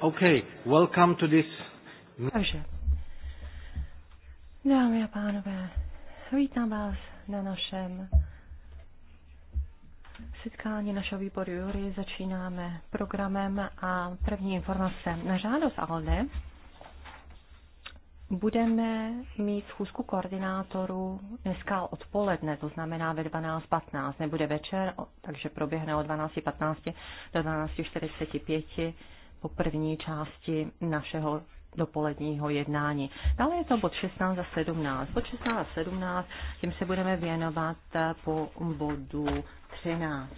Okay, welcome to this. Takže, dámy a pánové, vítám vás na našem setkání našeho výboru Jury. Začínáme programem a první informace na žádost ALDE budeme mít schůzku koordinátorů dneska odpoledne, to znamená ve 12.15, nebude večer, takže proběhne od 12.15 do 12.45 po první části našeho dopoledního jednání. Dále je to bod 16 a 17. Bod 16 a 17, tím se budeme věnovat po bodu 13.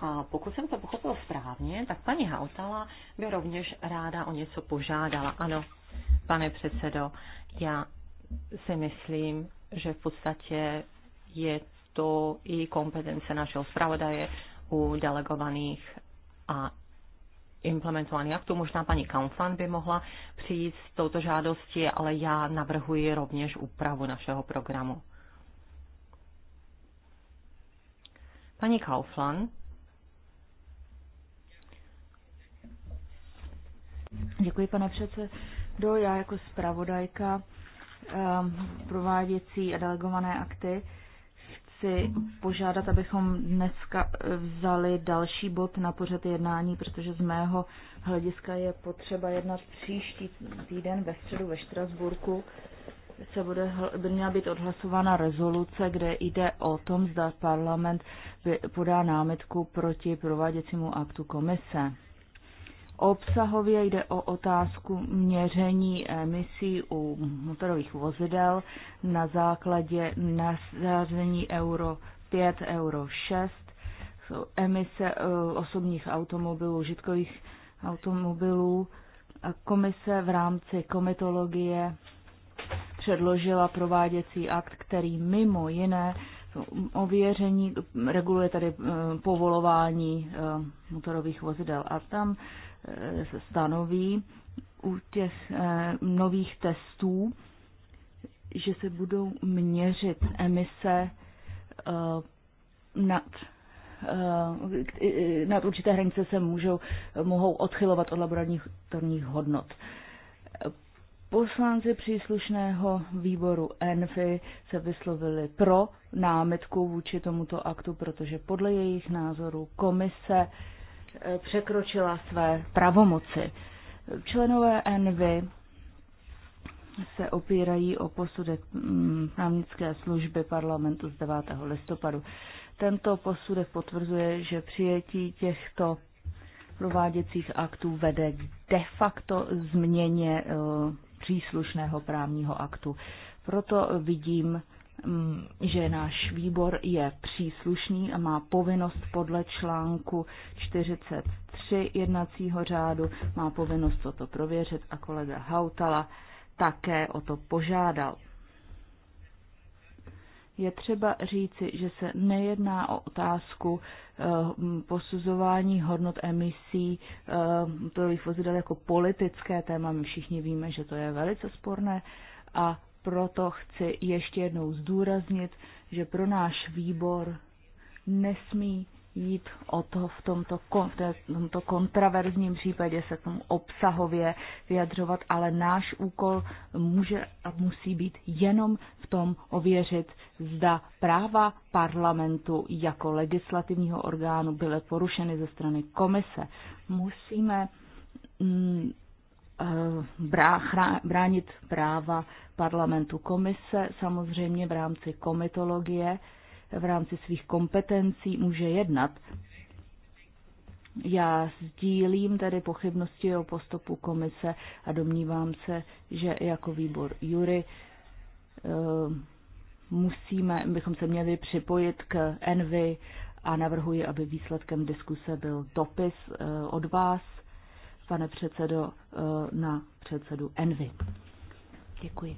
A pokud jsem to pochopil správně, tak paní Hautala by rovněž ráda o něco požádala. Ano, Pane předsedo, já si myslím, že v podstatě je to i kompetence našeho zpravodaje u delegovaných a implementovaný aktu. Možná paní Kaunfan by mohla přijít s touto žádostí, ale já navrhuji rovněž úpravu našeho programu. Paní Kaufman, Děkuji, pane předsedo do já jako zpravodajka ehm, prováděcí a delegované akty chci požádat, abychom dneska eh, vzali další bod na pořad jednání, protože z mého hlediska je potřeba jednat příští týden ve středu ve Štrasburku. Se bude, by měla být odhlasována rezoluce, kde jde o tom, zda parlament podá námitku proti prováděcímu aktu komise. Obsahově jde o otázku měření emisí u motorových vozidel na základě nařízení Euro 5, Euro 6, jsou emise eh, osobních automobilů, užitkových automobilů. A komise v rámci komitologie předložila prováděcí akt, který mimo jiné ověření reguluje tady eh, povolování eh, motorových vozidel. A tam se stanoví u těch eh, nových testů, že se budou měřit emise eh, nad eh, na určité hranice se můžou, mohou odchylovat od laboratorních hodnot. Poslanci příslušného výboru ENFI se vyslovili pro námitku vůči tomuto aktu, protože podle jejich názoru komise Eh, překročila své pravomoci. Členové Envy se opírají o posudek mm, právnické služby parlamentu z 9. listopadu. Tento posudek potvrzuje, že přijetí těchto prováděcích aktů vede k de facto změně eh, příslušného právního aktu. Proto vidím Mm, že náš výbor je příslušný a má povinnost podle článku 43 jednacího řádu, má povinnost toto prověřit a kolega Hautala také o to požádal. Je třeba říci, že se nejedná o otázku eh, posuzování hodnot emisí motorových eh, vozidel jako politické téma. My všichni víme, že to je velice sporné a proto chci ještě jednou zdůraznit, že pro náš výbor nesmí jít o to v tomto, v tomto kontraverzním případě se tomu obsahově vyjadřovat, ale náš úkol může a musí být jenom v tom ověřit, zda práva parlamentu jako legislativního orgánu byly porušeny ze strany komise. Musíme mm, Eh, bránit práva parlamentu komise, samozřejmě v rámci komitologie, v rámci svých kompetencí může jednat. Já sdílím tedy pochybnosti o postupu komise a domnívám se, že jako výbor jury eh, musíme, bychom se měli připojit k Envy a navrhuji, aby výsledkem diskuse byl dopis eh, od vás pane předsedo, eh, na předsedu Envy. Děkuji.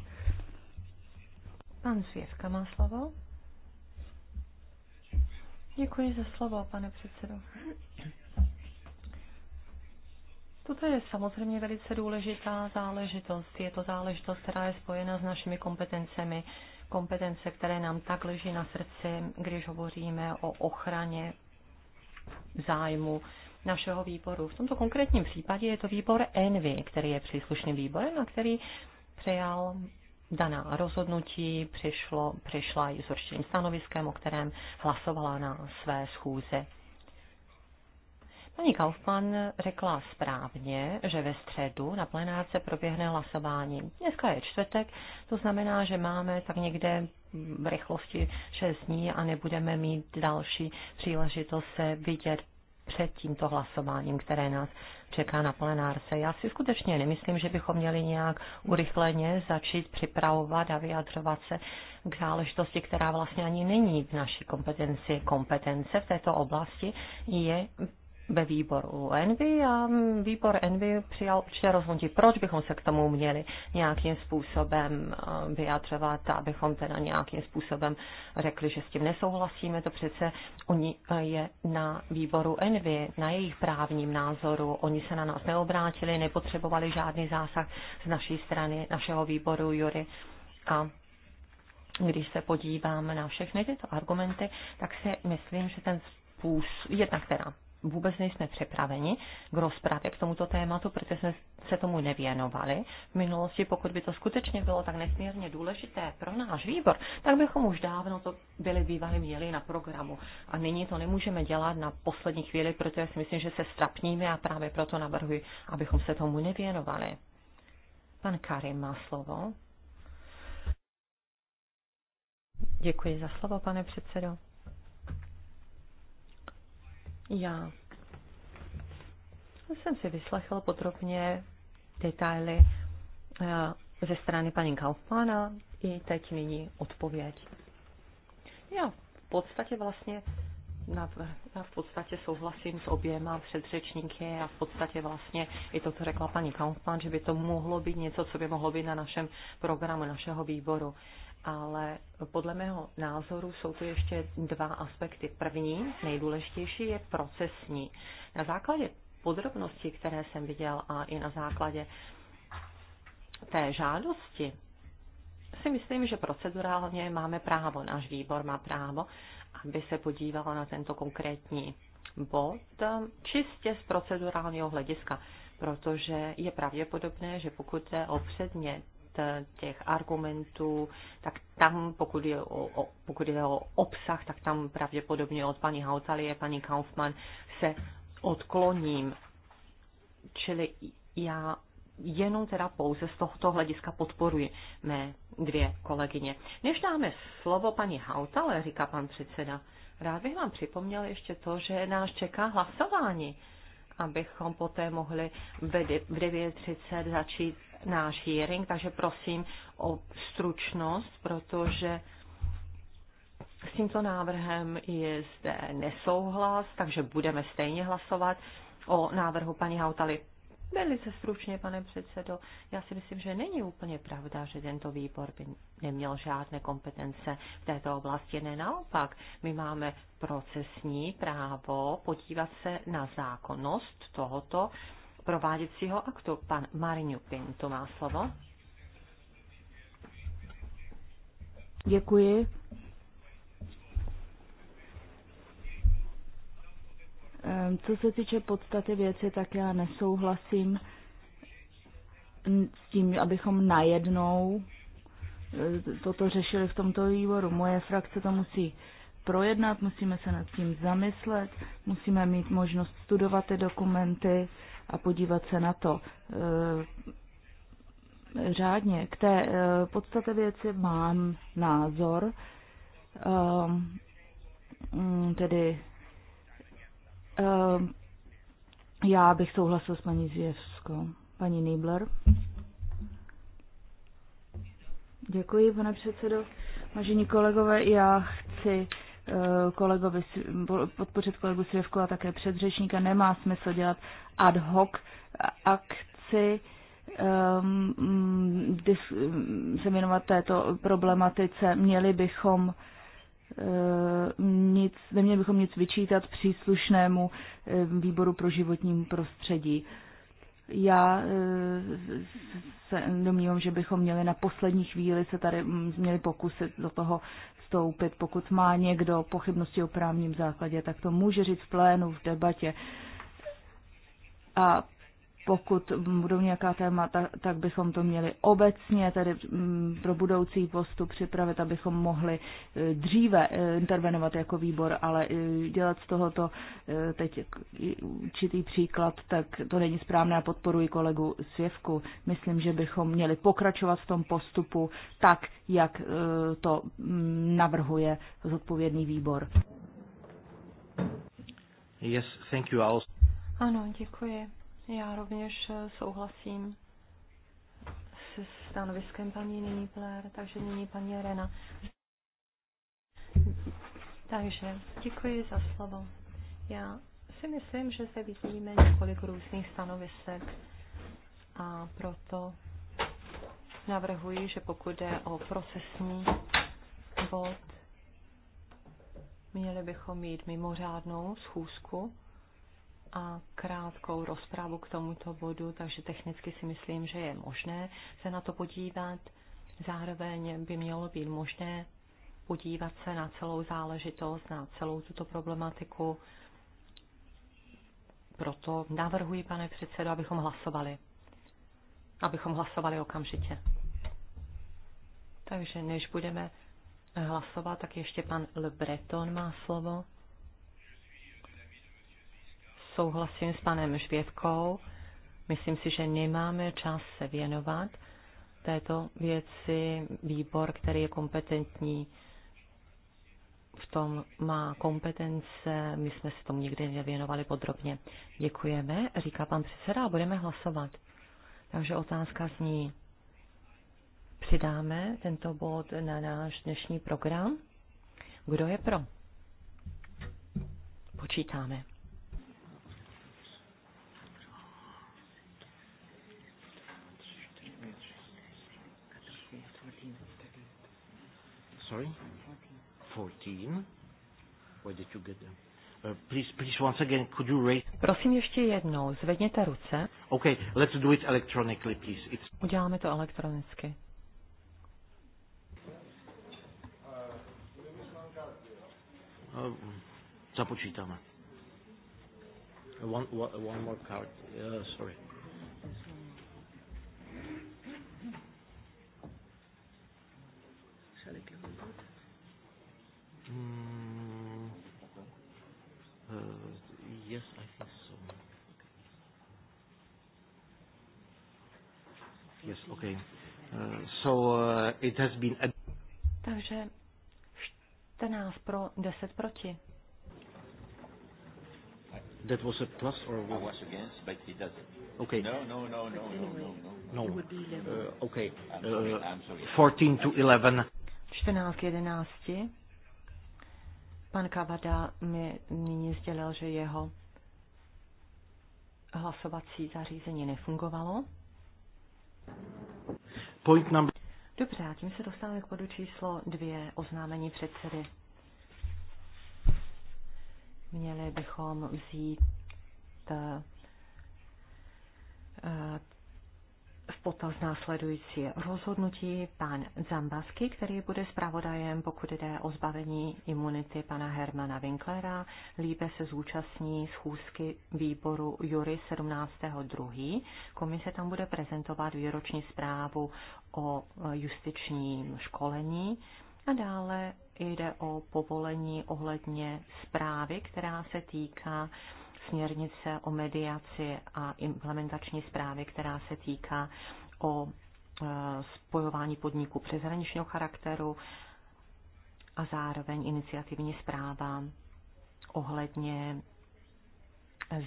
Pan Svěvka má slovo. Děkuji za slovo, pane předsedo. Toto je samozřejmě velice důležitá záležitost. Je to záležitost, která je spojena s našimi kompetencemi. Kompetence, které nám tak leží na srdci, když hovoříme o ochraně zájmu našeho výboru. V tomto konkrétním případě je to výbor ENVY, který je příslušným výborem a který přijal daná rozhodnutí, přišlo, přišla i s určitým stanoviskem, o kterém hlasovala na své schůze. Paní Kaufmann řekla správně, že ve středu na plenárce proběhne hlasování. Dneska je čtvrtek, to znamená, že máme tak někde v rychlosti 6 dní a nebudeme mít další příležitost se vidět před tímto hlasováním, které nás čeká na plenárce. Já si skutečně nemyslím, že bychom měli nějak urychleně začít připravovat a vyjadřovat se k záležitosti, která vlastně ani není v naší kompetenci. Kompetence v této oblasti je ve výboru Envy a výbor Envy přijal určitě rozhodnutí, proč bychom se k tomu měli nějakým způsobem eh, vyjadřovat, abychom teda nějakým způsobem řekli, že s tím nesouhlasíme, to přece oni eh, je na výboru Envy, na jejich právním názoru, oni se na nás neobrátili, nepotřebovali žádný zásah z naší strany, našeho výboru Jury a když se podívám na všechny tyto argumenty, tak si myslím, že ten způsob, jednak teda vůbec nejsme připraveni k rozpravě k tomuto tématu, protože jsme se tomu nevěnovali v minulosti. Pokud by to skutečně bylo tak nesmírně důležité pro náš výbor, tak bychom už dávno to byli bývali měli na programu. A nyní to nemůžeme dělat na poslední chvíli, protože si myslím, že se strapníme a právě proto navrhuji, abychom se tomu nevěnovali. Pan Karim má slovo. Děkuji za slovo, pane předsedo. Já jsem si vyslechl podrobně detaily eh, ze strany paní Kaufmana i teď nyní odpověď. Já v podstatě vlastně já v podstatě souhlasím s oběma předřečníky a v podstatě vlastně i to, co řekla paní Kaufmann, že by to mohlo být něco, co by mohlo být na našem programu našeho výboru ale podle mého názoru jsou tu ještě dva aspekty. První, nejdůležitější, je procesní. Na základě podrobností, které jsem viděl a i na základě té žádosti, si myslím, že procedurálně máme právo, náš výbor má právo, aby se podíval na tento konkrétní bod eh, čistě z procedurálního hlediska, protože je pravděpodobné, že pokud jde o předmět Eh, těch argumentů, tak tam, pokud je o, o, pokud je o obsah, tak tam pravděpodobně od paní Hautalie, paní Kaufmann se odkloním. Čili já jenom teda pouze z tohoto hlediska podporuji mé dvě kolegyně. Než dáme slovo paní Hautale, říká pan předseda, rád bych vám připomněl ještě to, že nás čeká hlasování, abychom poté mohli v 9.30 začít náš hearing, takže prosím o stručnost, protože s tímto návrhem je zde nesouhlas, takže budeme stejně hlasovat o návrhu paní Hautaly. Velice stručně, pane předsedo, já si myslím, že není úplně pravda, že tento výbor by neměl žádné kompetence v této oblasti. Ne, naopak, my máme procesní právo podívat se na zákonnost tohoto prováděcího aktu. Pan Marinu Pinto má slovo. Děkuji. Ehm, co se týče podstaty věci, tak já nesouhlasím s tím, abychom najednou e, toto řešili v tomto výboru. Moje frakce to musí projednat, musíme se nad tím zamyslet, musíme mít možnost studovat ty dokumenty, a podívat se na to eh, řádně. K té eh, podstatě věci mám názor, eh, mm, tedy já bych souhlasil s paní Zjevskou. Paní Nibler. Děkuji, pane předsedo. Vážení kolegové, já chci kolegovi, podpořit kolegu Svěvku a také předřečníka. Nemá smysl dělat ad hoc akci, když um, mm, mm, se věnovat této problematice. Měli bychom uh, nic, neměli bychom nic vyčítat příslušnému um, výboru pro životní prostředí. Já uh, se domnívám, že bychom měli na poslední chvíli se tady mm, měli pokusit do toho vystoupit, pokud má někdo pochybnosti o právním základě, tak to může říct v plénu, v debatě. A pokud budou nějaká témata, tak bychom to měli obecně tedy mm, pro budoucí postup připravit, abychom mohli eh, dříve eh, intervenovat jako výbor, ale eh, dělat z tohoto teď určitý příklad, tak to není správné a podporuji kolegu Svěvku. Myslím, že bychom měli pokračovat v tom postupu tak, jak to mm, navrhuje zodpovědný výbor. Yes, thank you also. Ano, děkuji. Já rovněž eh, souhlasím se stanoviskem paní Nyní Plér, takže nyní paní Rena. Takže děkuji za slovo. Já si myslím, že se vidíme několik různých stanovisek a proto navrhuji, že pokud jde o procesní bod, měli bychom mít mimořádnou schůzku a krátkou rozpravu k tomuto bodu, takže technicky si myslím, že je možné se na to podívat. Zároveň by mělo být možné podívat se na celou záležitost, na celou tuto problematiku. Proto navrhuji, pane předsedo, abychom hlasovali. Abychom hlasovali okamžitě. Takže než budeme hlasovat, tak ještě pan Le Breton má slovo souhlasím s panem Žvětkou. Myslím si, že nemáme čas se věnovat této věci. Výbor, který je kompetentní, v tom má kompetence. My jsme se tomu nikdy nevěnovali podrobně. Děkujeme, říká pan předseda, a budeme hlasovat. Takže otázka zní, přidáme tento bod na náš dnešní program. Kdo je pro? Počítáme. sorry? 14. Where did you get them? Uh, please, please once again, could you raise... Prosím ještě jednou, zvedněte ruce. Okay, let's do it electronically, please. It's... Uděláme to elektronicky. Uh, započítáme. One, one, one more card. Uh, sorry. Yes, I think so. Yes, okay. Uh, so uh, it has been... Takže 14 pro, 10 proti. That was a plus or what? I was against, but it doesn't. Okay. No, no, no, no, no, no, no. no. Uh, okay. Uh, 14 to 11. 14 k 11. Pan Kavada mi nyní sdělil, že jeho hlasovací zařízení nefungovalo. Point number... Dobře, a tím se dostáváme k bodu číslo dvě, oznámení předsedy. Měli bychom vzít eh, potaz následující rozhodnutí pan Zambasky, který bude zpravodajem, pokud jde o zbavení imunity pana Hermana Winklera. Líbe se zúčastní schůzky výboru Jury 17.2. Komise tam bude prezentovat výroční zprávu o justičním školení a dále jde o povolení ohledně zprávy, která se týká uh, směrnice o mediaci a implementační zprávy, která se týká o e, spojování podniků přeshraničního charakteru a zároveň iniciativní zpráva ohledně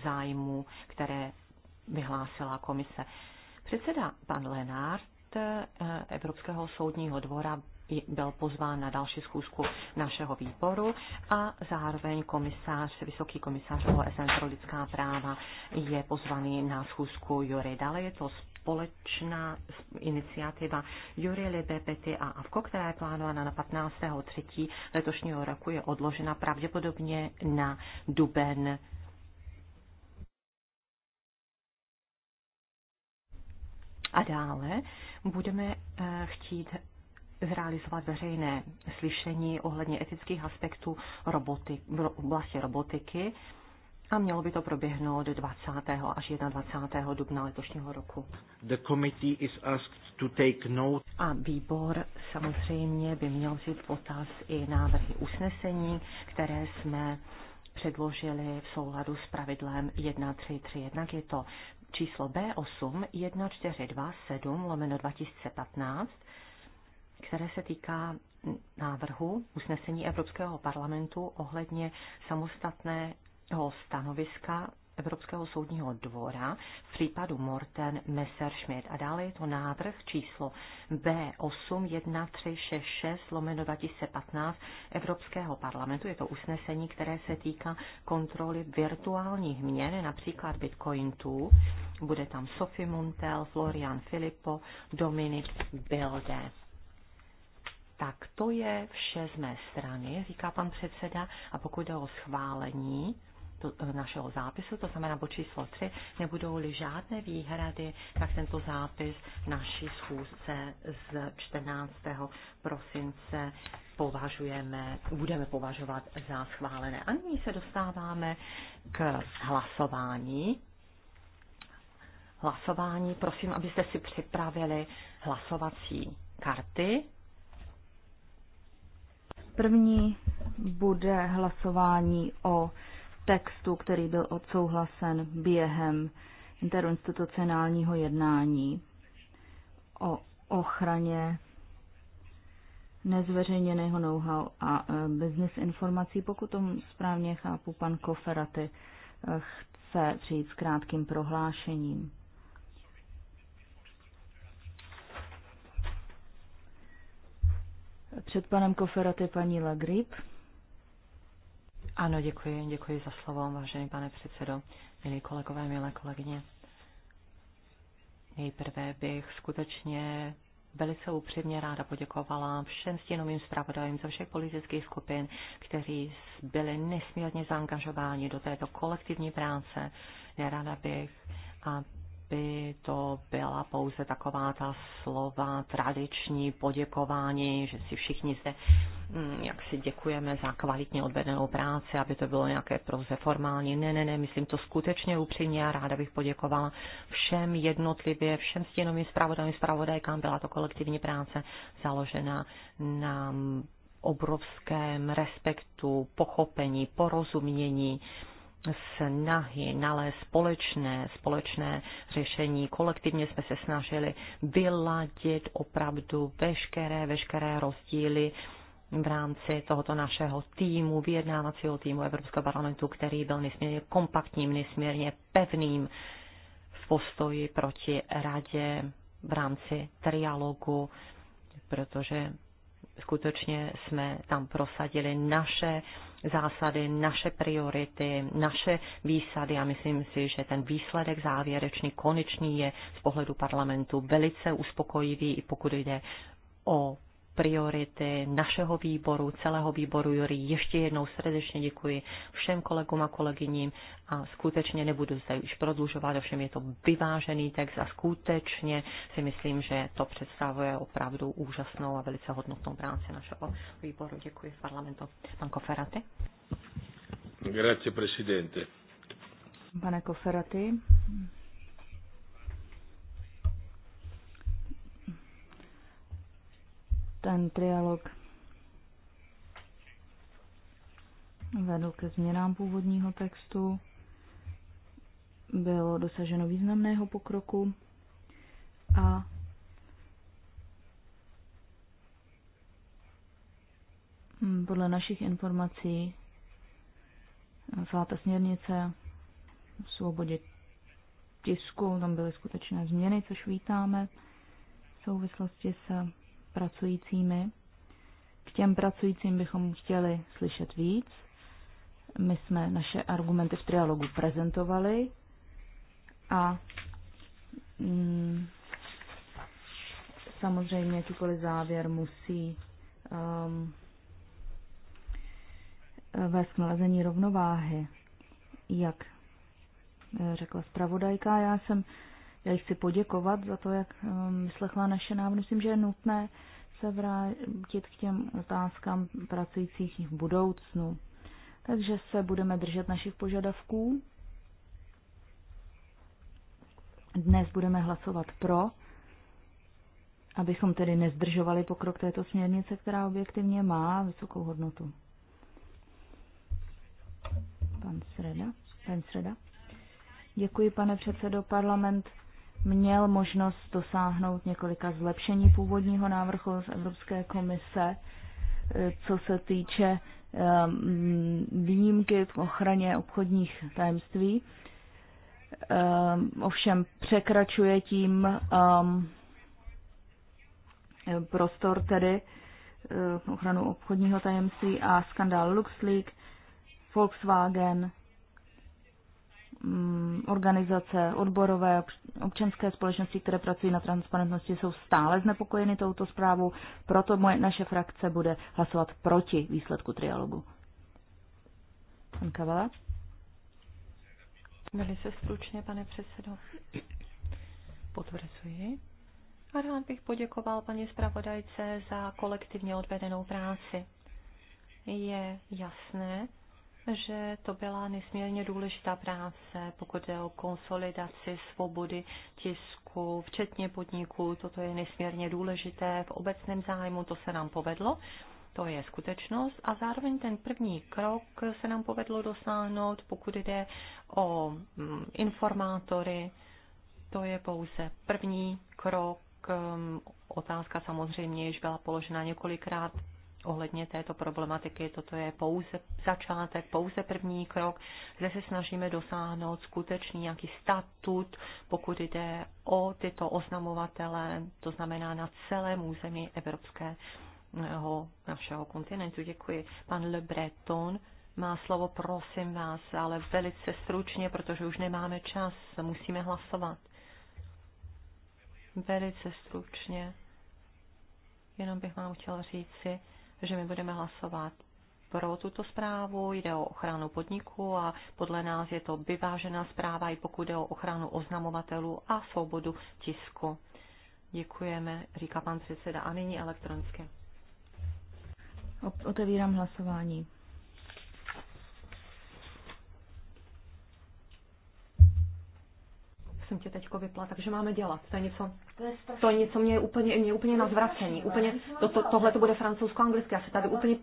zájmu, které vyhlásila komise. Předseda pan Lenár e, Evropského soudního dvora byl pozván na další schůzku našeho výboru a zároveň komisář, vysoký komisář OSN pro lidská práva je pozvaný na schůzku Jury. Dále je to společná iniciativa Jury Libe, Pety a Avko, která je plánována na 15.3. letošního roku, je odložena pravděpodobně na duben A dále budeme eh, chtít zrealizovat veřejné slyšení ohledně etických aspektů roboty, oblasti robotiky a mělo by to proběhnout 20. až 21. dubna letošního roku. The committee is asked to take note. A výbor samozřejmě by měl vzít potaz i návrhy usnesení, které jsme předložili v souladu s pravidlem 133. Jednak Je to číslo B8 1427 lomeno 2015 které se týká návrhu usnesení Evropského parlamentu ohledně samostatného stanoviska Evropského soudního dvora v případu Morten Messerschmidt. A dále je to návrh číslo B81366 lomeno 2015 Evropského parlamentu. Je to usnesení, které se týká kontroly virtuálních měn, například 2. Bude tam Sophie Montel, Florian Filippo, Dominik Bilde. Tak to je vše z mé strany, říká pan předseda, a pokud jde o schválení to, e, našeho zápisu, to znamená bod číslo 3, nebudou-li žádné výhrady, tak tento zápis naší schůzce z 14. prosince považujeme, budeme považovat za schválené. A nyní se dostáváme k hlasování. Hlasování, prosím, abyste si připravili hlasovací karty. První bude hlasování o textu, který byl odsouhlasen během interinstitucionálního jednání o ochraně nezveřejněného know-how a e, business informací. Pokud tomu správně chápu, pan Koferaty e, chce přijít s krátkým prohlášením. Před panem je paní Lagrip. Ano, děkuji, děkuji za slovo, vážený pane předsedo, milí kolegové, milé kolegyně. Nejprve bych skutečně velice upřímně ráda poděkovala všem stěnovým zpravodajům ze všech politických skupin, kteří byli nesmírně zaangažováni do této kolektivní práce. ráda bych, by to byla pouze taková ta slova tradiční poděkování, že si všichni se mm, jak si děkujeme za kvalitně odvedenou práci, aby to bylo nějaké prouze formální. Ne, ne, ne, myslím to skutečně upřímně a ráda bych poděkovala všem jednotlivě, všem stěnovým zpravodajům, zpravodajkám. Byla to kolektivní práce založena na obrovském respektu, pochopení, porozumění snahy nalézt společné, společné řešení. Kolektivně jsme se snažili vyladit opravdu veškeré, veškeré rozdíly v rámci tohoto našeho týmu, vyjednávacího týmu Evropského parlamentu, který byl nesmírně kompaktním, nesmírně pevným v postoji proti radě v rámci trialogu, protože skutečně jsme tam prosadili naše uh, zásady, naše priority, naše výsady a myslím si, že ten výsledek závěrečný, konečný je z pohledu parlamentu velice uspokojivý, i pokud jde o priority našeho výboru, celého výboru Jury. Ještě jednou srdečně děkuji všem kolegům a kolegyním a skutečně nebudu se už prodlužovat, ovšem je to vyvážený text a skutečně si myslím, že to představuje opravdu úžasnou a velice hodnotnou práci našeho výboru. Děkuji parlamentu. Pan Koferaty. Grazie, presidente. Pane Koferaty, ten trialog vedl ke změnám původního textu. Bylo dosaženo významného pokroku a hm, podle našich informací celá ta směrnice v svobodě tisku, tam byly skutečné změny, což vítáme v souvislosti se pracujícími. K těm pracujícím bychom chtěli slyšet víc. My jsme naše argumenty v trialogu prezentovali a mm, samozřejmě jakýkoliv závěr musí um, vést k nalezení rovnováhy, jak řekla zpravodajka. Já jsem já chci poděkovat za to, jak um, vyslechla naše návrhy. Myslím, že je nutné se vrátit k těm otázkám pracujících v budoucnu. Takže se budeme držet našich požadavků. Dnes budeme hlasovat pro, abychom tedy nezdržovali pokrok této směrnice, která objektivně má vysokou hodnotu. Pan Sreda. Pan Sreda. Děkuji, pane předsedo. Parlament měl možnost dosáhnout několika zlepšení původního návrhu z Evropské komise, eh, co se týče eh, výjimky v ochraně obchodních tajemství. Eh, ovšem překračuje tím prostor tedy ochranu obchodního tajemství a skandál LuxLeaks, Volkswagen, Mm, organizace, odborové, občanské společnosti, které pracují na transparentnosti, jsou stále znepokojeny touto zprávou, proto moje, naše frakce bude hlasovat proti výsledku trialogu. Pan Kavala? Velice stručně, pane předsedo. Potvrzuji. A rád bych poděkoval paní zpravodajce za kolektivně odvedenou práci. Je jasné, že to byla nesmírně důležitá práce, pokud je o konsolidaci svobody tisku, včetně podniků. Toto je nesmírně důležité v obecném zájmu, to se nám povedlo. To je skutečnost a zároveň ten první krok se nám povedlo dosáhnout, pokud jde o mm, informátory. To je pouze první krok. Otázka samozřejmě již byla položena několikrát ohledně této problematiky. Toto je pouze začátek, pouze první krok. Zde se snažíme dosáhnout skutečný nějaký statut, pokud jde o tyto oznamovatele, to znamená na celém území evropského našeho kontinentu. Děkuji. Pan Le Breton má slovo, prosím vás, ale velice stručně, protože už nemáme čas, musíme hlasovat. Velice stručně. Jenom bych vám chtěla říci, že my budeme hlasovat pro tuto zprávu, jde o ochranu podniku a podle nás je to vyvážená zpráva, i pokud jde o ochranu oznamovatelů a svobodu tisku. Děkujeme, říká pan předseda, a nyní elektronicky. Otevírám hlasování. jsem tě teďko vypla, takže máme dělat. To je něco, to je něco mě je úplně, mě je úplně na zvracení. Úplně, to, to, tohle to bude francouzsko-anglicky. Já se tady úplně,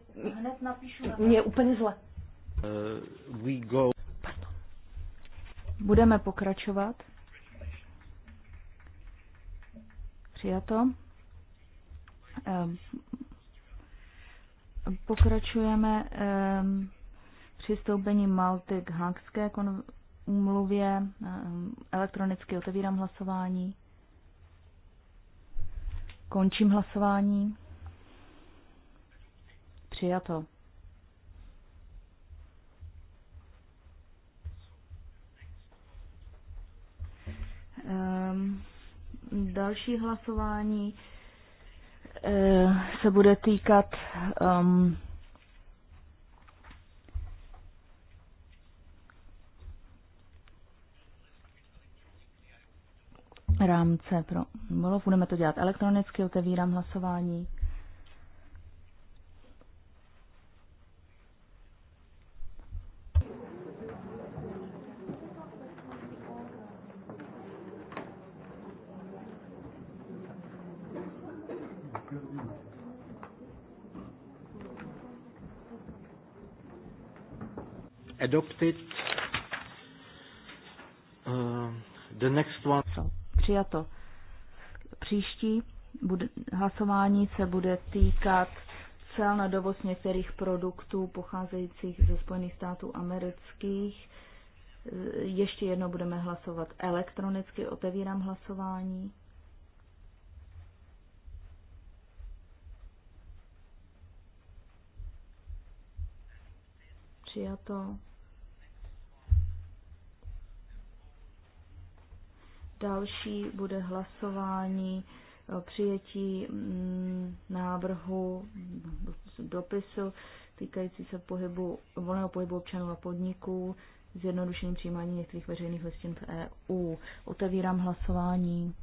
mě je úplně zle. Uh, we go. Budeme pokračovat. Přijato. Um, pokračujeme um, přistoupením Malty k Hankské konvenci úmluvě. Eh, elektronicky otevírám hlasování. Končím hlasování. Přijato. Um, další hlasování uh, se bude týkat um, rámce pro Molov. Budeme to dělat elektronicky, otevírám hlasování. Adopted. Uh, the next one. So přijato. Příští bude, hlasování se bude týkat cel na dovoz některých produktů pocházejících ze Spojených států amerických. Ještě jedno budeme hlasovat elektronicky. Otevírám hlasování. Přijato. Další bude hlasování eh, přijetí mm, návrhu mm, dopisu týkající se pohybu, volného pohybu občanů a podniků, zjednodušení přijímání některých veřejných listin v EU. Otevírám hlasování.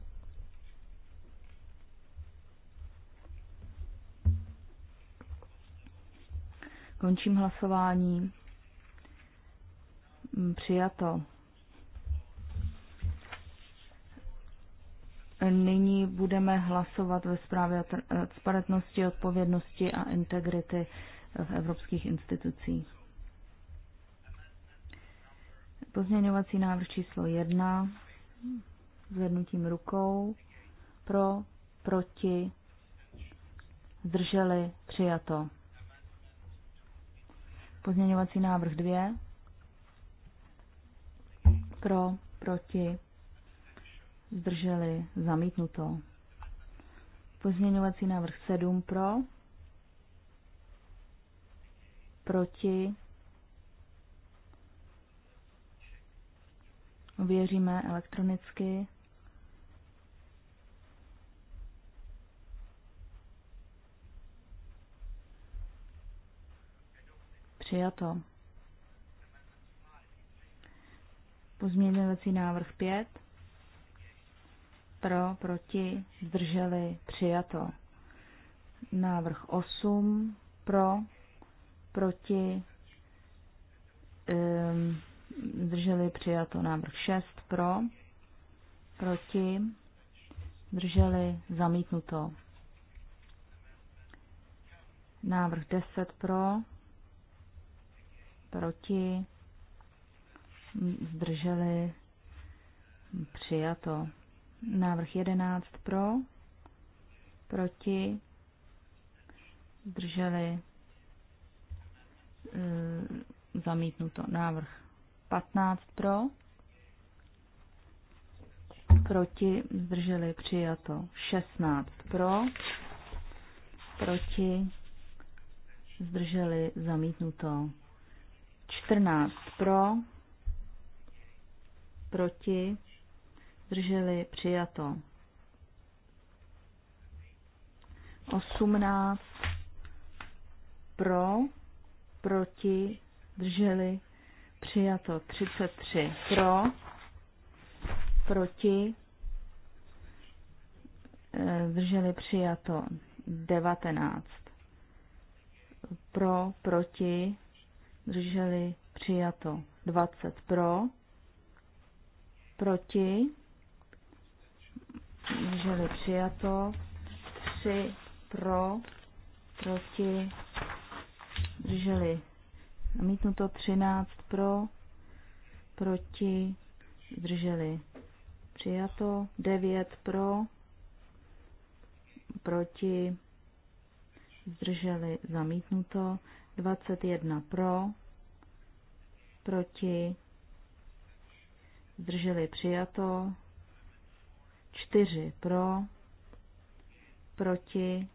Končím hlasování. Mm, přijato. Nyní budeme hlasovat ve zprávě eh, transparentnosti, odpovědnosti a integrity v evropských institucích. Pozměňovací návrh číslo jedna. zvednutím rukou pro, proti, zdrželi, přijato. Pozměňovací návrh dvě. pro, proti, zdrželi, zamítnuto. Pozměňovací návrh 7 pro, proti, věříme elektronicky. Přijato. Pozměňovací návrh 5 pro, proti, zdrželi, přijato. Návrh 8 pro, proti, um, zdrželi, přijato. Návrh 6 pro, proti, zdrželi, zamítnuto. Návrh 10 pro, proti, zdrželi, přijato. Návrh 11 eh, pro, proti, zdrželi, zamítnuto. Návrh 15 pro, proti, zdrželi, přijato. 16 pro, proti, zdrželi, zamítnuto. 14 pro, proti, zdrželi, přijato. 18 pro, proti, drželi přijato. 33 pro, proti, eh, drželi přijato. 19 pro, proti, drželi přijato. 20 pro, proti, zdrželi přijato, tři pro, proti, zdrželi namítnuto. třináct pro, proti, zdrželi přijato, devět pro, proti, zdrželi zamítnuto, 21 pro, proti, zdrželi přijato, 4 pro, proti,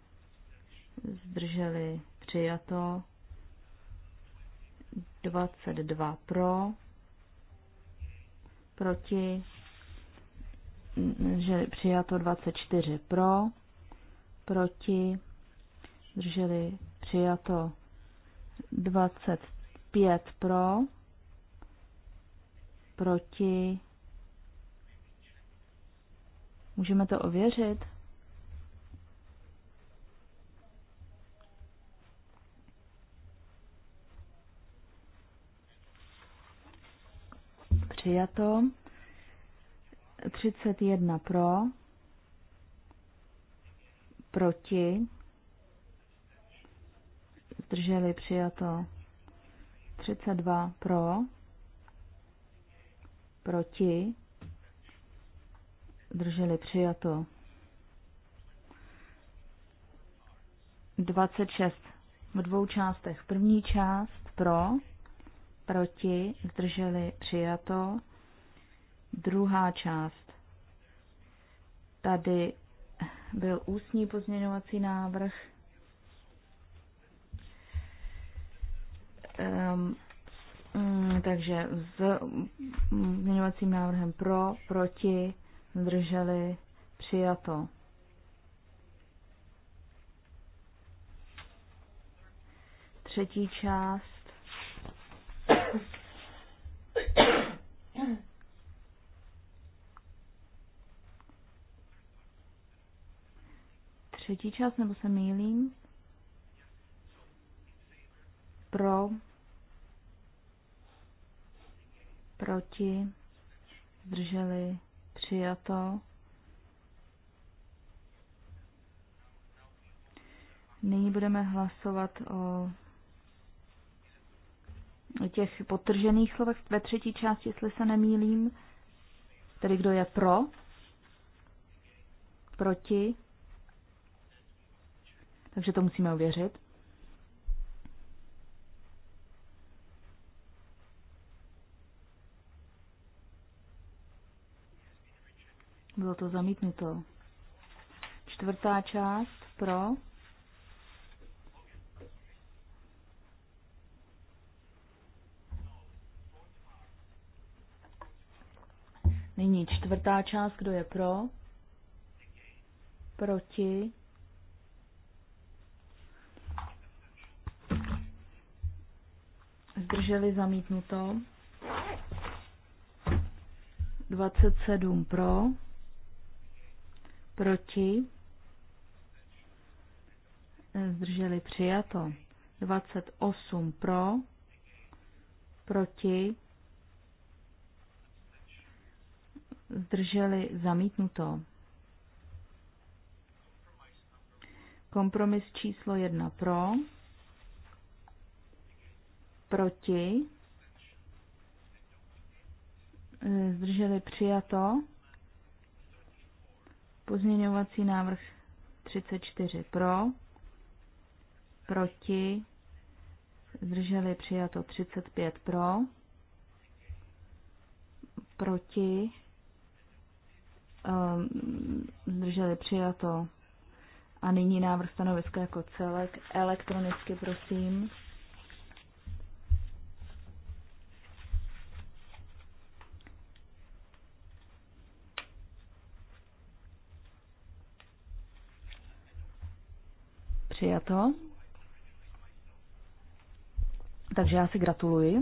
zdrželi přijato, 22 pro, proti, zdrželi přijato 24 pro, proti, zdrželi přijato 25 pro, proti, Můžeme to ověřit? Přijato. 31 pro. Proti. Zdrželi přijato. 32 pro. Proti drželi přijato. 26 v dvou částech. První část pro, proti, zdrželi přijato. Druhá část. Tady byl ústní pozměňovací návrh. Um, takže s mm, pozměňovacím návrhem pro, proti, zdrželi, přijato. Třetí část. Třetí část, nebo se mýlím? Pro, proti, zdrželi, přijato. Nyní budeme hlasovat o těch potržených slovech ve třetí části, jestli se nemýlím. Tedy kdo je pro, proti. Takže to musíme uvěřit. Bylo to zamítnuto. Čtvrtá část pro. Nyní čtvrtá část, kdo je pro? Proti? Zdrželi zamítnuto. 27 pro proti, zdrželi přijato. 28 pro, proti, zdrželi zamítnuto. Kompromis číslo 1 pro, proti, zdrželi přijato. Pozměňovací návrh 34 pro, proti, zdrželi přijato 35 pro, proti, ehm, zdrželi přijato. A nyní návrh stanoviska jako celek. Elektronicky prosím. Přijato. Takže já si gratuluji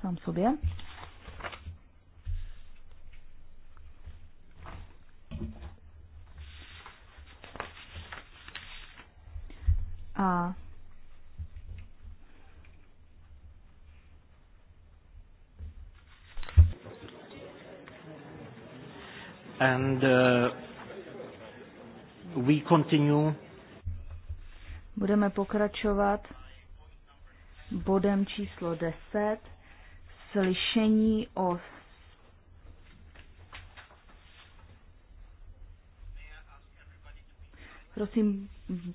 sám sobě. A and uh, we continue Budeme pokračovat bodem číslo 10, slyšení o Prosím,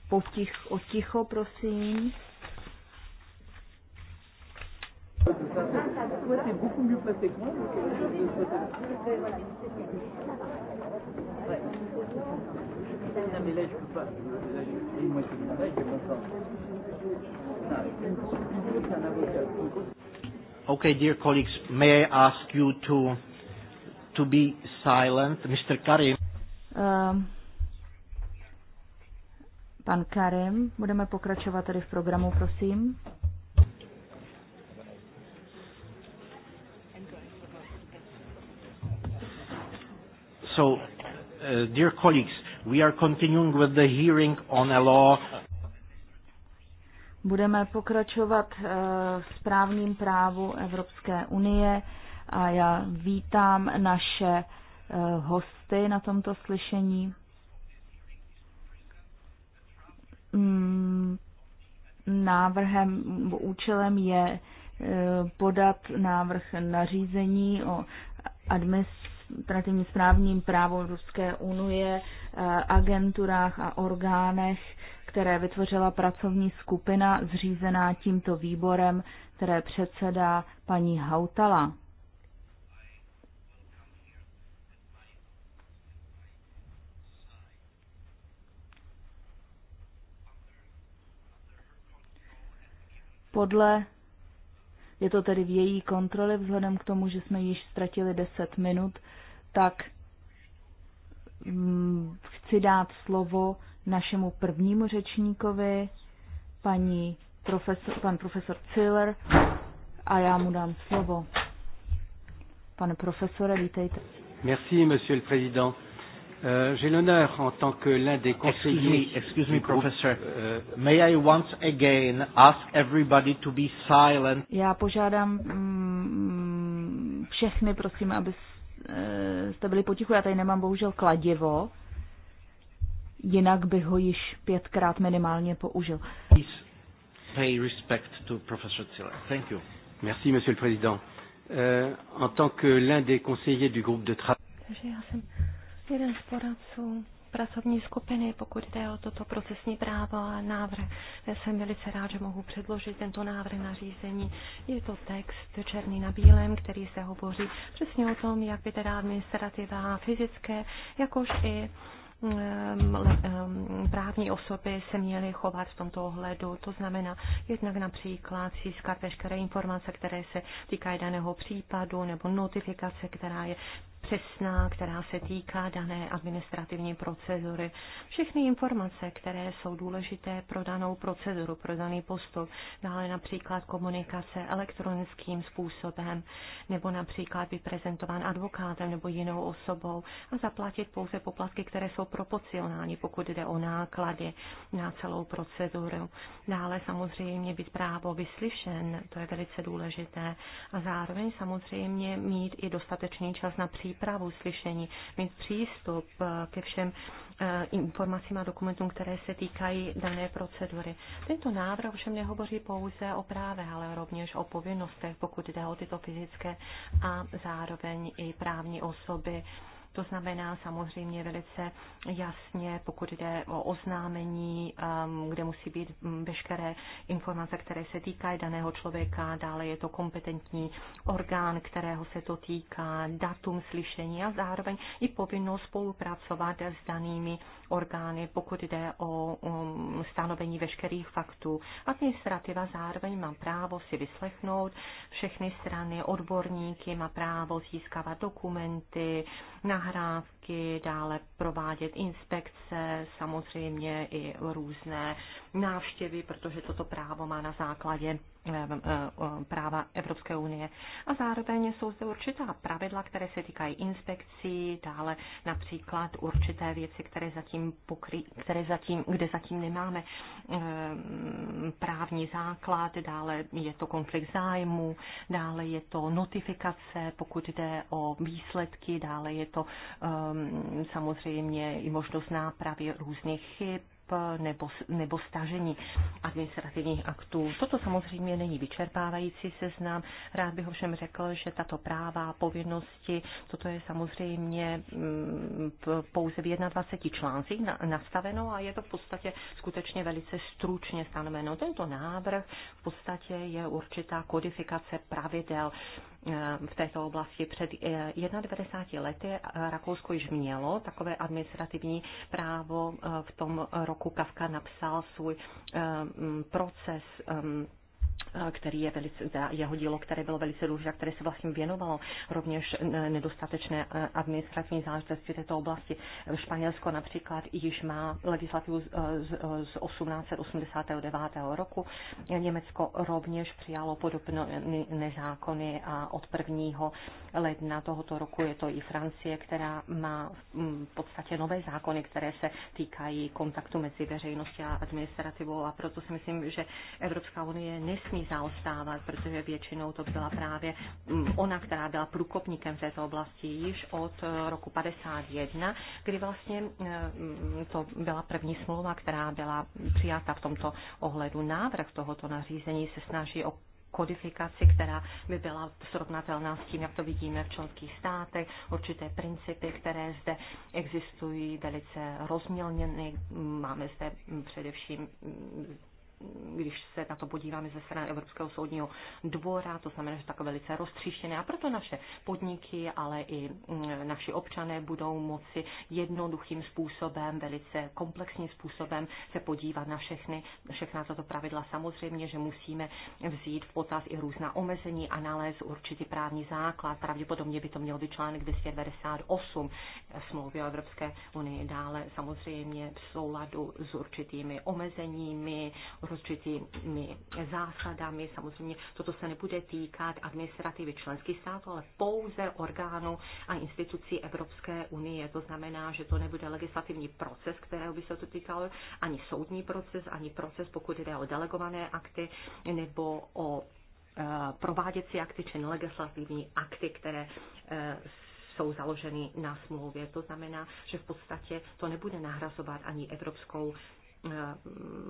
potich, o ticho, prosím. C'est beaucoup Okay, dear colleagues, may I ask you to to be silent, Mr. Karim? Um, pan Karim, budeme pokračovat tady v programu, prosím. So, uh, dear colleagues, We are continuing with the hearing on a law. Budeme pokračovat eh, v správním právu Evropské unie a já vítám naše eh, hosty na tomto slyšení. Mm, návrhem, účelem je eh, podat návrh nařízení o administrativní administrativním správním právu Ruské unie, eh, agenturách a orgánech, které vytvořila pracovní skupina zřízená tímto výborem, které předsedá paní Hautala. Podle je to tedy v její kontrole, vzhledem k tomu, že jsme již ztratili 10 minut, tak mm, chci dát slovo našemu prvnímu řečníkovi, paní profesor, pan profesor Ciller, a já mu dám slovo. Pane profesore, vítejte. Merci, monsieur le président. Uh, J'ai l'honneur en tant que l'un des conseillers. Excuse me, excuse me professor. Uh, may I once again ask everybody to be silent? Já požádám mm, mm všechny, prosím, aby Eh, jste byli potichu, já tady nemám bohužel kladivo, jinak bych ho již pětkrát minimálně použil. Please pay respect to Professor Tiller. Thank you. Merci, Monsieur le Président. Eh, en tant que l'un des conseillers du groupe de travail pracovní skupiny, pokud jde o toto procesní právo a návrh. Já jsem velice rád, že mohu předložit tento návrh na řízení. Je to text černý na bílém, který se hovoří přesně o tom, jak by teda administrativa fyzické, jakož i mm, mm, právní osoby se měly chovat v tomto ohledu. To znamená jednak například získat veškeré informace, které se týkají daného případu nebo notifikace, která je přesná, která se týká dané administrativní procedury. Všechny informace, které jsou důležité pro danou proceduru, pro daný postup, dále například komunikace elektronickým způsobem, nebo například být prezentován advokátem nebo jinou osobou a zaplatit pouze poplatky, které jsou proporcionální, pokud jde o náklady na celou proceduru. Dále samozřejmě být právo vyslyšen, to je velice důležité, a zároveň samozřejmě mít i dostatečný čas na příležitost přípravu slyšení, mít přístup eh, ke všem eh, informacím a dokumentům, které se týkají dané procedury. Tento návrh všem nehovoří pouze o právech, ale rovněž o povinnostech, pokud jde o tyto fyzické a zároveň i právní osoby to znamená samozřejmě velice jasně, pokud jde o oznámení, um, kde musí být mm, veškeré informace, které se týkají daného člověka, dále je to kompetentní orgán, kterého se to týká, datum slyšení a zároveň i povinnost spolupracovat s danými orgány, pokud jde o um, stanovení veškerých faktů. Administrativa zároveň má právo si vyslechnout všechny strany, odborníky, má právo získávat dokumenty, na nahrávky, dále provádět inspekce, samozřejmě i různé návštěvy, protože toto právo má na základě Eh, eh, práva Evropské unie. A zároveň jsou zde určitá pravidla, které se týkají inspekcí, dále například určité věci, které zatím, pokry, které zatím kde zatím nemáme eh, právní základ, dále je to konflikt zájmu, dále je to notifikace, pokud jde o výsledky, dále je to samozřejmě i možnost nápravy různých chyb, Eh, nebo, nebo stažení administrativních aktů. Toto samozřejmě není vyčerpávající seznam. Rád bych ovšem řekl, že tato práva, povinnosti, toto je samozřejmě mm, pouze v 21 článcích nastaveno a je to v podstatě skutečně velice stručně stanoveno. Tento návrh v podstatě je určitá kodifikace pravidel Eh, v této oblasti. Před 91 eh, lety Rakousko již mělo takové administrativní právo. Eh, v tom roku Kafka napsal svůj proces Eh, který je velice, jeho dílo, které bylo velice důležité, které se vlastně věnovalo rovněž nedostatečné eh, administrativní záležitosti této oblasti. Španělsko například již má legislativu z, eh, z 1889. roku. Německo rovněž přijalo podobné nezákony a od 1. ledna tohoto roku je to i Francie, která má mm, v podstatě nové zákony, které se týkají kontaktu mezi veřejností a administrativou a proto si myslím, že Evropská unie nes nesmí zaostávat, protože většinou to byla právě mm, ona, která byla průkopníkem v této oblasti již od eh, roku 51, kdy vlastně eh, mm, to byla první smlouva, která byla přijata v tomto ohledu. Návrh tohoto nařízení se snaží o kodifikaci, která by byla srovnatelná s tím, jak to vidíme v členských státech, určité principy, které zde existují velice rozmělněny. Máme zde především když se na to podíváme ze strany Evropského soudního dvora, to znamená, že tak velice roztříštěné. A proto naše podniky, ale i mm, naši občané budou moci jednoduchým způsobem, velice komplexním způsobem se podívat na všechny, všechna tato pravidla. Samozřejmě, že musíme vzít v potaz i různá omezení a nalézt určitý právní základ. Pravděpodobně by to měl být článek 298 smlouvy o Evropské unii. Dále samozřejmě v souladu s určitými omezeními, určitými zásadami. Samozřejmě toto se nebude týkat administrativy členských států, ale pouze orgánů a institucí Evropské unie. To znamená, že to nebude legislativní proces, kterého by se to týkalo, ani soudní proces, ani proces, pokud jde o delegované akty nebo o e, prováděcí akty či nelegislativní akty, které e, jsou založeny na smlouvě. To znamená, že v podstatě to nebude nahrazovat ani evropskou Eh,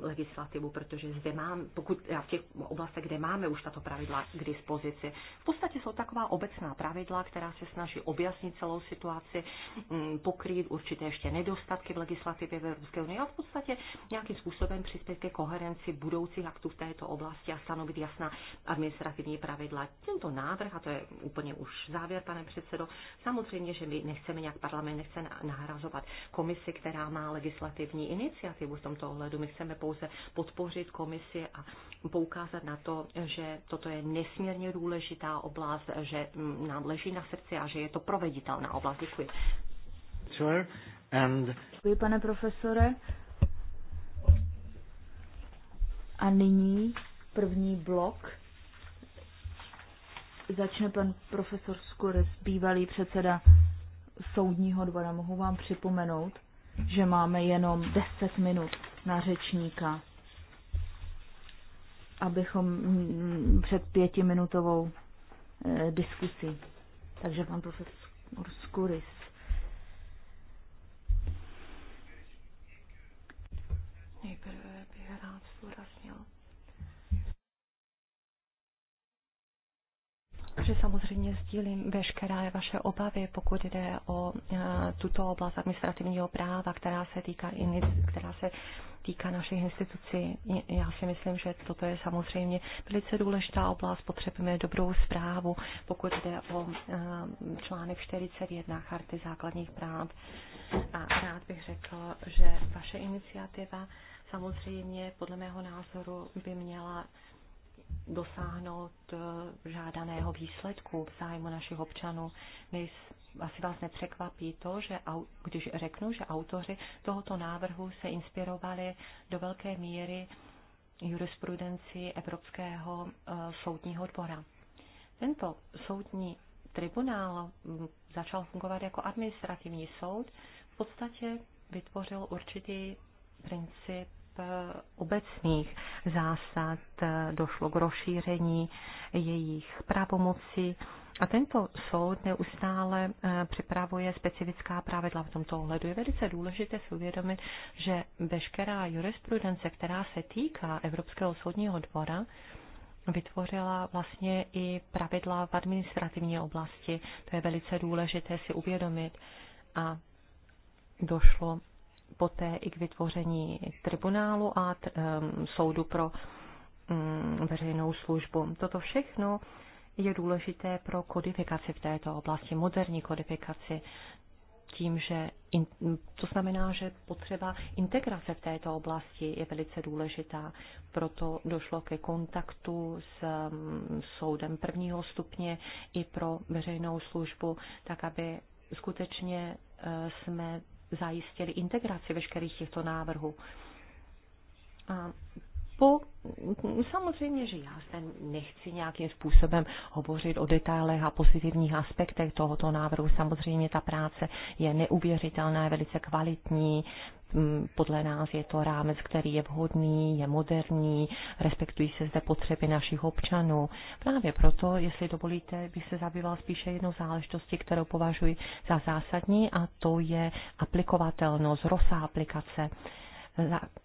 legislativu, protože zde mám, pokud v těch oblastech, kde máme už tato pravidla k dispozici, v podstatě jsou taková obecná pravidla, která se snaží objasnit celou situaci, mm, pokrýt určité ještě nedostatky v legislativě v Evropské unii a v podstatě nějakým způsobem přispět ke koherenci budoucích aktů v této oblasti a stanovit jasná administrativní pravidla. Tento návrh, a to je úplně už závěr, pane předsedo, samozřejmě, že my nechceme, jak parlament nechce nahrazovat komisi, která má legislativní iniciativu v tomto tomto ohledu. My chceme pouze podpořit komisi a poukázat na to, že toto je nesmírně důležitá oblast, že nám leží na srdci a že je to proveditelná oblast. Děkuji. Sure. And... Děkuji, pane profesore. A nyní první blok. Začne pan profesor Skores, bývalý předseda soudního dvora. Mohu vám připomenout, že máme jenom 10 minut na řečníka, abychom mm, před pětiminutovou eh, diskusi. Takže pan profesor Skuris. Nejprve bych rád zdůraznil, že samozřejmě sdílím veškeré vaše obavy, pokud jde o e, tuto oblast administrativního práva, která se týká, která se týká našich institucí. Já si myslím, že toto je samozřejmě velice důležitá oblast. Potřebujeme dobrou zprávu, pokud jde o e, článek 41 Charty základních práv. A rád bych řekl, že vaše iniciativa samozřejmě podle mého názoru by měla dosáhnout eh, žádaného výsledku v zájmu našich občanů. Nejs, asi vás nepřekvapí to, že když řeknu, že autoři tohoto návrhu se inspirovali do velké míry jurisprudenci Evropského eh, soudního dvora. Tento soudní tribunál mm, začal fungovat jako administrativní soud, v podstatě vytvořil určitý princip Eh, obecných zásad eh, došlo k rozšíření jejich pravomoci a tento soud neustále eh, připravuje specifická pravidla v tomto ohledu. Je velice důležité si uvědomit, že veškerá jurisprudence, která se týká Evropského soudního dvora, vytvořila vlastně i pravidla v administrativní oblasti. To je velice důležité si uvědomit a došlo poté i k vytvoření tribunálu a soudu pro mm, veřejnou službu. Toto všechno je důležité pro kodifikaci v této oblasti, moderní kodifikaci, tím, že in, to znamená, že potřeba integrace v této oblasti je velice důležitá. Proto došlo ke kontaktu s um, soudem prvního stupně i pro veřejnou službu, tak aby skutečně e, jsme zajistili integraci veškerých těchto návrhů. A po Samozřejmě, že já se nechci nějakým způsobem hovořit o detailech a pozitivních aspektech tohoto návrhu. Samozřejmě ta práce je neuvěřitelná, je velice kvalitní. Mm, podle nás je to rámec, který je vhodný, je moderní, respektují se zde potřeby našich občanů. Právě proto, jestli dovolíte, bych se zabýval spíše jednou záležitostí, kterou považuji za zásadní, a to je aplikovatelnost, rozsah aplikace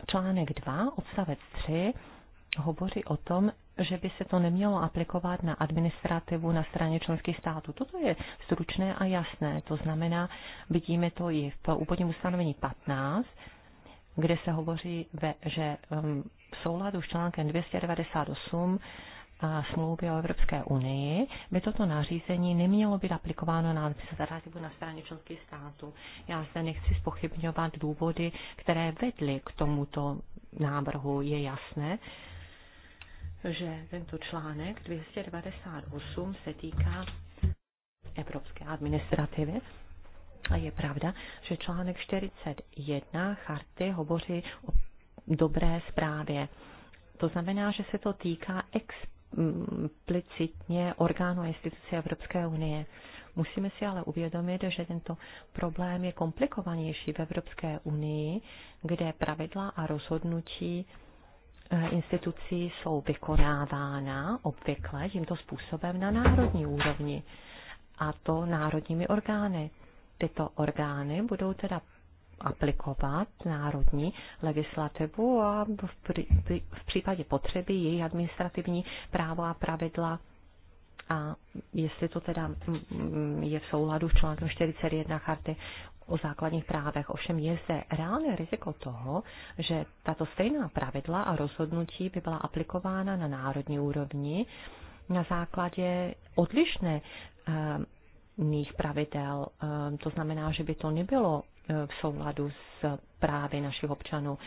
Článek 2, odstavec 3, hovoří o tom, že by se to nemělo aplikovat na administrativu na straně členských států. Toto je stručné a jasné. To znamená, vidíme to i v úvodním ustanovení 15, kde se hovoří, ve, že um, v souladu s článkem 298 smlouvy o Evropské unii by toto nařízení nemělo být aplikováno na zaradivu na straně členských států. Já se nechci spochybňovat důvody, které vedly k tomuto návrhu. Je jasné, že tento článek 298 se týká evropské administrativy. A je pravda, že článek 41 charty hovoří o dobré zprávě. To znamená, že se to týká ex implicitně orgánů a instituce Evropské unie. Musíme si ale uvědomit, že tento problém je komplikovanější v Evropské unii, kde pravidla a rozhodnutí eh, institucí jsou vykonávána obvykle tímto způsobem na národní úrovni, a to národními orgány. Tyto orgány budou teda aplikovat národní legislativu a v, pří, v případě potřeby její administrativní právo a pravidla a jestli to teda mm, mm, je v souladu s článkem 41 charty o základních právech. Ovšem je zde reálné riziko toho, že tato stejná pravidla a rozhodnutí by byla aplikována na národní úrovni na základě odlišné ehm, pravidel. Ehm, to znamená, že by to nebylo v souladu s právy našich občanů.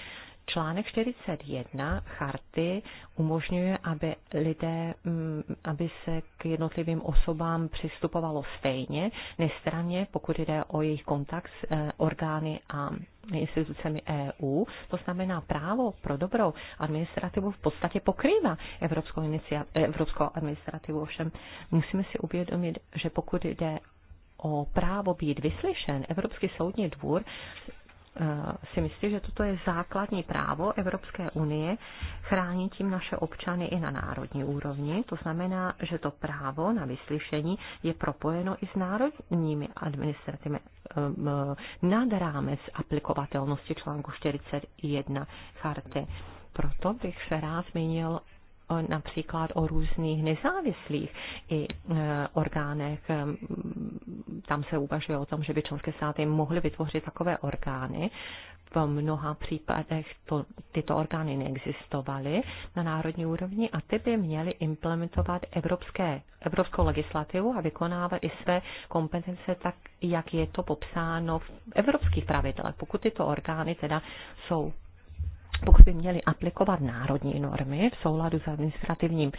Článek 41 charty umožňuje, aby lidé, mm, aby se k jednotlivým osobám přistupovalo stejně, nestraně, pokud jde o jejich kontakt s eh, orgány a institucemi EU. To znamená, právo pro dobrou administrativu v podstatě pokrývá evropskou, inicia, eh, evropskou administrativu. Ovšem musíme si uvědomit, že pokud jde o právo být vyslyšen, Evropský soudní dvůr eh, si myslí, že toto je základní právo Evropské unie chránit tím naše občany i na národní úrovni. To znamená, že to právo na vyslyšení je propojeno i s národními administrativy eh, eh, nad rámec aplikovatelnosti článku 41 charty. Proto bych se rád zmínil například o různých nezávislých i e, orgánech. E, tam se uvažuje o tom, že by členské státy mohly vytvořit takové orgány. V mnoha případech to, tyto orgány neexistovaly na národní úrovni a ty by měly implementovat evropské, evropskou legislativu a vykonávat i své kompetence tak, jak je to popsáno v evropských pravidlech, pokud tyto orgány teda jsou pokud by měli aplikovat národní normy v souladu s administrativním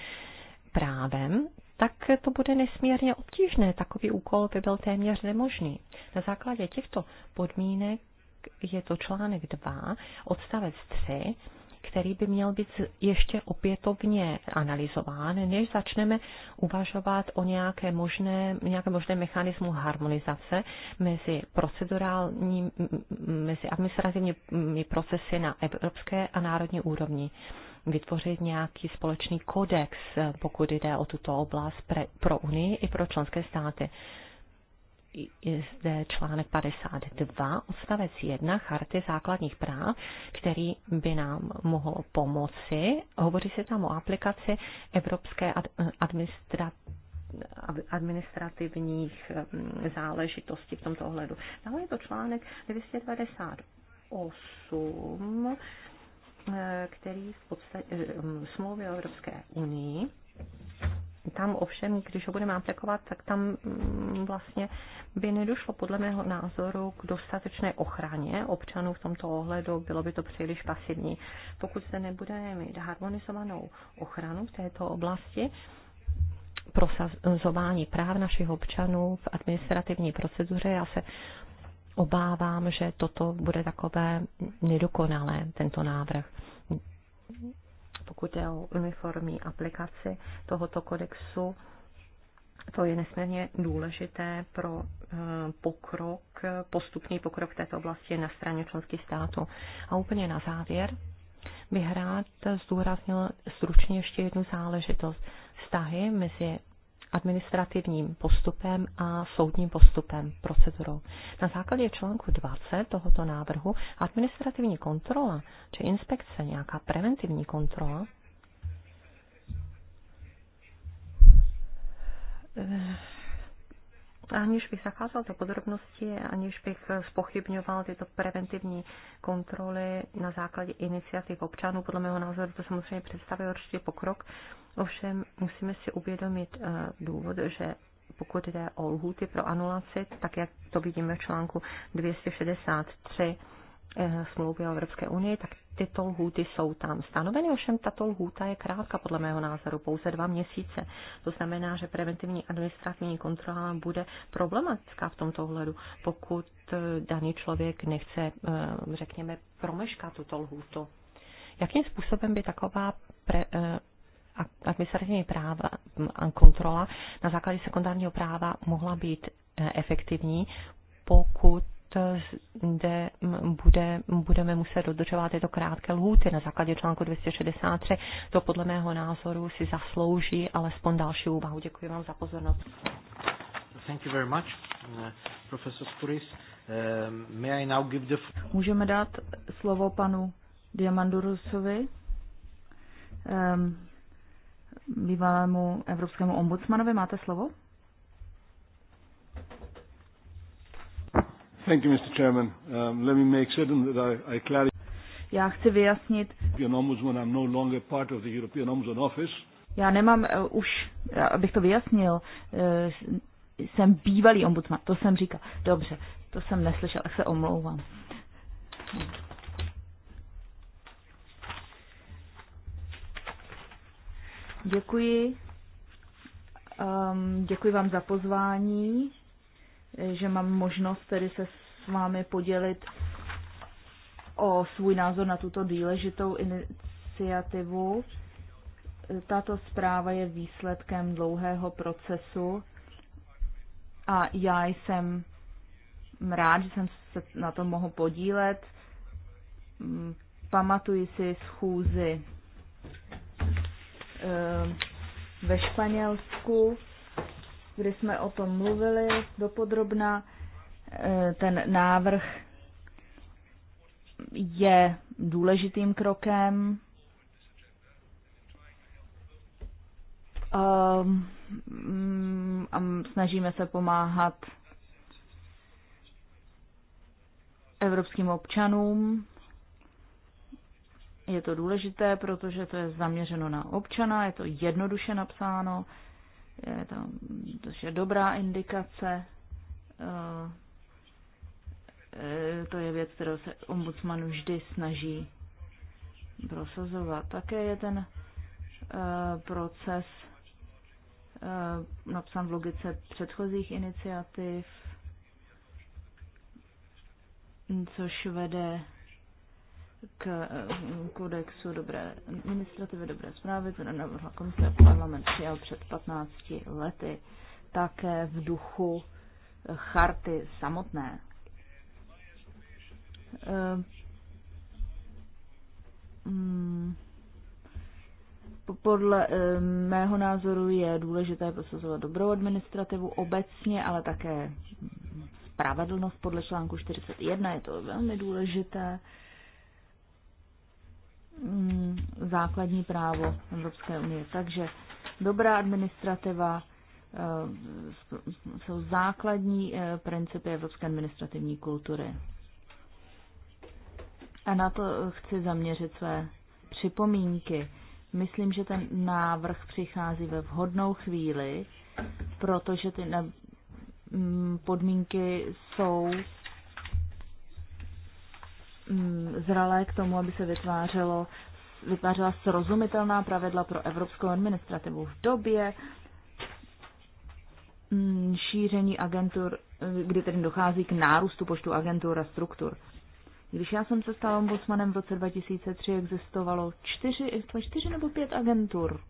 právem, tak to bude nesmírně obtížné. Takový úkol by byl téměř nemožný. Na základě těchto podmínek je to článek 2, odstavec 3, který by měl být ještě opětovně analyzován, než začneme uvažovat o nějaké možné, nějaké možné mechanismu harmonizace mezi procedurální, mezi administrativními procesy na evropské a národní úrovni vytvořit nějaký společný kodex, eh, pokud jde o tuto oblast pre, pro Unii i pro členské státy je zde článek 52 odstavec 1 Charty základních práv, který by nám mohl pomoci. Hovoří se tam o aplikaci Evropské administrativních mm, záležitostí v tomto ohledu. Dále je to článek 298, eh, který v podstatě eh, mm, smlouvy o Evropské unii tam ovšem, když ho budeme aplikovat, tak tam mm, vlastně by nedošlo podle mého názoru k dostatečné ochraně občanů v tomto ohledu, bylo by to příliš pasivní. Pokud se nebudeme mít harmonizovanou ochranu v této oblasti, prosazování práv našich občanů v administrativní proceduře, já se obávám, že toto bude takové nedokonalé, tento návrh pokud je o uniformní aplikaci tohoto kodexu. To je nesmírně důležité pro eh, pokrok, postupný pokrok v této oblasti na straně členských států. A úplně na závěr bych rád zdůraznil stručně ještě jednu záležitost. Vztahy mezi administrativním postupem a soudním postupem, procedurou. Na základě článku 20 tohoto návrhu administrativní kontrola či inspekce, nějaká preventivní kontrola, eh, Aniž bych zacházel do podrobnosti, aniž bych spochybňoval tyto preventivní kontroly na základě iniciativ občanů, podle mého názoru to samozřejmě představuje určitě pokrok Ovšem musíme si uvědomit eh, důvod, že pokud jde o lhuty pro anulaci, tak jak to vidíme v článku 263 eh, smlouvy o Evropské unii, tak tyto lhůty jsou tam stanoveny, ovšem tato lhůta je krátká podle mého názoru, pouze dva měsíce. To znamená, že preventivní administrativní kontrola bude problematická v tomto ohledu, pokud eh, daný člověk nechce, řekněme, promeškat tuto lhůtu. Jakým způsobem by taková pre, administrativní práva a kontrola na základě sekundárního práva mohla být eh, efektivní, pokud kde bude, budeme muset dodržovat tyto krátké lhůty na základě článku 263. To podle mého názoru si zaslouží alespoň další úvahu. Děkuji vám za pozornost. Thank you very much, eh, professor Spuris. Eh, may I now give the... Můžeme dát slovo panu Diamandurusovi. Um, ehm, bývalému evropskému ombudsmanovi. Máte slovo? Thank you, Mr. Chairman. Um, let me make certain that I, I clarify. Já chci vyjasnit. Já nemám uh, už, eh, abych to vyjasnil, uh, jsem bývalý ombudsman, to jsem říkal. Dobře, to jsem neslyšel, tak se omlouvám. Děkuji. Um, děkuji vám za pozvání, že mám možnost tedy se s vámi podělit o svůj názor na tuto důležitou iniciativu. Tato zpráva je výsledkem dlouhého procesu a já jsem rád, že jsem se na to mohl podílet. Pamatuji si schůzi Eh, ve Španělsku, kdy jsme o tom mluvili dopodrobna. Eh, ten návrh je důležitým krokem. Ehm, mm, a snažíme se pomáhat evropským občanům je to důležité, protože to je zaměřeno na občana, je to jednoduše napsáno, je to, to je dobrá indikace. Eh, to je věc, kterou se ombudsman vždy snaží prosazovat. Také je ten eh, proces eh, napsán v logice předchozích iniciativ, což vede k eh, kodexu dobré administrativy, dobré zprávy, to navrhla komise parlament přijal před 15 lety, také v duchu eh, charty samotné. Eh, mm, podle mého názoru je důležité posuzovat dobrou administrativu obecně, ale také spravedlnost podle článku 41, je to velmi důležité. Mm, základní právo Evropské unie. Takže dobrá administrativa eh, jsou základní eh, principy evropské administrativní kultury. A na to eh, chci zaměřit své připomínky. Myslím, že ten návrh přichází ve vhodnou chvíli, protože ty mm, podmínky jsou Mm, zralé k tomu, aby se vytvářelo, vytvářela srozumitelná pravidla pro evropskou administrativu v době mm, šíření agentur, kdy tedy dochází k nárůstu počtu agentur a struktur. Když já jsem se stala ombudsmanem v roce 2003, existovalo čtyři, čtyři nebo pět agentur.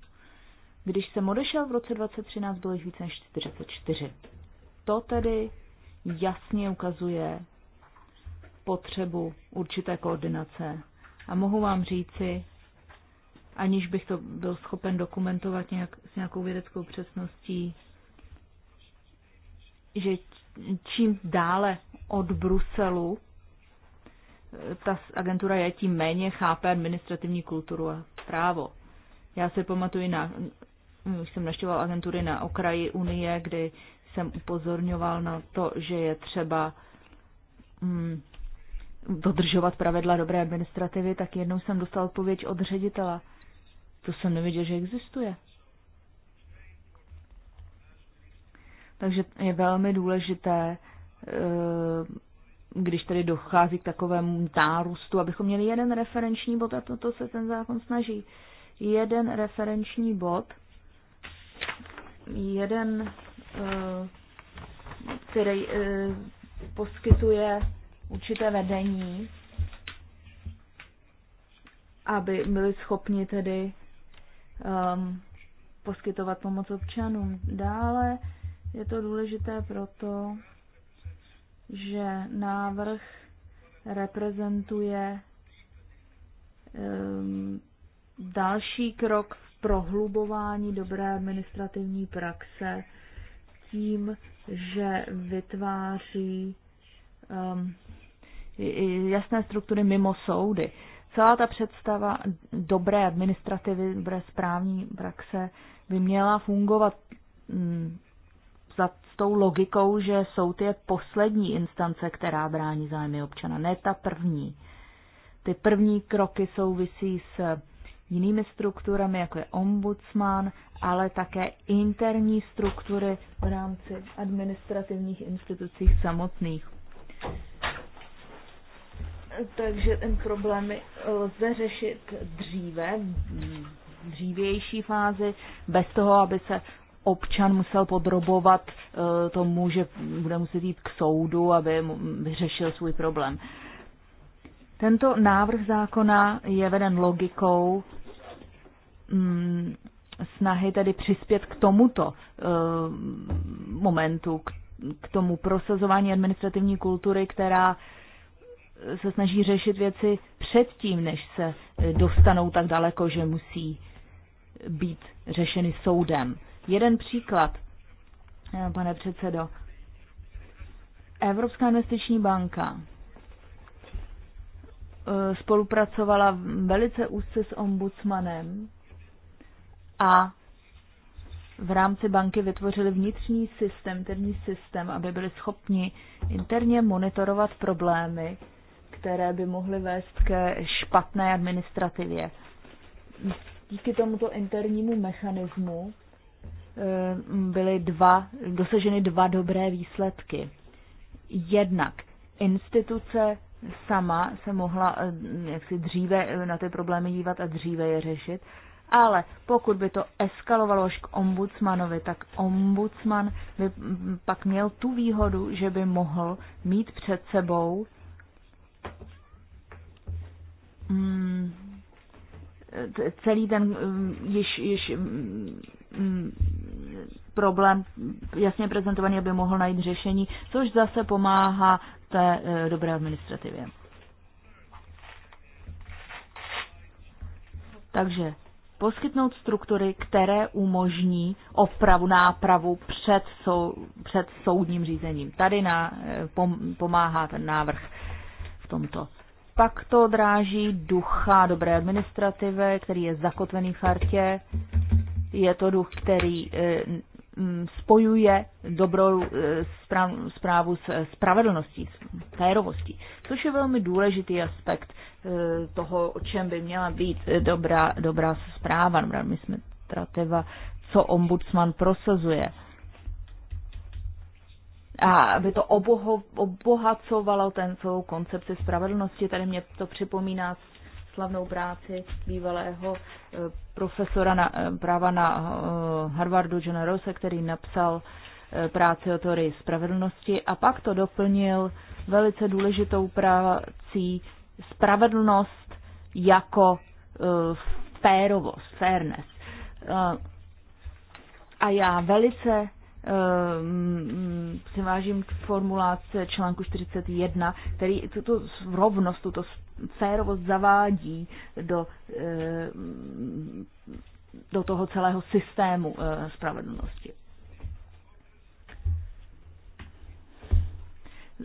Když jsem odešel v roce 2013, bylo jich více než 44. To tedy jasně ukazuje potřebu určité koordinace. A mohu vám říci, aniž bych to byl schopen dokumentovat nějak, s nějakou vědeckou přesností, že čím dále od Bruselu ta agentura je, tím méně chápe administrativní kulturu a právo. Já se pamatuji, na, už jsem naštěval agentury na okraji Unie, kdy jsem upozorňoval na to, že je třeba mm, dodržovat pravidla dobré administrativy, tak jednou jsem dostal odpověď od ředitela. To jsem nevěděl, že existuje. Takže je velmi důležité, eh, když tedy dochází k takovému nárůstu, abychom měli jeden referenční bod, a to, to se ten zákon snaží. Jeden referenční bod, jeden, eh, který eh, poskytuje určité vedení, aby byli schopni tedy um, poskytovat pomoc občanům. Dále je to důležité proto, že návrh reprezentuje um, další krok v prohlubování dobré administrativní praxe tím, že vytváří um, jasné struktury mimo soudy. Celá ta představa dobré administrativy, dobré správní praxe by měla fungovat mm, za s tou logikou, že soud je poslední instance, která brání zájmy občana, ne ta první. Ty první kroky souvisí s jinými strukturami, jako je ombudsman, ale také interní struktury v rámci administrativních institucí samotných. Takže ten problém lze řešit dříve, v dřívější fázi, bez toho, aby se občan musel podrobovat eh, tomu, že bude muset jít k soudu, aby vyřešil svůj problém. Tento návrh zákona je veden logikou mm, snahy tedy přispět k tomuto eh, momentu, k tomu prosazování administrativní kultury, která se snaží řešit věci předtím, než se dostanou tak daleko, že musí být řešeny soudem. Jeden příklad, pane předsedo. Evropská investiční banka eh, spolupracovala velice úzce s ombudsmanem a v rámci banky vytvořili vnitřní systém, interní systém, aby byli schopni interně monitorovat problémy, které by mohly vést ke špatné administrativě. Díky tomuto internímu mechanismu eh, byly dva, dosaženy dva dobré výsledky. Jednak instituce sama se mohla eh, jaksi dříve na ty problémy dívat a dříve je řešit, ale pokud by to eskalovalo až k ombudsmanovi, tak ombudsman by pak měl tu výhodu, že by mohl mít před sebou Mm, celý ten mm, již, již mm, problém jasně prezentovaný, aby mohl najít řešení, což zase pomáhá té eh, dobré administrativě. Takže poskytnout struktury, které umožní opravu, nápravu před, sou, před soudním řízením. Tady na, eh, pom, pomáhá ten návrh v tomto pak to odráží ducha dobré administrativy, který je zakotvený v chartě. Je to duch, který eh, spojuje dobrou zprávu eh, s eh, spravedlností, s férovostí, což je velmi důležitý aspekt toho, o čem by měla být dobrá, dobrá zpráva, dobrá administrativa, co ombudsman prosazuje a aby to oboho, obohacovalo ten celou koncepci spravedlnosti. Tady mě to připomíná slavnou práci bývalého eh, profesora na, eh, práva na eh, Harvardu Johna Rose, který napsal práci o teorii spravedlnosti a pak to doplnil velice důležitou práci spravedlnost jako férovost, fairness. A já velice si ehm, vážím k formulace článku 41, který tuto rovnost, tuto férovost zavádí do, ehm, do toho celého systému eh, spravedlnosti.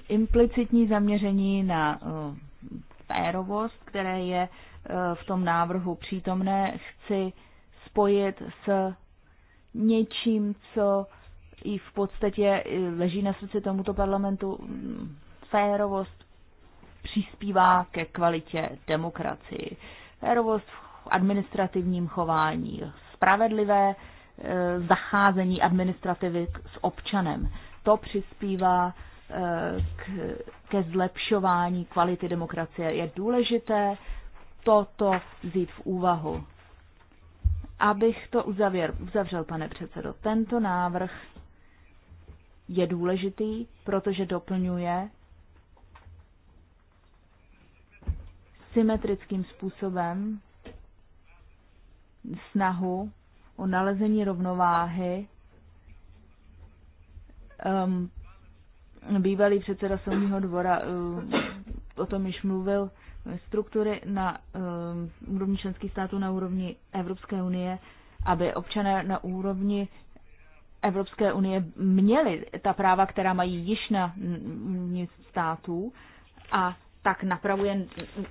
Implicitní zaměření na eh, férovost, které je eh, v tom návrhu přítomné, chci spojit s něčím, co i v podstatě leží na srdci tomuto parlamentu mm, férovost přispívá ke kvalitě demokracii. Férovost v administrativním chování, spravedlivé e, zacházení administrativy s občanem. To přispívá e, k, ke zlepšování kvality demokracie. Je důležité toto vzít v úvahu. Abych to uzavěr, uzavřel, pane předsedo, tento návrh je důležitý, protože doplňuje symetrickým způsobem snahu o nalezení rovnováhy. Um, bývalý předseda soudního dvora um, o tom již mluvil, struktury na um, úrovni členských států, na úrovni Evropské unie, aby občané na úrovni Evropské unie měly ta práva, která mají již na států a tak napravuje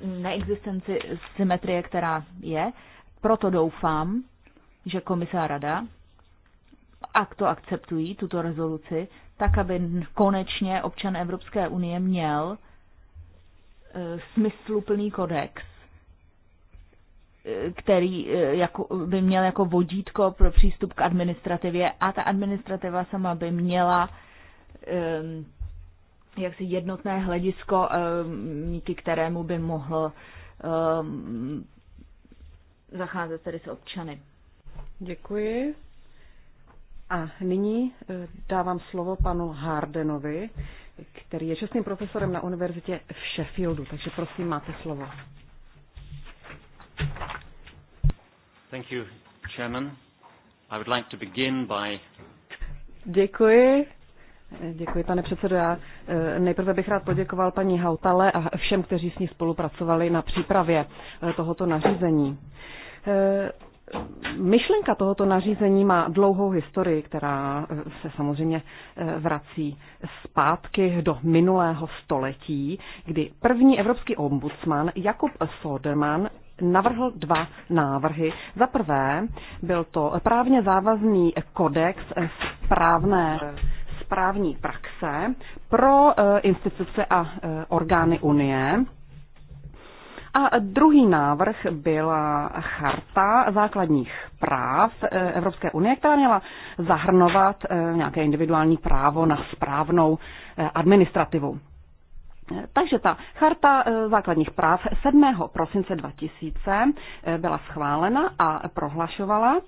neexistenci symetrie, která je. Proto doufám, že komise a rada a to akceptují, tuto rezoluci, tak, aby konečně občan Evropské unie měl e, smysluplný kodex který eh, jako, by měl jako vodítko pro přístup k administrativě a ta administrativa sama by měla um, jaksi jednotné hledisko, um, díky kterému by mohl um, zacházet tedy s občany. Děkuji. A nyní eh, dávám slovo panu Hardenovi, který je čestným profesorem na univerzitě v Sheffieldu. Takže prosím, máte slovo. Thank you, Chairman. I would like to begin by... Děkuji. Děkuji, pane předsedo. Já eh, nejprve bych rád poděkoval paní Hautale a všem, kteří s ní spolupracovali na přípravě eh, tohoto nařízení. Eh, myšlenka tohoto nařízení má dlouhou historii, která se samozřejmě vrací zpátky do minulého století, kdy první evropský ombudsman Jakub Soderman navrhl dva návrhy. Za prvé byl to právně závazný kodex správné správní praxe pro e, instituce a e, orgány Unie. A druhý návrh byla charta základních práv e, Evropské unie, která měla zahrnovat nějaké individuální právo na správnou administrativu. Takže ta charta eh, základních práv 7. prosince 2000 eh, byla schválena a prohlašovala,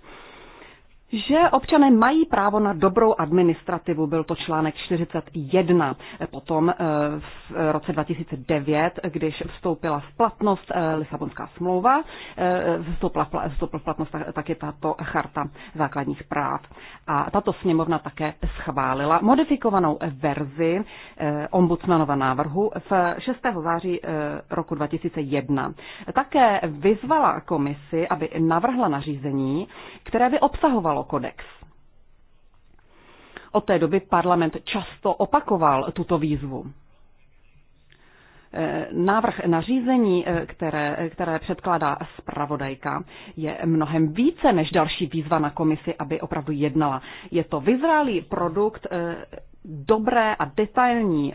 že občané mají právo na dobrou administrativu, byl to článek 41. Potom eh, v roce 2009, když vstoupila v platnost eh, Lisabonská smlouva, eh, vstoupila, v platnost také tato charta základních práv. A tato sněmovna také schválila modifikovanou verzi ombudsmanova návrhu v 6. září roku 2001. Také vyzvala komisi, aby navrhla nařízení, které by obsahovalo přijalo kodex. Od té doby parlament často opakoval tuto výzvu. Eh, návrh nařízení, eh, které, které předkládá zpravodajka, je mnohem více než další výzva na komisi, aby opravdu jednala. Je to vyzrálý produkt eh, dobré a detailní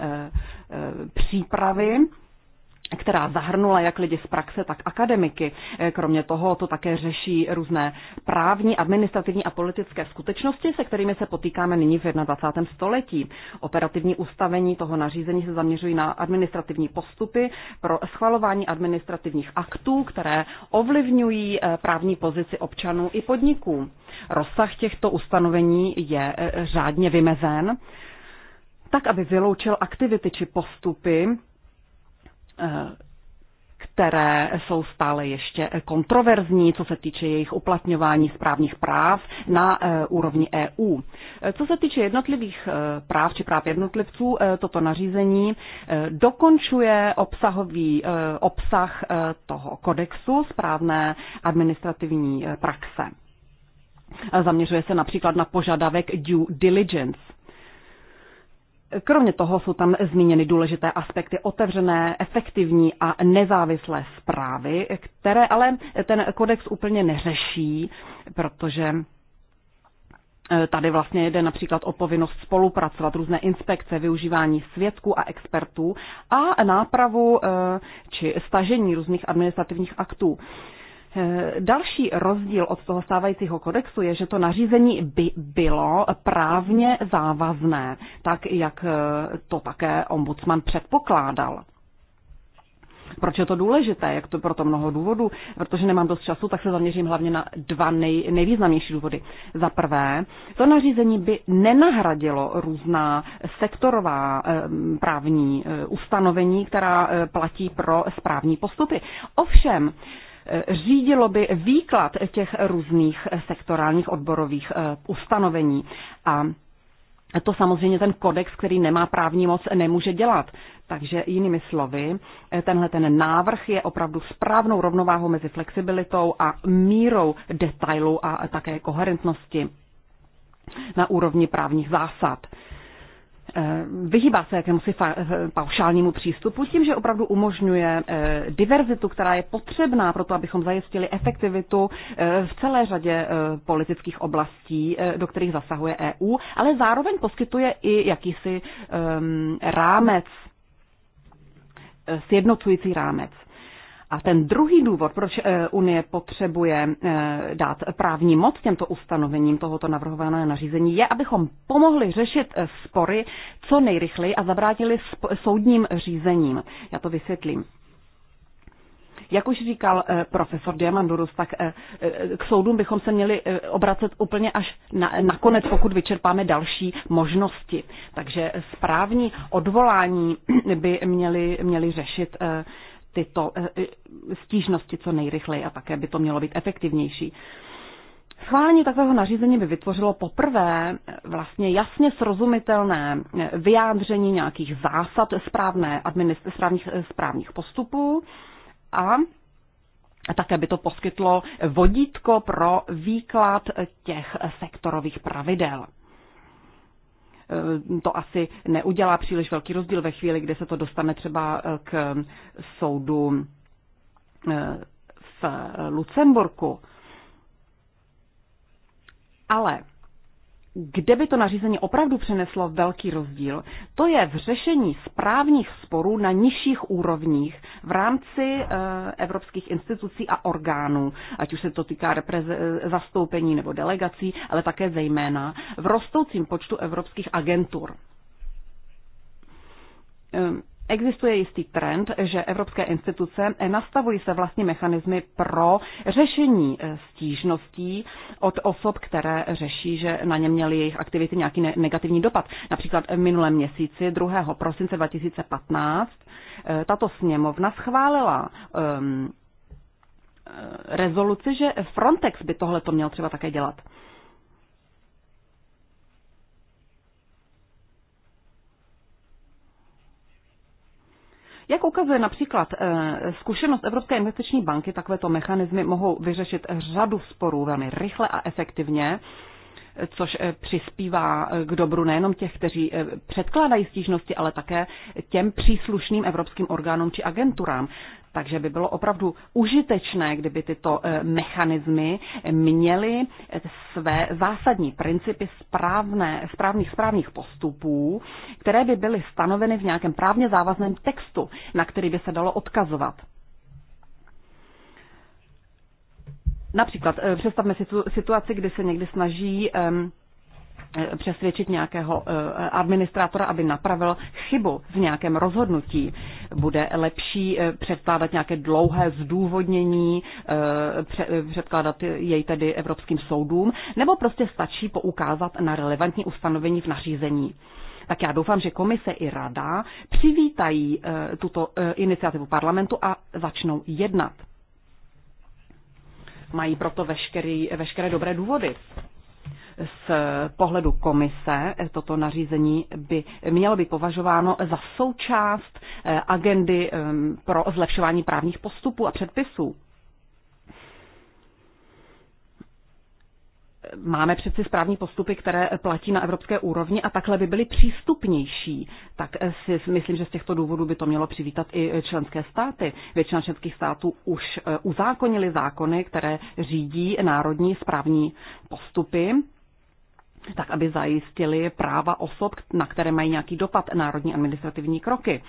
přípravy která zahrnula jak lidi z praxe, tak akademiky. Eh, kromě toho to také řeší různé právní, administrativní a politické skutečnosti, se kterými se potýkáme nyní v 21. století. Operativní ustavení toho nařízení se zaměřují na administrativní postupy pro schvalování administrativních aktů, které ovlivňují eh, právní pozici občanů i podniků. Rozsah těchto ustanovení je eh, řádně vymezen tak, aby vyloučil aktivity či postupy, Eh, které jsou stále ještě kontroverzní, co se týče jejich uplatňování správních práv na eh, úrovni EU. Eh, co se týče jednotlivých práv či práv jednotlivců, toto nařízení dokončuje obsahový obsah toho kodexu správné administrativní praxe. Zaměřuje se například na požadavek due diligence Kromě toho jsou tam zmíněny důležité aspekty otevřené, efektivní a nezávislé zprávy, které ale ten kodex úplně neřeší, protože eh, Tady vlastně jde například o povinnost spolupracovat, různé inspekce, využívání svědků a expertů a nápravu eh, či stažení různých administrativních aktů. Eh, další rozdíl od toho stávajícího kodexu je, že to nařízení by bylo právně závazné, tak jak eh, to také ombudsman předpokládal. Proč je to důležité? Jak to pro to mnoho důvodů? Protože nemám dost času, tak se zaměřím hlavně na dva nej, nejvýznamnější důvody. Za prvé, to nařízení by nenahradilo různá sektorová e, právní e, ustanovení, která e, platí pro správní postupy. Ovšem, e, Eh, řídilo by výklad těch různých sektorálních odborových eh, ustanovení. A to samozřejmě ten kodex, který nemá právní moc, nemůže dělat. Takže jinými slovy, eh, tenhle ten návrh je opravdu správnou rovnováhou mezi flexibilitou a mírou detailu a také koherentnosti na úrovni právních zásad. Eh, vyhýbá se jakémusi eh, paušálnímu přístupu tím, že opravdu umožňuje eh, diverzitu, která je potřebná pro to, abychom zajistili efektivitu v celé řadě politických oblastí, do kterých zasahuje EU, ale zároveň poskytuje i jakýsi ehm, rámec, sjednocující rámec. A ten druhý důvod, proč eh, Unie potřebuje eh, dát právní moc těmto ustanovením tohoto navrhovaného nařízení, je, abychom pomohli řešit eh, spory co nejrychleji a zabrátili soudním řízením. Já to vysvětlím. Jak už říkal profesor Diamandurus, tak k soudům bychom se měli obracet úplně až na, nakonec, pokud vyčerpáme další možnosti. Takže správní odvolání by měli, měli řešit tyto eh, eh, stížnosti co nejrychleji a také by to mělo být efektivnější. Schválení takového nařízení by vytvořilo poprvé eh, vlastně jasně srozumitelné vyjádření nějakých zásad správné správných, správných postupů a také by to poskytlo vodítko pro výklad těch sektorových pravidel. Eh, to asi neudělá příliš velký rozdíl ve chvíli, kdy se to dostane třeba eh, k soudu eh, v Lucemburku. Ale kde by to nařízení opravdu přineslo velký rozdíl, to je v řešení správních sporů na nižších úrovních v rámci eh, evropských institucí a orgánů, ať už se to týká zastoupení nebo delegací, ale také zejména v rostoucím počtu evropských agentur ehm, existuje jistý trend, že evropské instituce nastavují se vlastní mechanismy pro řešení eh, stížností od osob, které řeší, že na ně měly jejich aktivity nějaký negativní dopad. Například v minulém měsíci, 2. prosince 2015, eh, tato sněmovna schválila um, rezoluci, že Frontex by tohle to měl třeba také dělat. Jak ukazuje například eh, zkušenost Evropské investiční banky, takovéto mechanismy mohou vyřešit řadu sporů velmi rychle a efektivně což eh, přispívá eh, k dobru nejenom těch, kteří předkládají stížnosti, ale také těm příslušným evropským orgánům či agenturám. Takže by bylo opravdu užitečné, kdyby tyto eh, mechanismy měly eh, své zásadní principy správné, správných správných postupů, které by byly stanoveny v nějakém právně závazném textu, na který by se dalo odkazovat. Například eh, představme si situaci, kdy se někdy snaží přesvědčit nějakého administrátora, aby napravil chybu v nějakém rozhodnutí bude lepší eh, předkládat nějaké dlouhé zdůvodnění, eh, eh, předkládat jej tedy evropským soudům, nebo prostě stačí poukázat na relevantní ustanovení v nařízení. Tak já doufám, že komise i rada přivítají tuto iniciativu parlamentu a začnou jednat. Mají proto veškeré dobré důvody z pohledu komise toto nařízení by mělo být považováno za součást eh, agendy ehm, pro zlepšování právních postupů a předpisů. Máme přeci správní postupy, které platí na evropské úrovni a takhle by byly přístupnější. Tak eh, si myslím, že z těchto důvodů by to mělo přivítat i eh, členské státy. Většina členských států už uzákonili zákony, které řídí národní správní postupy tak aby zajistili práva osob, na které mají nějaký dopad národní administrativní kroky.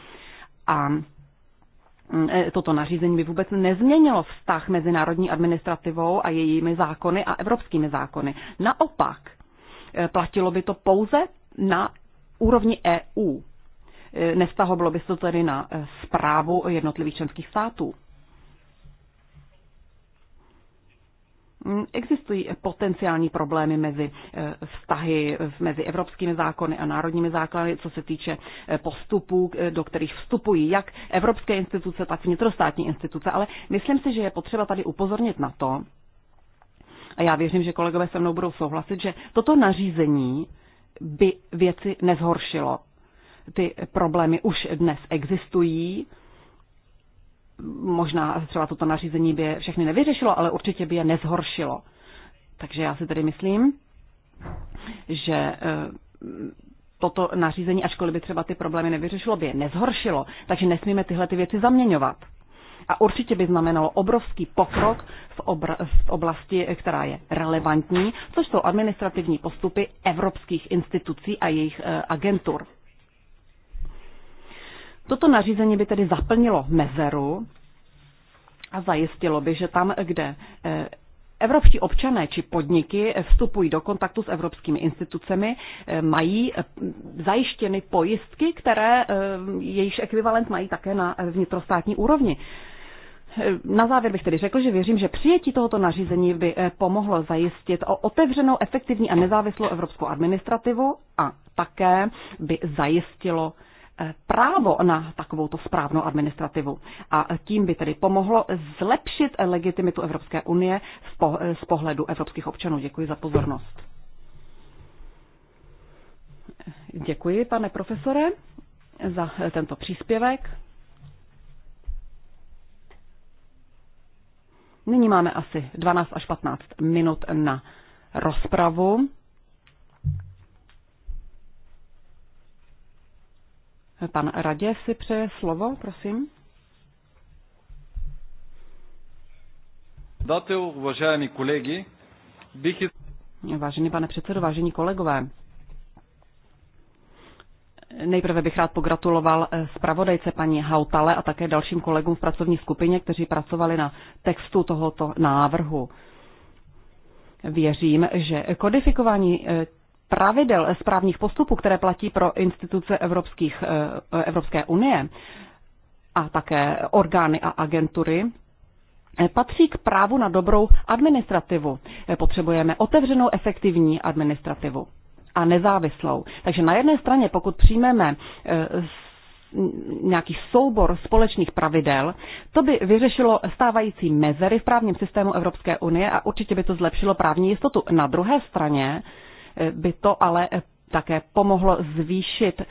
A mm, e, toto nařízení by vůbec nezměnilo vztah mezi národní administrativou a jejími zákony a evropskými zákony. Naopak, e, platilo by to pouze na úrovni EU. E, Nestahovalo by se to tedy na zprávu jednotlivých členských států. Mm, existují potenciální problémy mezi eh, vztahy, mezi evropskými zákony a národními základy, co se týče eh, postupů, do kterých vstupují jak evropské instituce, tak vnitrostátní instituce. Ale myslím si, že je potřeba tady upozornit na to, a já věřím, že kolegové se mnou budou souhlasit, že toto nařízení by věci nezhoršilo. Ty problémy už dnes existují, možná třeba toto nařízení by je všechny nevyřešilo, ale určitě by je nezhoršilo. Takže já si tedy myslím, že e, toto nařízení, ačkoliv by třeba ty problémy nevyřešilo, by je nezhoršilo. Takže nesmíme tyhle ty věci zaměňovat. A určitě by znamenalo obrovský pokrok v, obr- v oblasti, e, která je relevantní, což jsou administrativní postupy evropských institucí a jejich e, agentur. Toto nařízení by tedy zaplnilo mezeru a zajistilo by, že tam, kde eh, Evropští občané či podniky vstupují do kontaktu s evropskými institucemi, eh, mají eh, zajištěny pojistky, které jejich ekvivalent mají také na vnitrostátní úrovni. Na závěr bych tedy řekl, že věřím, že přijetí tohoto nařízení by pomohlo zajistit o otevřenou, efektivní a nezávislou evropskou administrativu a také by zajistilo Eh, právo na takovouto správnou administrativu. A tím by tedy pomohlo zlepšit legitimitu Evropské unie z pohledu evropských občanů. Děkuji za pozornost. Děkuji, pane profesore, za tento příspěvek. Nyní máme asi 12 až 15 minut na rozpravu. Pan Radě si přeje slovo, prosím. Dáte uvažajení kolegy, bych... Vážený pane předsedo, vážení kolegové, Nejprve bych rád pogratuloval eh, zpravodajce paní Hautale a také dalším kolegům v pracovní skupině, kteří pracovali na textu tohoto návrhu. Věřím, že kodifikování eh, pravidel eh, správních postupů, které platí pro instituce Evropských, eh, eh, Evropské unie a také orgány a agentury, patří k právu na dobrou administrativu. Potřebujeme otevřenou, efektivní administrativu a nezávislou. Takže na jedné straně, pokud přijmeme nějaký soubor společných pravidel, to by vyřešilo stávající mezery v právním systému Evropské unie a určitě by to zlepšilo právní jistotu. Na druhé straně by to ale také pomohlo zvýšit eh,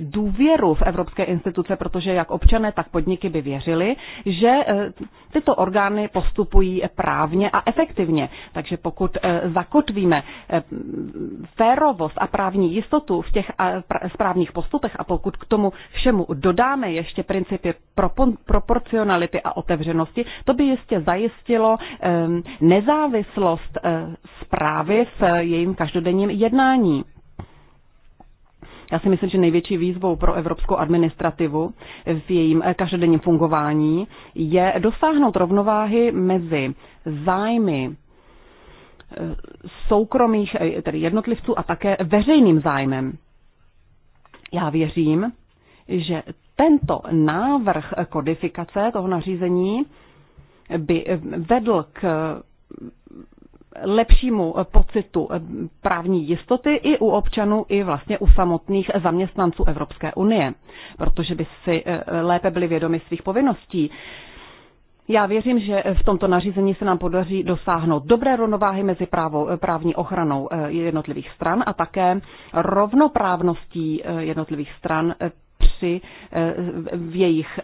důvěru v evropské instituce, protože jak občané, tak podniky by věřili, že eh, tyto orgány postupují právně a efektivně. Takže pokud eh, zakotvíme férovost a právní jistotu v těch správných postupech a pokud k tomu všemu dodáme ještě principy proporcionality a otevřenosti, to by jistě zajistilo nezávislost zprávy v jejím každodenním jednání. Já si myslím, že největší výzvou pro evropskou administrativu v jejím každodenním fungování je dosáhnout rovnováhy mezi zájmy eh, soukromých, eh, tedy jednotlivců a také veřejným zájmem. Já věřím, že tento návrh kodifikace toho nařízení by vedl k lepšímu eh, pocitu eh, právní jistoty i u občanů, i vlastně u samotných zaměstnanců Evropské unie, protože by si eh, lépe byli vědomi svých povinností. Já věřím, že v tomto nařízení se nám podaří dosáhnout dobré rovnováhy mezi právo, právní ochranou jednotlivých stran a také rovnoprávností jednotlivých stran procesy eh, v jejich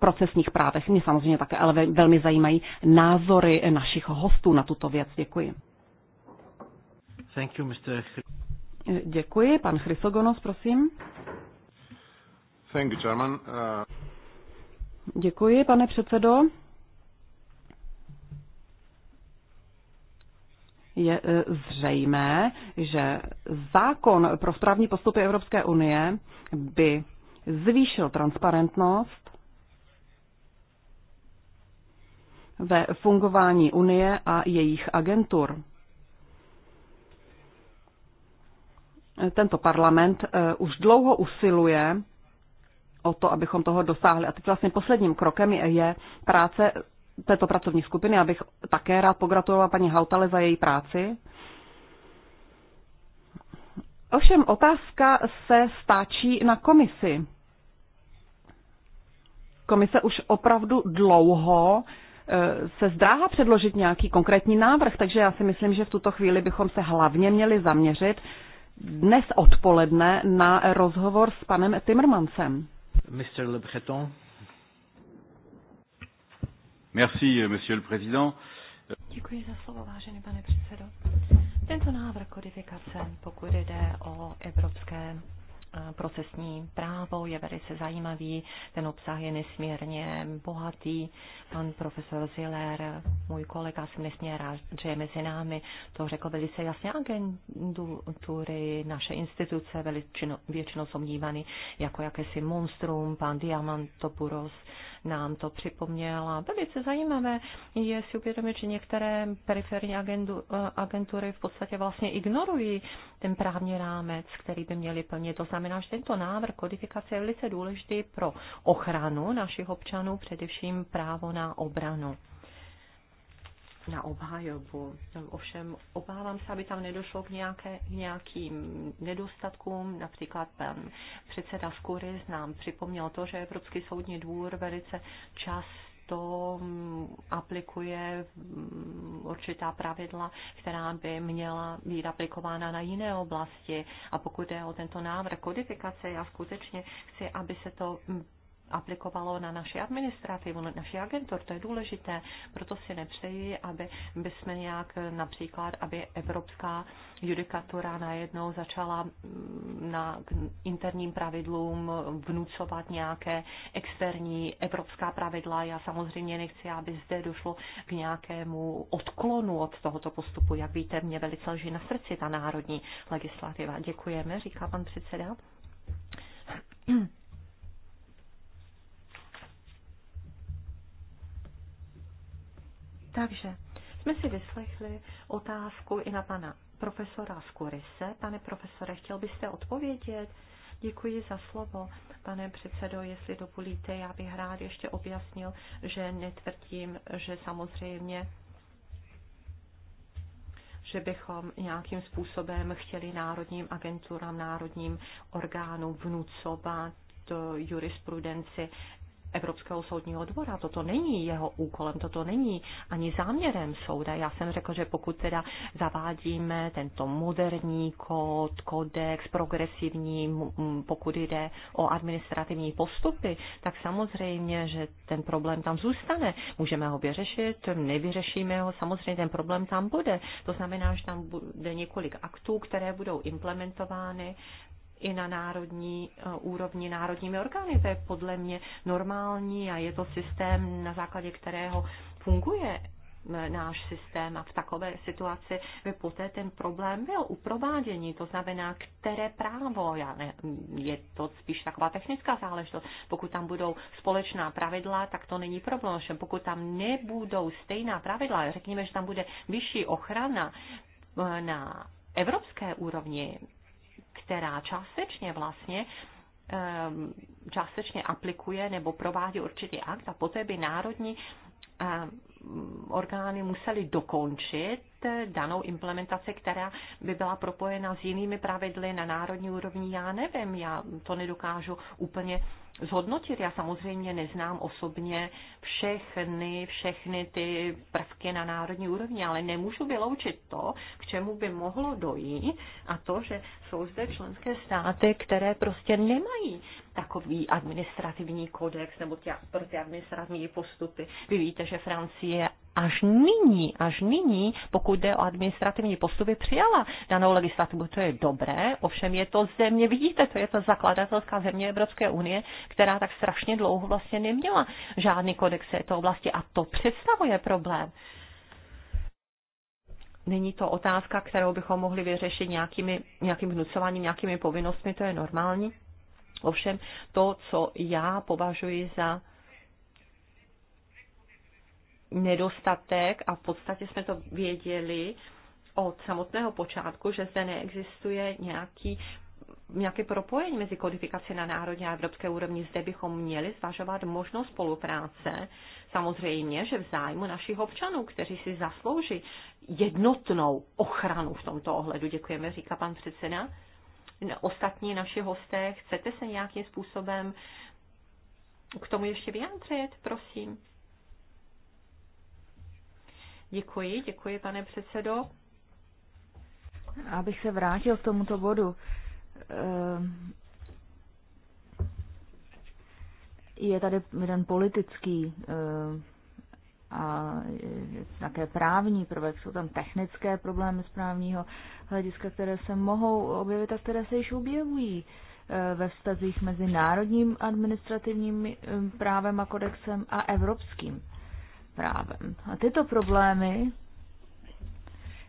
procesních právech. Mě samozřejmě také ale velmi zajímají názory našich hostů na tuto věc. Děkuji. Thank you, Mr. Děkuji. Pan Chrysogonos, prosím. Thank you, Chairman. Uh... Děkuji, pane předsedo. je eh, zřejmé, že zákon pro správní postupy Evropské unie by zvýšil transparentnost ve fungování Unie a jejich agentur. Tento parlament eh, už dlouho usiluje o to, abychom toho dosáhli. A teď vlastně posledním krokem je, je práce této pracovní skupiny. abych také rád pogratulovala paní Hautale za její práci. Ovšem otázka se stáčí na komisi komise už opravdu dlouho eh, se zdráhá předložit nějaký konkrétní návrh, takže já si myslím, že v tuto chvíli bychom se hlavně měli zaměřit dnes odpoledne na rozhovor s panem Timmermansem. Mr. Le Breton. Merci, euh, monsieur le président. Děkuji za slovo, vážený pane předsedo. Tento návrh kodifikace, pokud jde o evropské procesní právo je velice zajímavý, ten obsah je nesmírně bohatý. Pan profesor Ziller, můj kolega, jsem nesmírně rád, že je mezi námi, to řekl velice jasně agentury, naše instituce, velice většinou jsou vnímány jako jakési monstrum, pan Diamantopoulos, nám to připomněla. Velice zajímavé je si uvědomit, že některé periferní agendu, eh, agentury v podstatě vlastně ignorují ten právní rámec, který by měli plnit. To znamená, že tento návrh kodifikace je velice důležitý pro ochranu našich občanů, především právo na obranu na obhajobu. No, ovšem obávám se, aby tam nedošlo k, nějaké, k nějakým nedostatkům. Například pan předseda Skuris nám připomněl to, že Evropský soudní dvůr velice čas to aplikuje mm, určitá pravidla, která by měla být aplikována na jiné oblasti. A pokud je o tento návrh kodifikace, já skutečně chci, aby se to aplikovalo na naši administrativu, na naši agentur. To je důležité. Proto si nepřeji, aby by jsme nějak například, aby evropská judikatura najednou začala mm, na interním pravidlům vnucovat nějaké externí evropská pravidla. Já samozřejmě nechci, aby zde došlo k nějakému odklonu od tohoto postupu. Jak víte, mě velice leží na srdci ta národní legislativa. Děkujeme, říká pan předseda. Takže jsme si vyslechli otázku i na pana profesora Skurise. Pane profesore, chtěl byste odpovědět? Děkuji za slovo, pane předsedo. Jestli dovolíte, já bych rád ještě objasnil, že netvrdím, že samozřejmě že bychom nějakým způsobem chtěli národním agenturám, národním orgánům vnucovat eh, jurisprudenci Evropského soudního dvora. Toto není jeho úkolem, toto není ani záměrem souda. Já jsem řekl, že pokud teda zavádíme tento moderní kód, kodex, progresivní, pokud jde o administrativní postupy, tak samozřejmě, že ten problém tam zůstane. Můžeme ho vyřešit, nevyřešíme ho, samozřejmě ten problém tam bude. To znamená, že tam bude několik aktů, které budou implementovány i na národní eh, úrovni národními orgány. To je podle mě normální a je to systém, na základě kterého funguje eh, náš systém a v takové situaci by poté ten problém byl u provádění, to znamená, které právo, já ne, je to spíš taková technická záležitost, pokud tam budou společná pravidla, tak to není problém, že pokud tam nebudou stejná pravidla, řekněme, že tam bude vyšší ochrana eh, na evropské úrovni, která částečně vlastně ehm, částečně aplikuje nebo provádí určitý akt a poté by národní ehm, orgány musely dokončit danou implementaci, která by byla propojena s jinými pravidly na národní úrovni. Já nevím, já to nedokážu úplně zhodnotit. Já samozřejmě neznám osobně všechny, všechny ty prvky na národní úrovni, ale nemůžu vyloučit to, k čemu by mohlo dojít a to, že jsou zde členské státy, které prostě nemají takový administrativní kodex nebo pro prostě ty administrativní postupy. Vy víte, že Francie je až nyní, až nyní, pokud jde o administrativní postupy, přijala danou legislativu. To je dobré, ovšem je to země, vidíte, to je to zakladatelská země Evropské unie, která tak strašně dlouho vlastně neměla žádný kodex této oblasti a to představuje problém. Není to otázka, kterou bychom mohli vyřešit nějakými, nějakým vnucováním, nějakými povinnostmi, to je normální. Ovšem to, co já považuji za nedostatek a v podstatě jsme to věděli od samotného počátku, že zde neexistuje nějaký nějaké propojení mezi kodifikací na národní a evropské úrovni. Zde bychom měli zvažovat možnost spolupráce. Samozřejmě, že v zájmu našich občanů, kteří si zaslouží jednotnou ochranu v tomto ohledu. Děkujeme, říká pan předseda. Ostatní naši hosté, chcete se nějakým způsobem k tomu ještě vyjádřit, prosím? Děkuji, děkuji, pane předsedo. Abych se vrátil k tomuto bodu. Ehm, je tady jeden politický ehm, a také právní prvek, jsou tam technické problémy z právního hlediska, které se mohou objevit a které se již objevují ehm, ve vztazích mezi národním administrativním právem a kodexem a evropským právem. A tyto problémy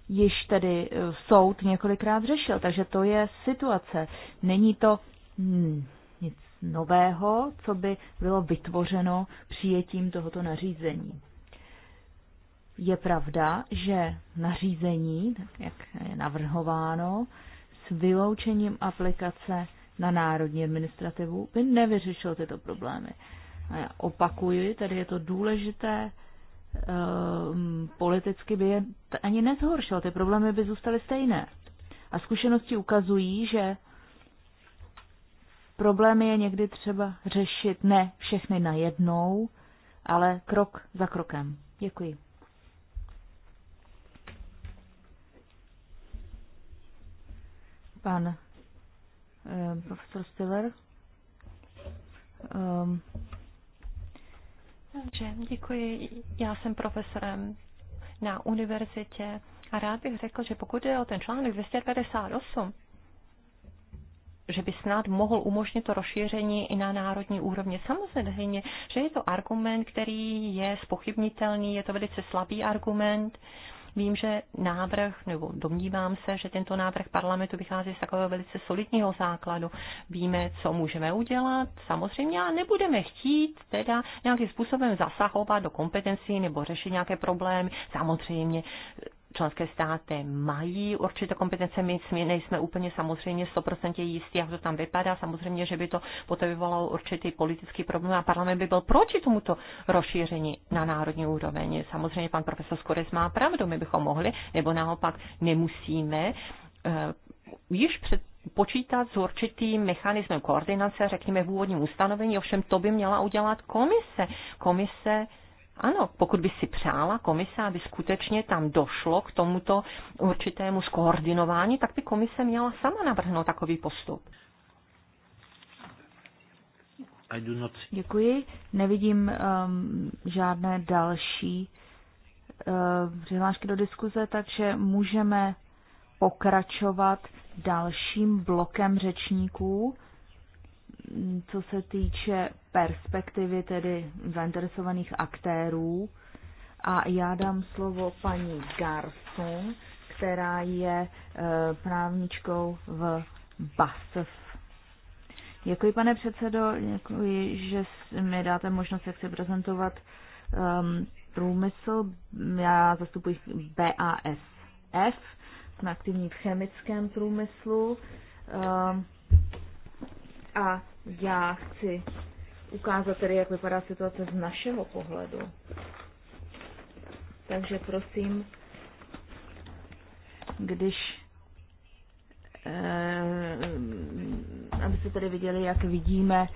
již tedy e, soud několikrát řešil, takže to je situace. Není to hmm, nic nového, co by bylo vytvořeno přijetím tohoto nařízení. Je pravda, že nařízení, tak jak je navrhováno, s vyloučením aplikace na národní administrativu by nevyřešilo tyto problémy. A já opakuji, tady je to důležité Ehm, politicky by je ani nezhoršil, ty problémy by zůstaly stejné. A zkušenosti ukazují, že problémy je někdy třeba řešit ne všechny najednou, ale krok za krokem. Děkuji. Pan eh, profesor Stiller. Um, Dobře, děkuji. Já jsem profesorem na univerzitě a rád bych řekl, že pokud je o ten článek 258, že by snad mohl umožnit to rozšíření i na národní úrovni. Samozřejmě, že je to argument, který je spochybnitelný, je to velice slabý argument. Vím, že návrh, nebo domnívám se, že tento návrh parlamentu vychází z takového velice solidního základu. Víme, co můžeme udělat, samozřejmě, a nebudeme chtít teda nějakým způsobem zasahovat do kompetencí nebo řešit nějaké problémy. Samozřejmě členské státy mají určité kompetence, my nejsme úplně samozřejmě 100% jistí, jak to tam vypadá. Samozřejmě, že by to vyvolalo určitý politický problém a parlament by byl proti tomuto rozšíření na národní úroveň. Samozřejmě pan profesor Skores má pravdu, my bychom mohli, nebo naopak nemusíme eh, již před počítat s určitým mechanismem koordinace, řekněme v úvodním ustanovení, ovšem to by měla udělat komise. Komise ano, pokud by si přála komise, aby skutečně tam došlo k tomuto určitému skoordinování, tak by komise měla sama navrhnout takový postup. Not... Děkuji. Nevidím um, žádné další uh, přihlášky do diskuze, takže můžeme pokračovat dalším blokem řečníků co se týče perspektivy tedy zainteresovaných aktérů. A já dám slovo paní Garson, která je e, právničkou v BASF. Děkuji, pane předsedo, děkuji, že mi dáte možnost, jak se prezentovat um, průmysl. Já zastupuji BASF, jsem aktivní v chemickém průmyslu. Um, a já chci ukázat tedy, jak vypadá situace z našeho pohledu. Takže prosím, když eh, abyste tedy viděli, jak vidíme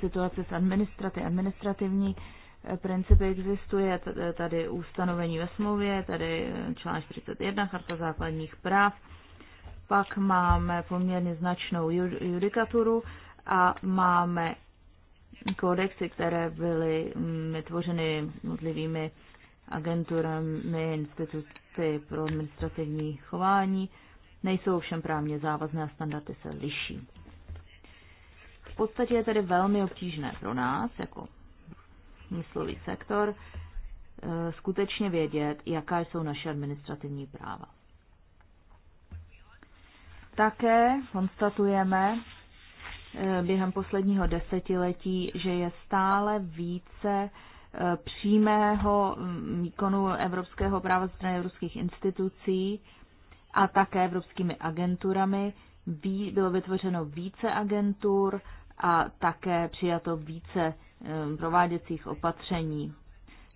situace s administraty. Administrativní eh, principy existuje tady ustanovení ve smlouvě, tady eh, článek 41, charta základních práv, pak máme poměrně značnou judikaturu a máme kodexy, které byly mm, vytvořeny modlivými agenturami, instituty pro administrativní chování, nejsou všem právně závazné a standardy se liší. V podstatě je tedy velmi obtížné pro nás, jako myslový sektor, eh, skutečně vědět, jaká jsou naše administrativní práva. Také konstatujeme, Eh, během posledního desetiletí, že je stále více eh, přímého mm, výkonu evropského práva strany evropských institucí a také evropskými agenturami. Bylo vytvořeno více agentur a také přijato více eh, prováděcích opatření,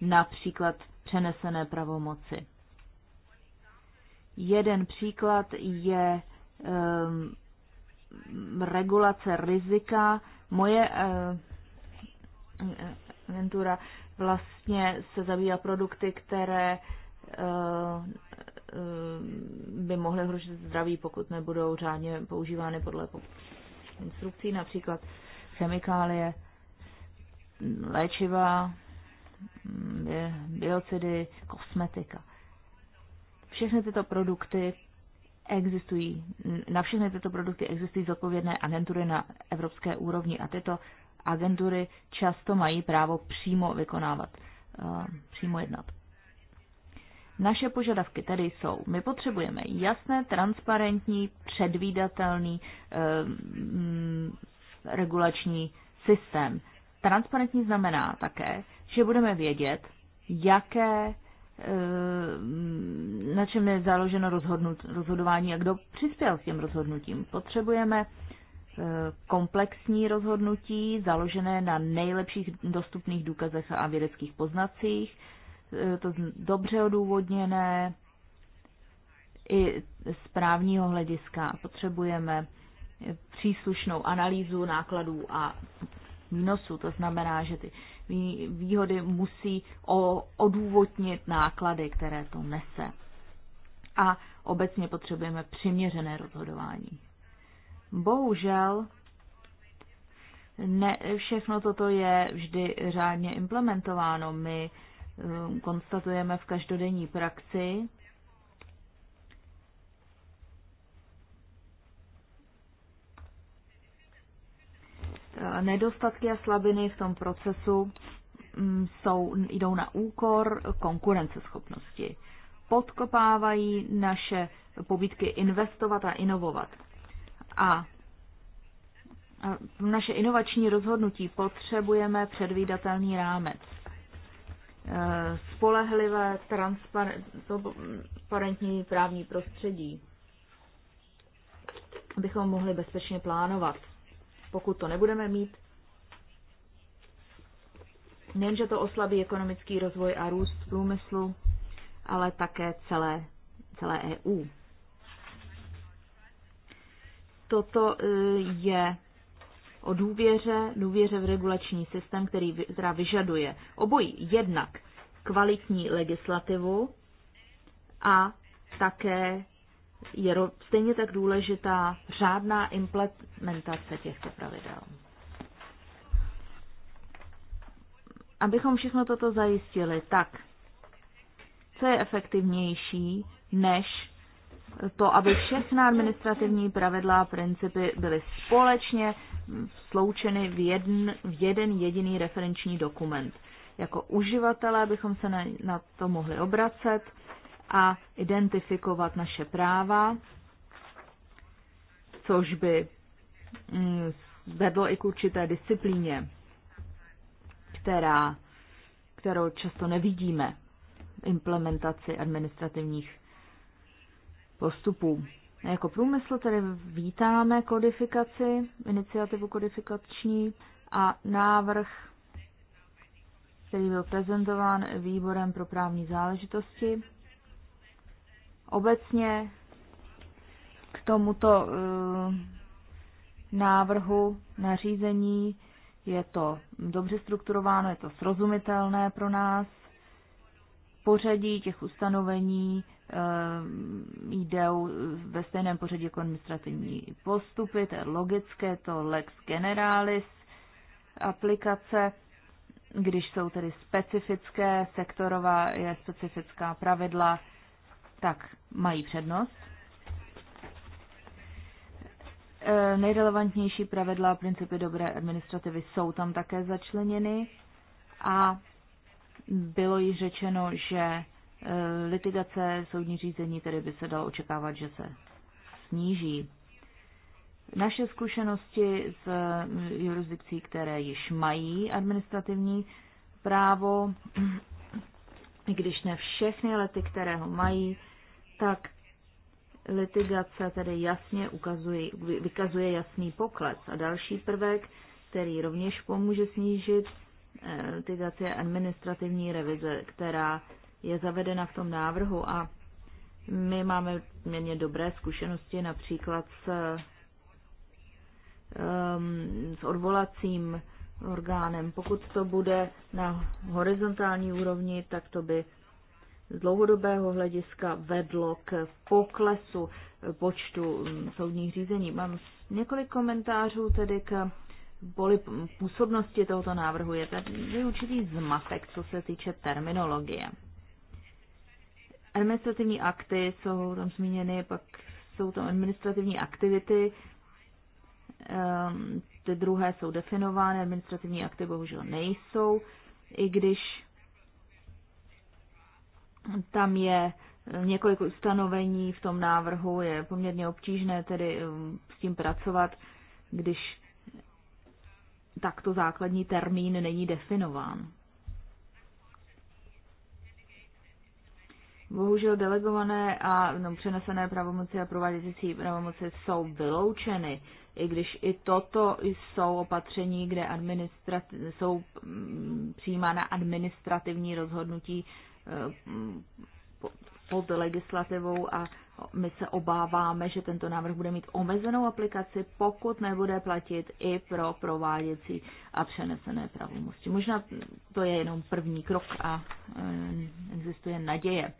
například přenesené pravomoci. Jeden příklad je ehm, regulace rizika. Moje ventura eh, vlastně se zabývá produkty, které eh, eh, by mohly hrožit zdraví, pokud nebudou řádně používány podle instrukcí, například chemikálie, léčiva, biocidy, kosmetika. Všechny tyto produkty Existují, na všechny tyto produkty existují zodpovědné agentury na evropské úrovni a tyto agentury často mají právo přímo vykonávat, eh, přímo jednat. Naše požadavky tedy jsou, my potřebujeme jasné, transparentní, předvídatelný eh, mm, regulační systém. Transparentní znamená také, že budeme vědět, jaké Eh, na čem je založeno rozhodnut, rozhodování a kdo přispěl k těm rozhodnutím. Potřebujeme eh, komplexní rozhodnutí založené na nejlepších dostupných důkazech a vědeckých poznacích, eh, to dobře odůvodněné i z právního hlediska. Potřebujeme příslušnou analýzu nákladů a výnosů. To znamená, že ty výhody musí odůvodnit náklady, které to nese. A obecně potřebujeme přiměřené rozhodování. Bohužel ne, všechno toto je vždy řádně implementováno. My um, konstatujeme v každodenní praxi, nedostatky a slabiny v tom procesu mm, jsou, jdou na úkor konkurenceschopnosti. Podkopávají naše pobídky investovat a inovovat. A naše inovační rozhodnutí potřebujeme předvídatelný rámec. E, spolehlivé, transparentní právní prostředí, abychom mohli bezpečně plánovat pokud to nebudeme mít, nejenže to oslabí ekonomický rozvoj a růst průmyslu, ale také celé, celé EU. Toto e, je o důvěře, důvěře v regulační systém, který, která vyžaduje obojí jednak kvalitní legislativu a také je stejně tak důležitá řádná implementace těchto pravidel. Abychom všechno toto zajistili, tak co je efektivnější než to, aby všechna administrativní pravidla a principy byly společně sloučeny v jeden, v jeden jediný referenční dokument. Jako uživatelé bychom se na, na to mohli obracet a identifikovat naše práva, což by mm, vedlo i k určité disciplíně, která, kterou často nevidíme v implementaci administrativních postupů. Jako průmysl tedy vítáme kodifikaci, iniciativu kodifikační a návrh, který byl prezentován výborem pro právní záležitosti Obecně k tomuto eh, návrhu nařízení je to dobře strukturováno, je to srozumitelné pro nás. Pořadí těch ustanovení eh, jde ve stejném pořadí jako administrativní postupy, to je logické, to lex generalis aplikace, když jsou tedy specifické, sektorová je specifická pravidla, tak mají přednost. E, nejrelevantnější pravidla a principy dobré administrativy jsou tam také začleněny a bylo již řečeno, že e, litigace, soudní řízení tedy by se dalo očekávat, že se sníží. Naše zkušenosti z e, jurisdikcí, které již mají administrativní právo, i když ne všechny, ale ty, které ho mají, tak litigace tedy jasně ukazuje, vykazuje jasný pokles. A další prvek, který rovněž pomůže snížit eh, litigace, je administrativní revize, která je zavedena v tom návrhu a my máme měně dobré zkušenosti například s, um, s odvolacím orgánem. Pokud to bude na horizontální úrovni, tak to by z dlouhodobého hlediska vedlo k poklesu počtu mm, soudních řízení. Mám několik komentářů tedy k boli působnosti tohoto návrhu. Je tady určitý zmatek, co se týče terminologie. Administrativní akty jsou tam zmíněny, pak jsou tam administrativní aktivity, ehm, ty druhé jsou definovány, administrativní akty bohužel nejsou, i když tam je eh, několik ustanovení v tom návrhu, je poměrně obtížné tedy um, s tím pracovat, když takto základní termín není definován. Bohužel delegované a no, přenesené pravomoci a prováděcí pravomoci jsou vyloučeny, i když i toto jsou opatření, kde administrat- jsou mm, přijímána administrativní rozhodnutí Eh, pod legislativou a my se obáváme, že tento návrh bude mít omezenou aplikaci, pokud nebude platit i pro prováděcí a přenesené pravomosti. Možná to je jenom první krok a eh, existuje naděje.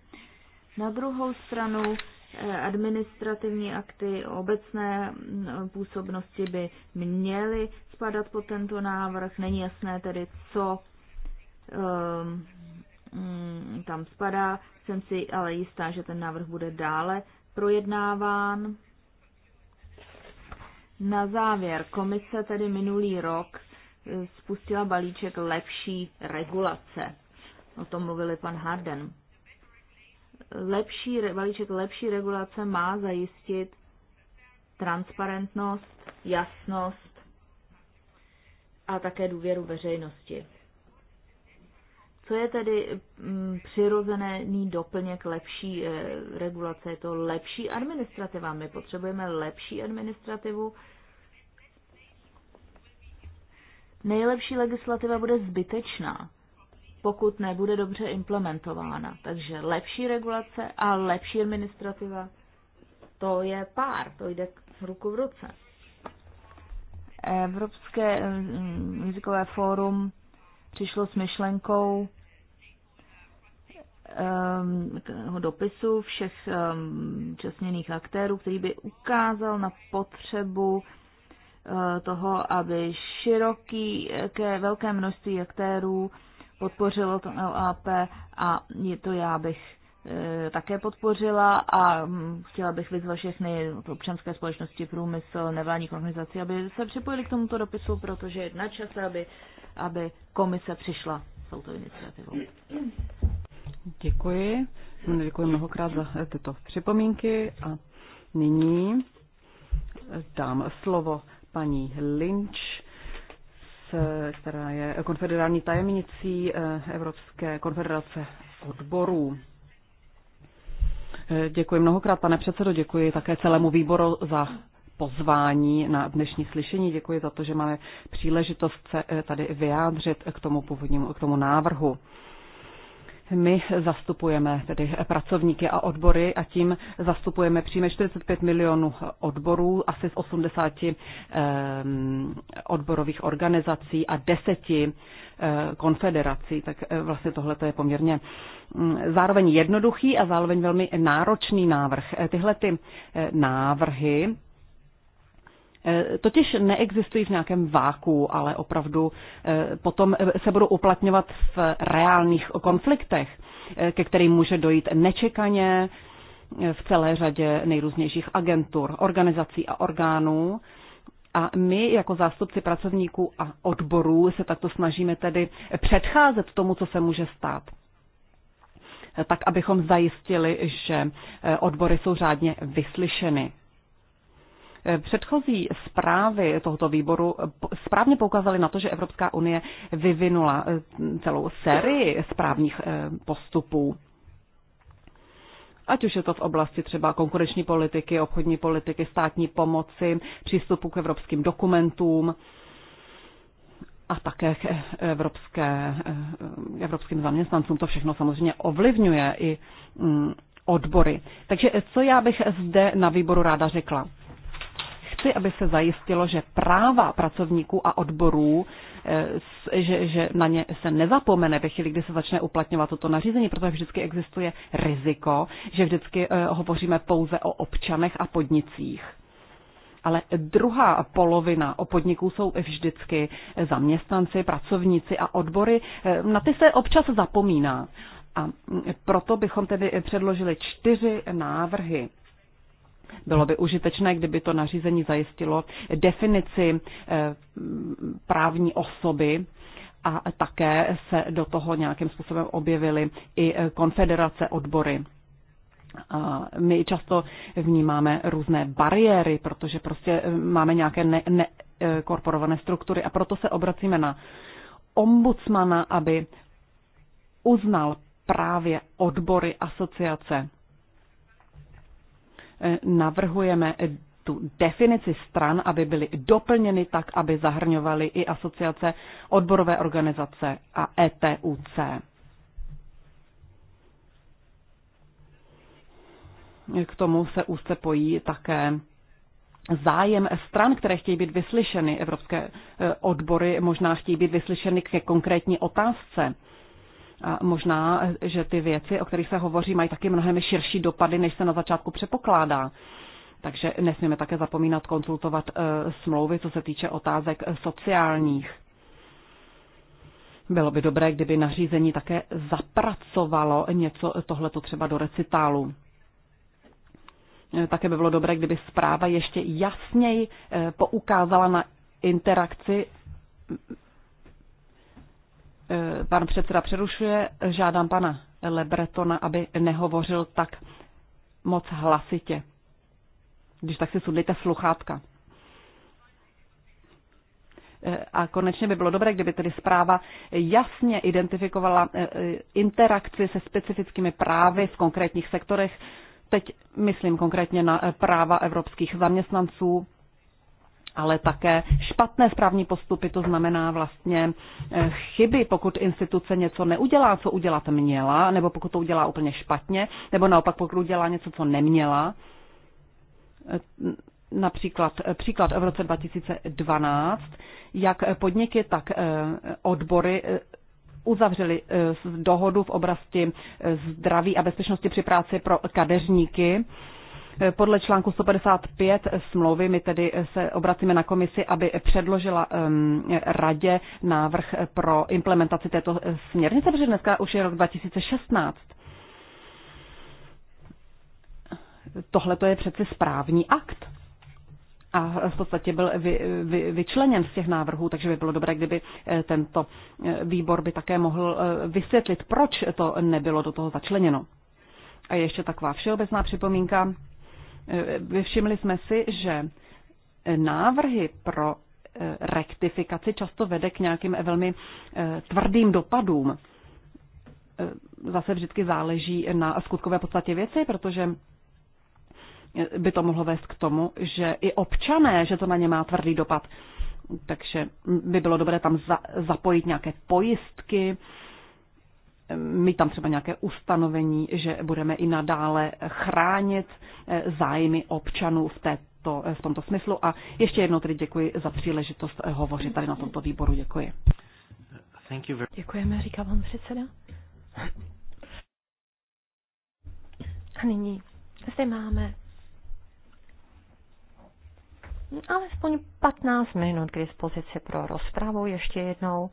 Na druhou stranu eh, administrativní akty obecné mm, působnosti by měly spadat pod tento návrh. Není jasné tedy, co ehm, Mm, tam spadá. Jsem si ale jistá, že ten návrh bude dále projednáván. Na závěr, komise tedy minulý rok eh, spustila balíček lepší regulace. O tom mluvili pan Harden. Lepší, balíček lepší regulace má zajistit transparentnost, jasnost a také důvěru veřejnosti. Co je tedy mm, přirozený doplněk lepší eh, regulace? Je to lepší administrativa. My potřebujeme lepší administrativu. Nejlepší legislativa bude zbytečná, pokud nebude dobře implementována. Takže lepší regulace a lepší administrativa, to je pár, to jde ruku v ruce. Evropské jazykové eh, mm, fórum přišlo s myšlenkou um, dopisu všech um, ehm, česněných aktérů, který by ukázal na potřebu eh, toho, aby široký, ke velké množství aktérů podpořilo to LAP a je to já bych eh, také podpořila a mm, chtěla bych vyzvat všechny občanské společnosti, průmysl, nevládních organizací, aby se připojili k tomuto dopisu, protože je na čase, aby, aby komise přišla s touto iniciativou. Děkuji. No, děkuji mnohokrát za eh, tyto připomínky a nyní eh, dám slovo paní Lynch, která je konfederální tajemnicí eh, Evropské konfederace odborů. Děkuji mnohokrát, pane předsedo, děkuji také celému výboru za pozvání na dnešní slyšení. Děkuji za to, že máme příležitost se tady vyjádřit k tomu původnímu, k tomu návrhu. My zastupujeme tedy pracovníky a odbory a tím zastupujeme přímo 45 milionů odborů, asi z 80 ehm, odborových organizací a deseti eh, konfederací. Tak eh, vlastně tohle je poměrně mm, zároveň jednoduchý a zároveň velmi náročný návrh. Eh, tyhle ty návrhy Eh, totiž neexistují v nějakém váku, ale opravdu eh, potom eh, se budou uplatňovat v reálných konfliktech, ke kterým může dojít nečekaně v celé řadě nejrůznějších agentur, organizací a orgánů. A my jako zástupci pracovníků a odborů se takto snažíme tedy předcházet tomu, co se může stát tak abychom zajistili, že odbory jsou řádně vyslyšeny. Předchozí zprávy tohoto výboru správně poukázaly na to, že Evropská unie vyvinula e, celou sérii správních e, postupů ať už je to v oblasti třeba konkurenční politiky, obchodní politiky, státní pomoci, přístupu k evropským dokumentům a také k evropské, e, evropským zaměstnancům. To všechno samozřejmě ovlivňuje i mm, odbory. Takže co já bych zde na výboru ráda řekla? chci, aby se zajistilo, že práva pracovníků a odborů, eh, že, že na ně se nezapomene ve chvíli, kdy se začne uplatňovat toto nařízení, protože vždycky existuje riziko, že vždycky eh, hovoříme pouze o občanech a podnicích. Ale druhá polovina o podniků jsou vždycky zaměstnanci, pracovníci a odbory. Eh, na ty se občas zapomíná. A mm, proto bychom tedy předložili čtyři návrhy. Bylo by užitečné, kdyby to nařízení zajistilo definici eh, právní osoby a také se do toho nějakým způsobem objevily i eh, konfederace odbory. A my často vnímáme různé bariéry, protože prostě eh, máme nějaké nekorporované ne, struktury a proto se obracíme na ombudsmana, aby uznal právě odbory asociace Eh, navrhujeme eh, tu definici stran, aby byly doplněny tak, aby zahrňovaly i asociace, odborové organizace a ETUC. K tomu se úzce pojí také zájem stran, které chtějí být vyslyšeny. Evropské eh, odbory možná chtějí být vyslyšeny ke konkrétní otázce. A možná, že ty věci, o kterých se hovoří, mají taky mnohem širší dopady, než se na začátku přepokládá. Takže nesmíme také zapomínat konzultovat eh, smlouvy, co se týče otázek sociálních. Bylo by dobré, kdyby nařízení také zapracovalo něco tohleto třeba do recitálu. Eh, také by bylo dobré, kdyby zpráva ještě jasněji eh, poukázala na interakci Eh, pan předseda přerušuje, žádám pana Lebretona, aby nehovořil tak moc hlasitě. Když tak si sudlíte sluchátka. Eh, a konečně by bylo dobré, kdyby tedy zpráva jasně identifikovala eh, interakci se specifickými právy v konkrétních sektorech. Teď myslím konkrétně na práva evropských zaměstnanců, ale také špatné správní postupy, to znamená vlastně eh, chyby, pokud instituce něco neudělá, co udělat měla, nebo pokud to udělá úplně špatně, nebo naopak pokud udělá něco, co neměla. Eh, například eh, příklad v roce 2012, jak podniky, tak odbory uzavřeli dohodu v oblasti zdraví a bezpečnosti při práci pro kadeřníky Eh, podle článku 155 smlouvy my tedy eh, se obracíme na komisi, aby předložila ehm, radě návrh pro implementaci této eh, směrnice, protože dneska už je rok 2016. Tohle to je přeci správní akt. A v podstatě byl vy, vy, vyčleněn z těch návrhů, takže by bylo dobré, kdyby tento výbor by také mohl vysvětlit, proč to nebylo do toho začleněno. A ještě taková všeobecná připomínka. Vyvšimli eh, jsme si, že návrhy pro eh, rektifikaci často vede k nějakým eh, velmi tvrdým dopadům. Zase vždycky záleží na skutkové podstatě věci, protože by to mohlo vést k tomu, že i občané, že to na ně má tvrdý dopad. Takže by bylo dobré tam za, zapojit nějaké pojistky, mít tam třeba nějaké ustanovení, že budeme i nadále chránit eh, zájmy občanů v, této, eh, v tomto smyslu. A ještě jednou tedy děkuji za příležitost eh, hovořit tady na tomto výboru. Děkuji. Thank you very... Děkujeme, říká vám předseda. A nyní zde máme alespoň 15 minut k dispozici pro rozpravu ještě jednou.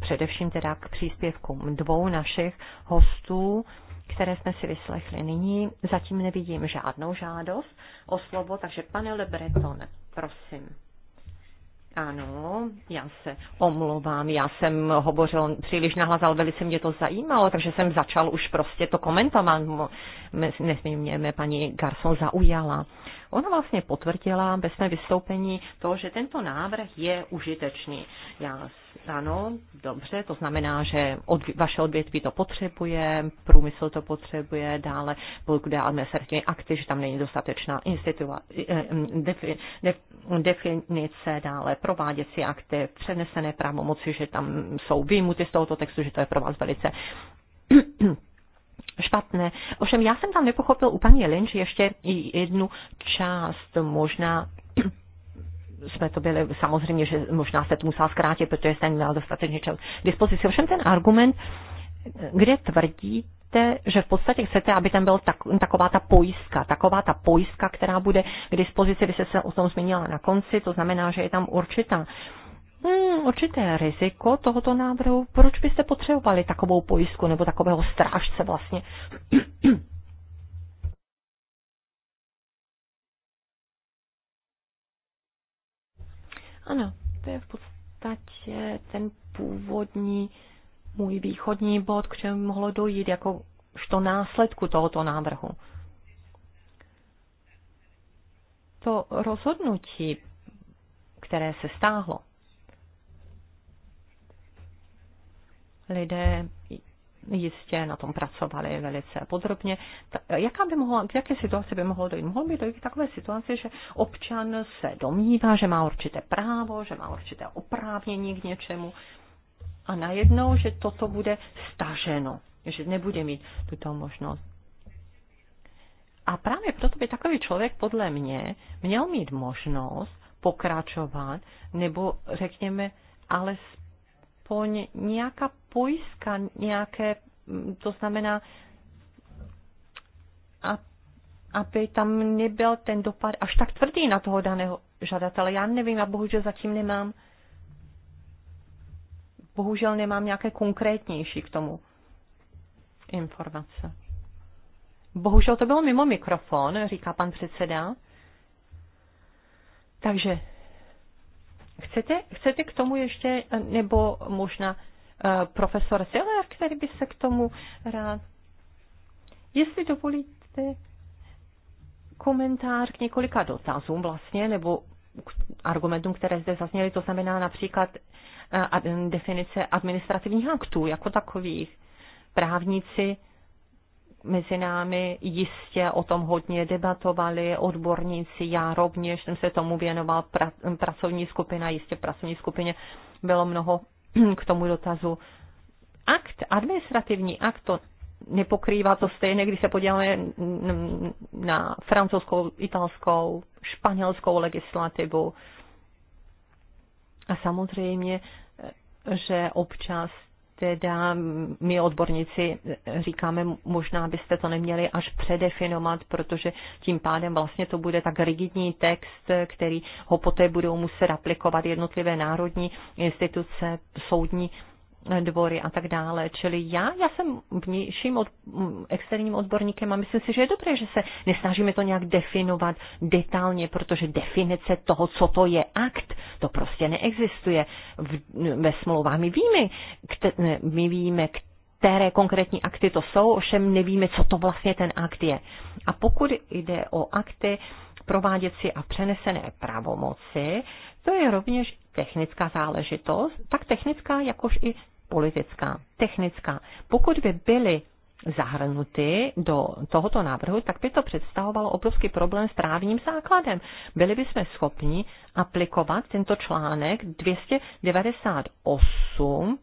především teda k příspěvkům dvou našich hostů, které jsme si vyslechli nyní. Zatím nevidím žádnou žádost o slovo, takže pane Le Breton, prosím. Ano, já se omlouvám, já jsem hovořil příliš nahlas, ale velice mě to zajímalo, takže jsem začal už prostě to komentovat. Nesmírně mě paní Garson zaujala. Ona vlastně potvrdila ve svém vystoupení to, že tento návrh je užitečný. Já ano, dobře, to znamená, že od, vaše odvětví to potřebuje, průmysl to potřebuje, dále pokud jde administrativní akty, že tam není dostatečná institua, e, defi, def, definice, dále prováděcí akty, přenesené pravomoci, že tam jsou výjimuty z tohoto textu, že to je pro vás velice špatné. Ovšem já jsem tam nepochopil u paní Lynch ještě jednu část, možná jsme to byli, samozřejmě, že možná se to musela zkrátit, protože jsem měla dostatečně čas k dispozici. Ovšem ten argument, kde tvrdí, že v podstatě chcete, aby tam byla tak, taková ta pojistka, taková ta pojistka, která bude k dispozici, vy jste se o tom zmínila na konci, to znamená, že je tam určitá hmm, určité riziko tohoto návrhu, proč byste potřebovali takovou pojistku nebo takového strážce vlastně? ano, to je v podstatě ten původní můj východní bod, k čemu mohlo dojít jako to následku tohoto návrhu. To rozhodnutí, které se stáhlo, lidé jistě na tom pracovali velice podrobně. Jaká by mohla, k jaké situaci by mohlo dojít? Mohlo by dojít k takové situaci, že občan se domnívá, že má určité právo, že má určité oprávnění k něčemu a najednou, že toto bude staženo, že nebude mít tuto možnost. A právě proto by takový člověk podle mě měl mít možnost pokračovat nebo řekněme alespoň aspoň nějaká pojistka, nějaké, mm, to znamená, a, aby tam nebyl ten dopad až tak tvrdý na toho daného žadatele. Já nevím, a bohužel zatím nemám, bohužel nemám nějaké konkrétnější k tomu informace. Bohužel to bylo mimo mikrofon, říká pan předseda. Takže Chcete, chcete k tomu ještě, eh, nebo možná eh, profesor Seller, který by se k tomu rád. Jestli dovolíte komentář k několika dotazům vlastně, nebo k argumentům, které zde zazněly, to znamená například eh, definice administrativních aktů jako takových. Právníci mezi námi jistě o tom hodně debatovali odborníci, já rovněž jsem se tomu věnoval, pra, pracovní skupina, jistě v pracovní skupině bylo mnoho k tomu dotazu. Akt, administrativní akt, to nepokrývá to stejné, když se podíváme na francouzskou, italskou, španělskou legislativu. A samozřejmě, že občas teda my odborníci říkáme, možná byste to neměli až předefinovat, protože tím pádem vlastně to bude tak rigidní text, který ho poté budou muset aplikovat jednotlivé národní instituce, soudní dvory a tak dále. Čili já, já jsem vnějším od, externím odborníkem a myslím si, že je dobré, že se nesnažíme to nějak definovat detailně, protože definice toho, co to je akt, to prostě neexistuje. V, ve smlouvách my víme, kte, my víme, které konkrétní akty to jsou, ovšem nevíme, co to vlastně ten akt je. A pokud jde o akty prováděcí a přenesené pravomoci, to je rovněž technická záležitost, tak technická jakož i politická, technická. Pokud by byly zahrnuty do tohoto návrhu, tak by to představovalo obrovský problém s právním základem. Byli bychom schopni aplikovat tento článek 298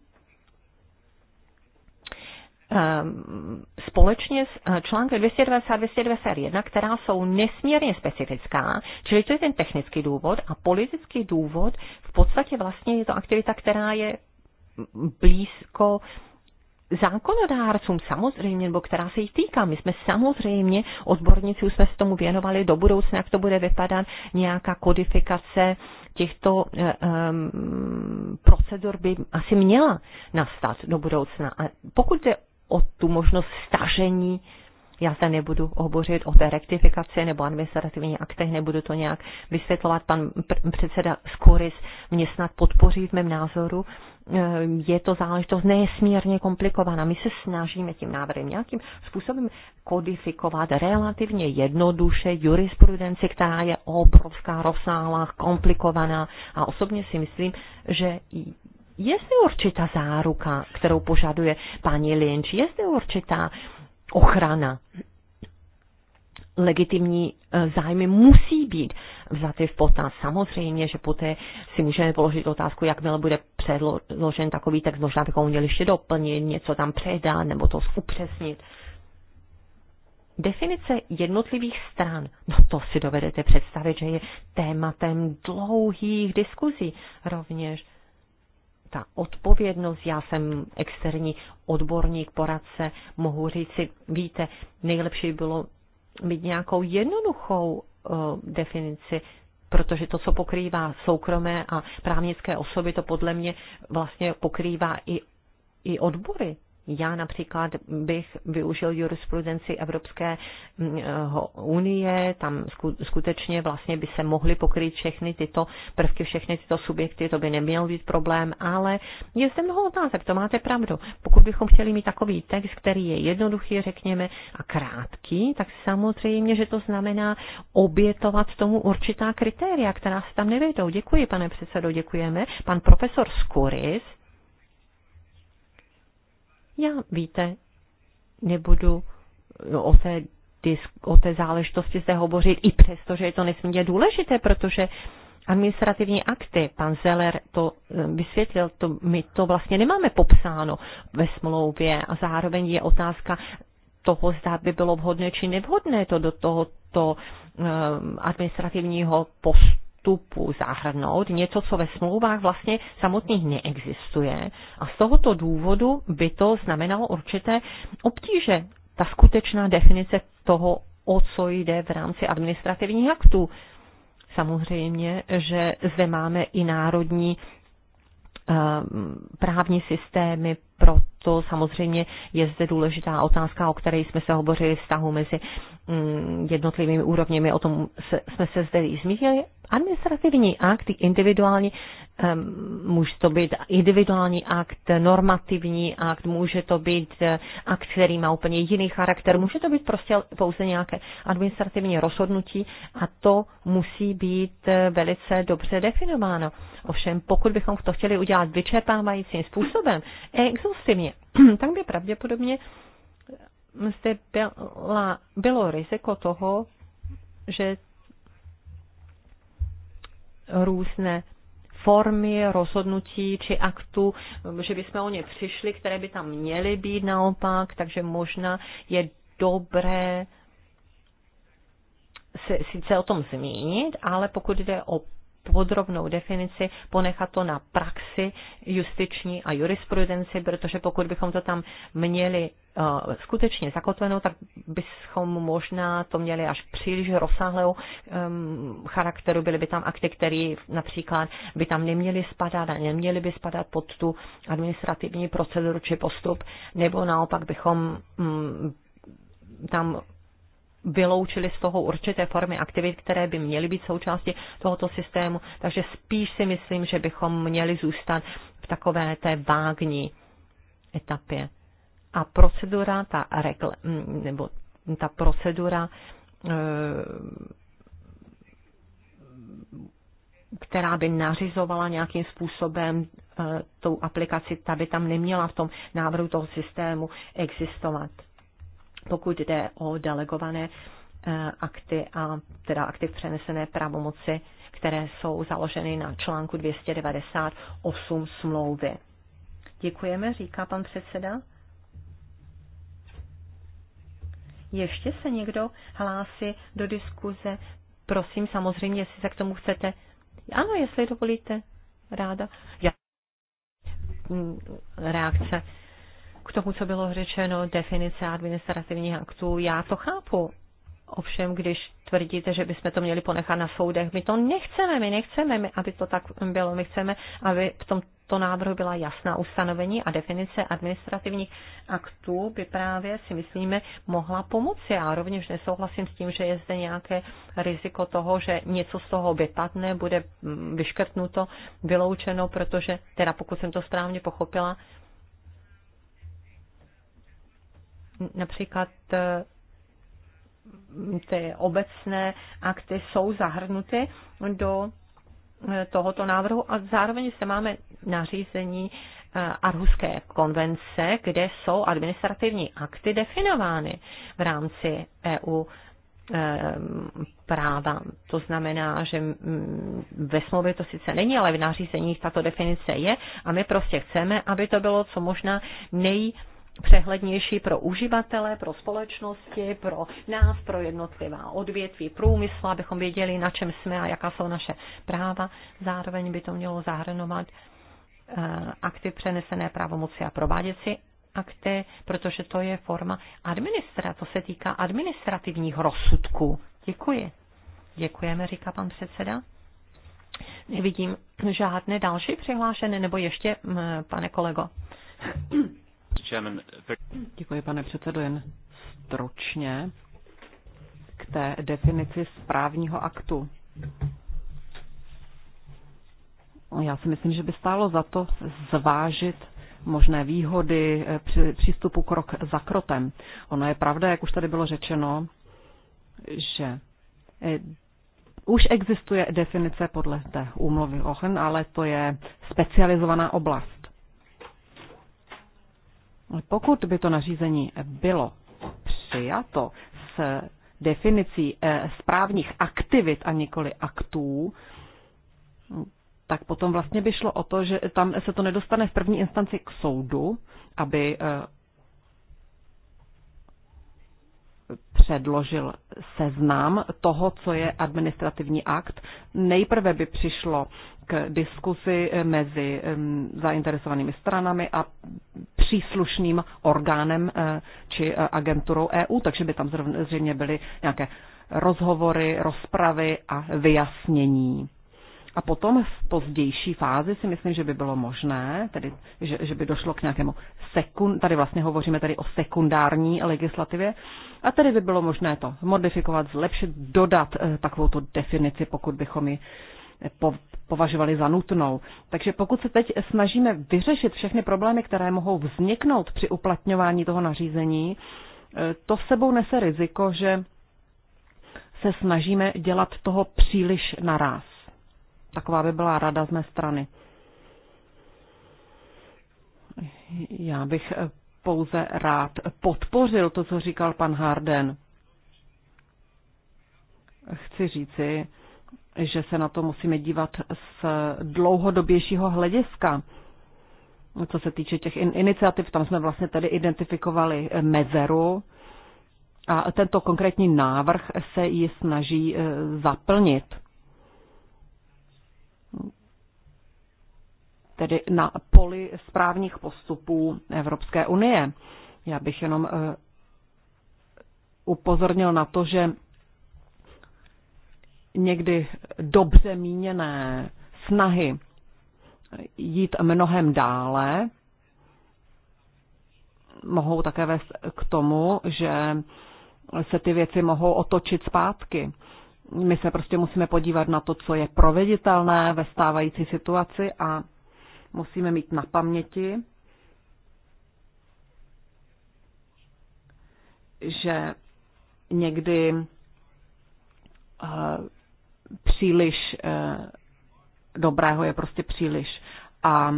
ehm, společně s eh, článkem 290 291, která jsou nesmírně specifická, čili to je ten technický důvod a politický důvod v podstatě vlastně je to aktivita, která je blízko zákonodárcům samozřejmě, nebo která se jich týká. My jsme samozřejmě, odborníci jsme se tomu věnovali do budoucna, jak to bude vypadat, nějaká kodifikace těchto um, procedur by asi měla nastat do budoucna. A pokud jde o tu možnost stažení, já se nebudu hovořit o té rektifikaci nebo administrativní aktech, nebudu to nějak vysvětlovat. Pan pr- předseda Skoris mě snad podpoří v mém názoru, Eh, je to záležitost nesmírně komplikovaná. My se snažíme tím návrhem nějakým způsobem kodifikovat relativně jednoduše jurisprudenci, která je obrovská, rozsáhlá, komplikovaná a osobně si myslím, že je zde určitá záruka, kterou požaduje paní Lynch, je zde určitá ochrana legitimní eh, zájmy musí být vzaty v potaz. Samozřejmě, že poté si můžeme položit otázku, jakmile bude předložen takový text, možná bychom měli ještě doplnit, něco tam předat nebo to upřesnit. Definice jednotlivých stran, no to si dovedete představit, že je tématem dlouhých diskuzí rovněž. Ta odpovědnost, já jsem externí odborník, poradce, mohu říct si, víte, nejlepší bylo mít nějakou jednoduchou eh, definici, protože to, co pokrývá soukromé a právnické osoby, to podle mě vlastně pokrývá i, i odbory. Já například bych využil jurisprudenci Evropské mm, eh, unie, tam skutečně vlastně by se mohly pokryt všechny tyto prvky, všechny tyto subjekty, to by neměl být problém, ale je zde mnoho otázek, to máte pravdu. Pokud bychom chtěli mít takový text, který je jednoduchý, řekněme, a krátký, tak samozřejmě, že to znamená obětovat tomu určitá kritéria, která se tam nevejdou. Děkuji, pane předsedo, děkujeme. Pan profesor Skuris já, víte, nebudu no, o té, o té záležitosti zde hovořit, i přesto, že je to nesmírně důležité, protože administrativní akty, pan Zeller to eh, vysvětlil, to, my to vlastně nemáme popsáno ve smlouvě a zároveň je otázka toho, zda by bylo vhodné či nevhodné to do tohoto eh, administrativního postu vstupu zahrnout něco, co ve smlouvách vlastně samotných neexistuje. A z tohoto důvodu by to znamenalo určité obtíže. Ta skutečná definice toho, o co jde v rámci administrativních aktů. Samozřejmě, že zde máme i národní ehm, právní systémy, proto samozřejmě je zde důležitá otázka, o které jsme se hovořili vztahu mezi Mm, jednotlivými úrovněmi, o tom se, jsme se zde zmínili. Administrativní akt, individuální, může to být individuální akt, normativní akt, může to být eh, akt, který má úplně jiný charakter, může to být prostě pouze nějaké administrativní rozhodnutí a to musí být eh, velice dobře definováno. Ovšem, pokud bychom to chtěli udělat vyčerpávajícím způsobem, exhaustivně, tak by pravděpodobně zde byla, bylo riziko toho, že různé formy rozhodnutí či aktu, že jsme o ně přišli, které by tam měly být naopak, takže možná je dobré se sice o tom zmínit, ale pokud jde o podrobnou definici, ponechat to na praxi justiční a jurisprudenci, protože pokud bychom to tam měli uh, skutečně zakotvenou, tak bychom možná to měli až příliš rozsáhlou um, charakteru. Byly by tam akty, které například by tam neměly spadat a neměly by spadat pod tu administrativní proceduru či postup, nebo naopak bychom um, tam vyloučili z toho určité formy aktivit, které by měly být součástí tohoto systému. Takže spíš si myslím, že bychom měli zůstat v takové té vágní etapě. A procedura, ta, regl, nebo ta procedura, eh, která by nařizovala nějakým způsobem eh, tou aplikaci, ta by tam neměla v tom návrhu toho systému existovat pokud jde o delegované eh, akty a teda akty v přenesené pravomoci, které jsou založeny na článku 298 smlouvy. Děkujeme, říká pan předseda. Ještě se někdo hlásí do diskuze? Prosím, samozřejmě, jestli se k tomu chcete. Ano, jestli dovolíte, ráda. Já. Hmm, reakce k tomu, co bylo řečeno, definice administrativních aktů, já to chápu. Ovšem, když tvrdíte, že bychom to měli ponechat na soudech, my to nechceme, my nechceme, my, aby to tak bylo, my chceme, aby v tomto návrhu byla jasná ustanovení a definice administrativních aktů by právě, si myslíme, mohla pomoci. Já rovněž nesouhlasím s tím, že je zde nějaké riziko toho, že něco z toho vypadne, bude mm, vyškrtnuto, vyloučeno, protože, teda pokud jsem to správně pochopila, například eh, ty obecné akty jsou zahrnuty do eh, tohoto návrhu a zároveň se máme nařízení eh, Arhuské konvence, kde jsou administrativní akty definovány v rámci EU práva. To znamená, že mm, ve smlouvě to sice není, ale v nařízeních tato definice je a my prostě chceme, aby to bylo co možná nej přehlednější pro uživatele, pro společnosti, pro nás, pro jednotlivá odvětví průmyslu. abychom věděli, na čem jsme a jaká jsou naše práva. Zároveň by to mělo zahrnovat eh, akty přenesené pravomoci a prováděcí akty, protože to je forma administra, to se týká administrativních rozsudků. Děkuji. Děkujeme, říká pan předseda. Nevidím žádné další přihlášené, nebo ještě, mm, pane kolego. Děkuji, pane předsedo, jen stručně k té definici správního aktu. Já si myslím, že by stálo za to zvážit možné výhody eh, při přístupu krok za krotem. Ono je pravda, jak už tady bylo řečeno, že eh, už existuje definice podle té úmluvy OHN, ale to je specializovaná oblast. Pokud by to nařízení bylo přijato s definicí eh, správních aktivit a nikoli aktů, tak potom vlastně by šlo o to, že tam se to nedostane v první instanci k soudu, aby eh, předložil seznam toho, co je administrativní akt. Nejprve by přišlo k diskusi mezi zainteresovanými stranami a příslušným orgánem eh, či eh, agenturou EU, takže by tam zřejmě byly nějaké rozhovory, rozpravy a vyjasnění. A potom v pozdější fázi si myslím, že by bylo možné, tedy, že, že by došlo k nějakému sekund, tady vlastně hovoříme tady o sekundární legislativě, a tady by bylo možné to modifikovat, zlepšit, dodat eh, takovou tu definici, pokud bychom ji eh, po, považovali za nutnou. Takže pokud se teď snažíme vyřešit všechny problémy, které mohou vzniknout při uplatňování toho nařízení, eh, to sebou nese riziko, že se snažíme dělat toho příliš naraz. Taková by byla rada z mé strany. Já bych eh, pouze rád podpořil to, co říkal pan Harden. Chci říci, že se na to musíme dívat z dlouhodobějšího hlediska. Co se týče těch in- iniciativ, tam jsme vlastně tedy identifikovali mezeru a tento konkrétní návrh se ji snaží eh, zaplnit. tedy na poli správních postupů Evropské unie. Já bych jenom eh, upozornil na to, že někdy dobře míněné snahy jít mnohem dále mohou také vést k tomu, že se ty věci mohou otočit zpátky. My se prostě musíme podívat na to, co je proveditelné ve stávající situaci a musíme mít na paměti, že někdy eh, příliš eh, dobrého je prostě příliš. A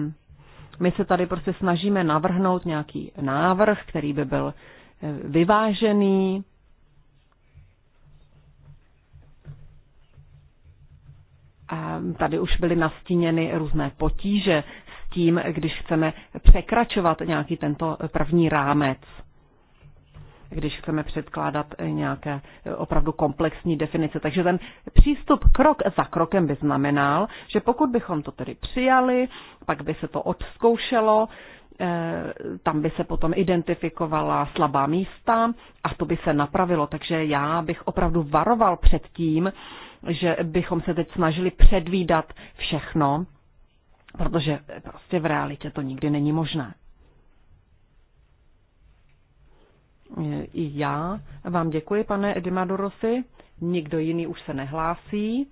my se tady prostě snažíme navrhnout nějaký návrh, který by byl eh, vyvážený, tady už byly nastíněny různé potíže, tím, když chceme překračovat nějaký tento první rámec když chceme předkládat nějaké opravdu komplexní definice. Takže ten přístup krok za krokem by znamenal, že pokud bychom to tedy přijali, pak by se to odzkoušelo, eh, tam by se potom identifikovala slabá místa a to by se napravilo. Takže já bych opravdu varoval před tím, že bychom se teď snažili předvídat všechno, protože prostě v realitě to nikdy není možné. I já vám děkuji, pane Edimadorosi. Nikdo jiný už se nehlásí.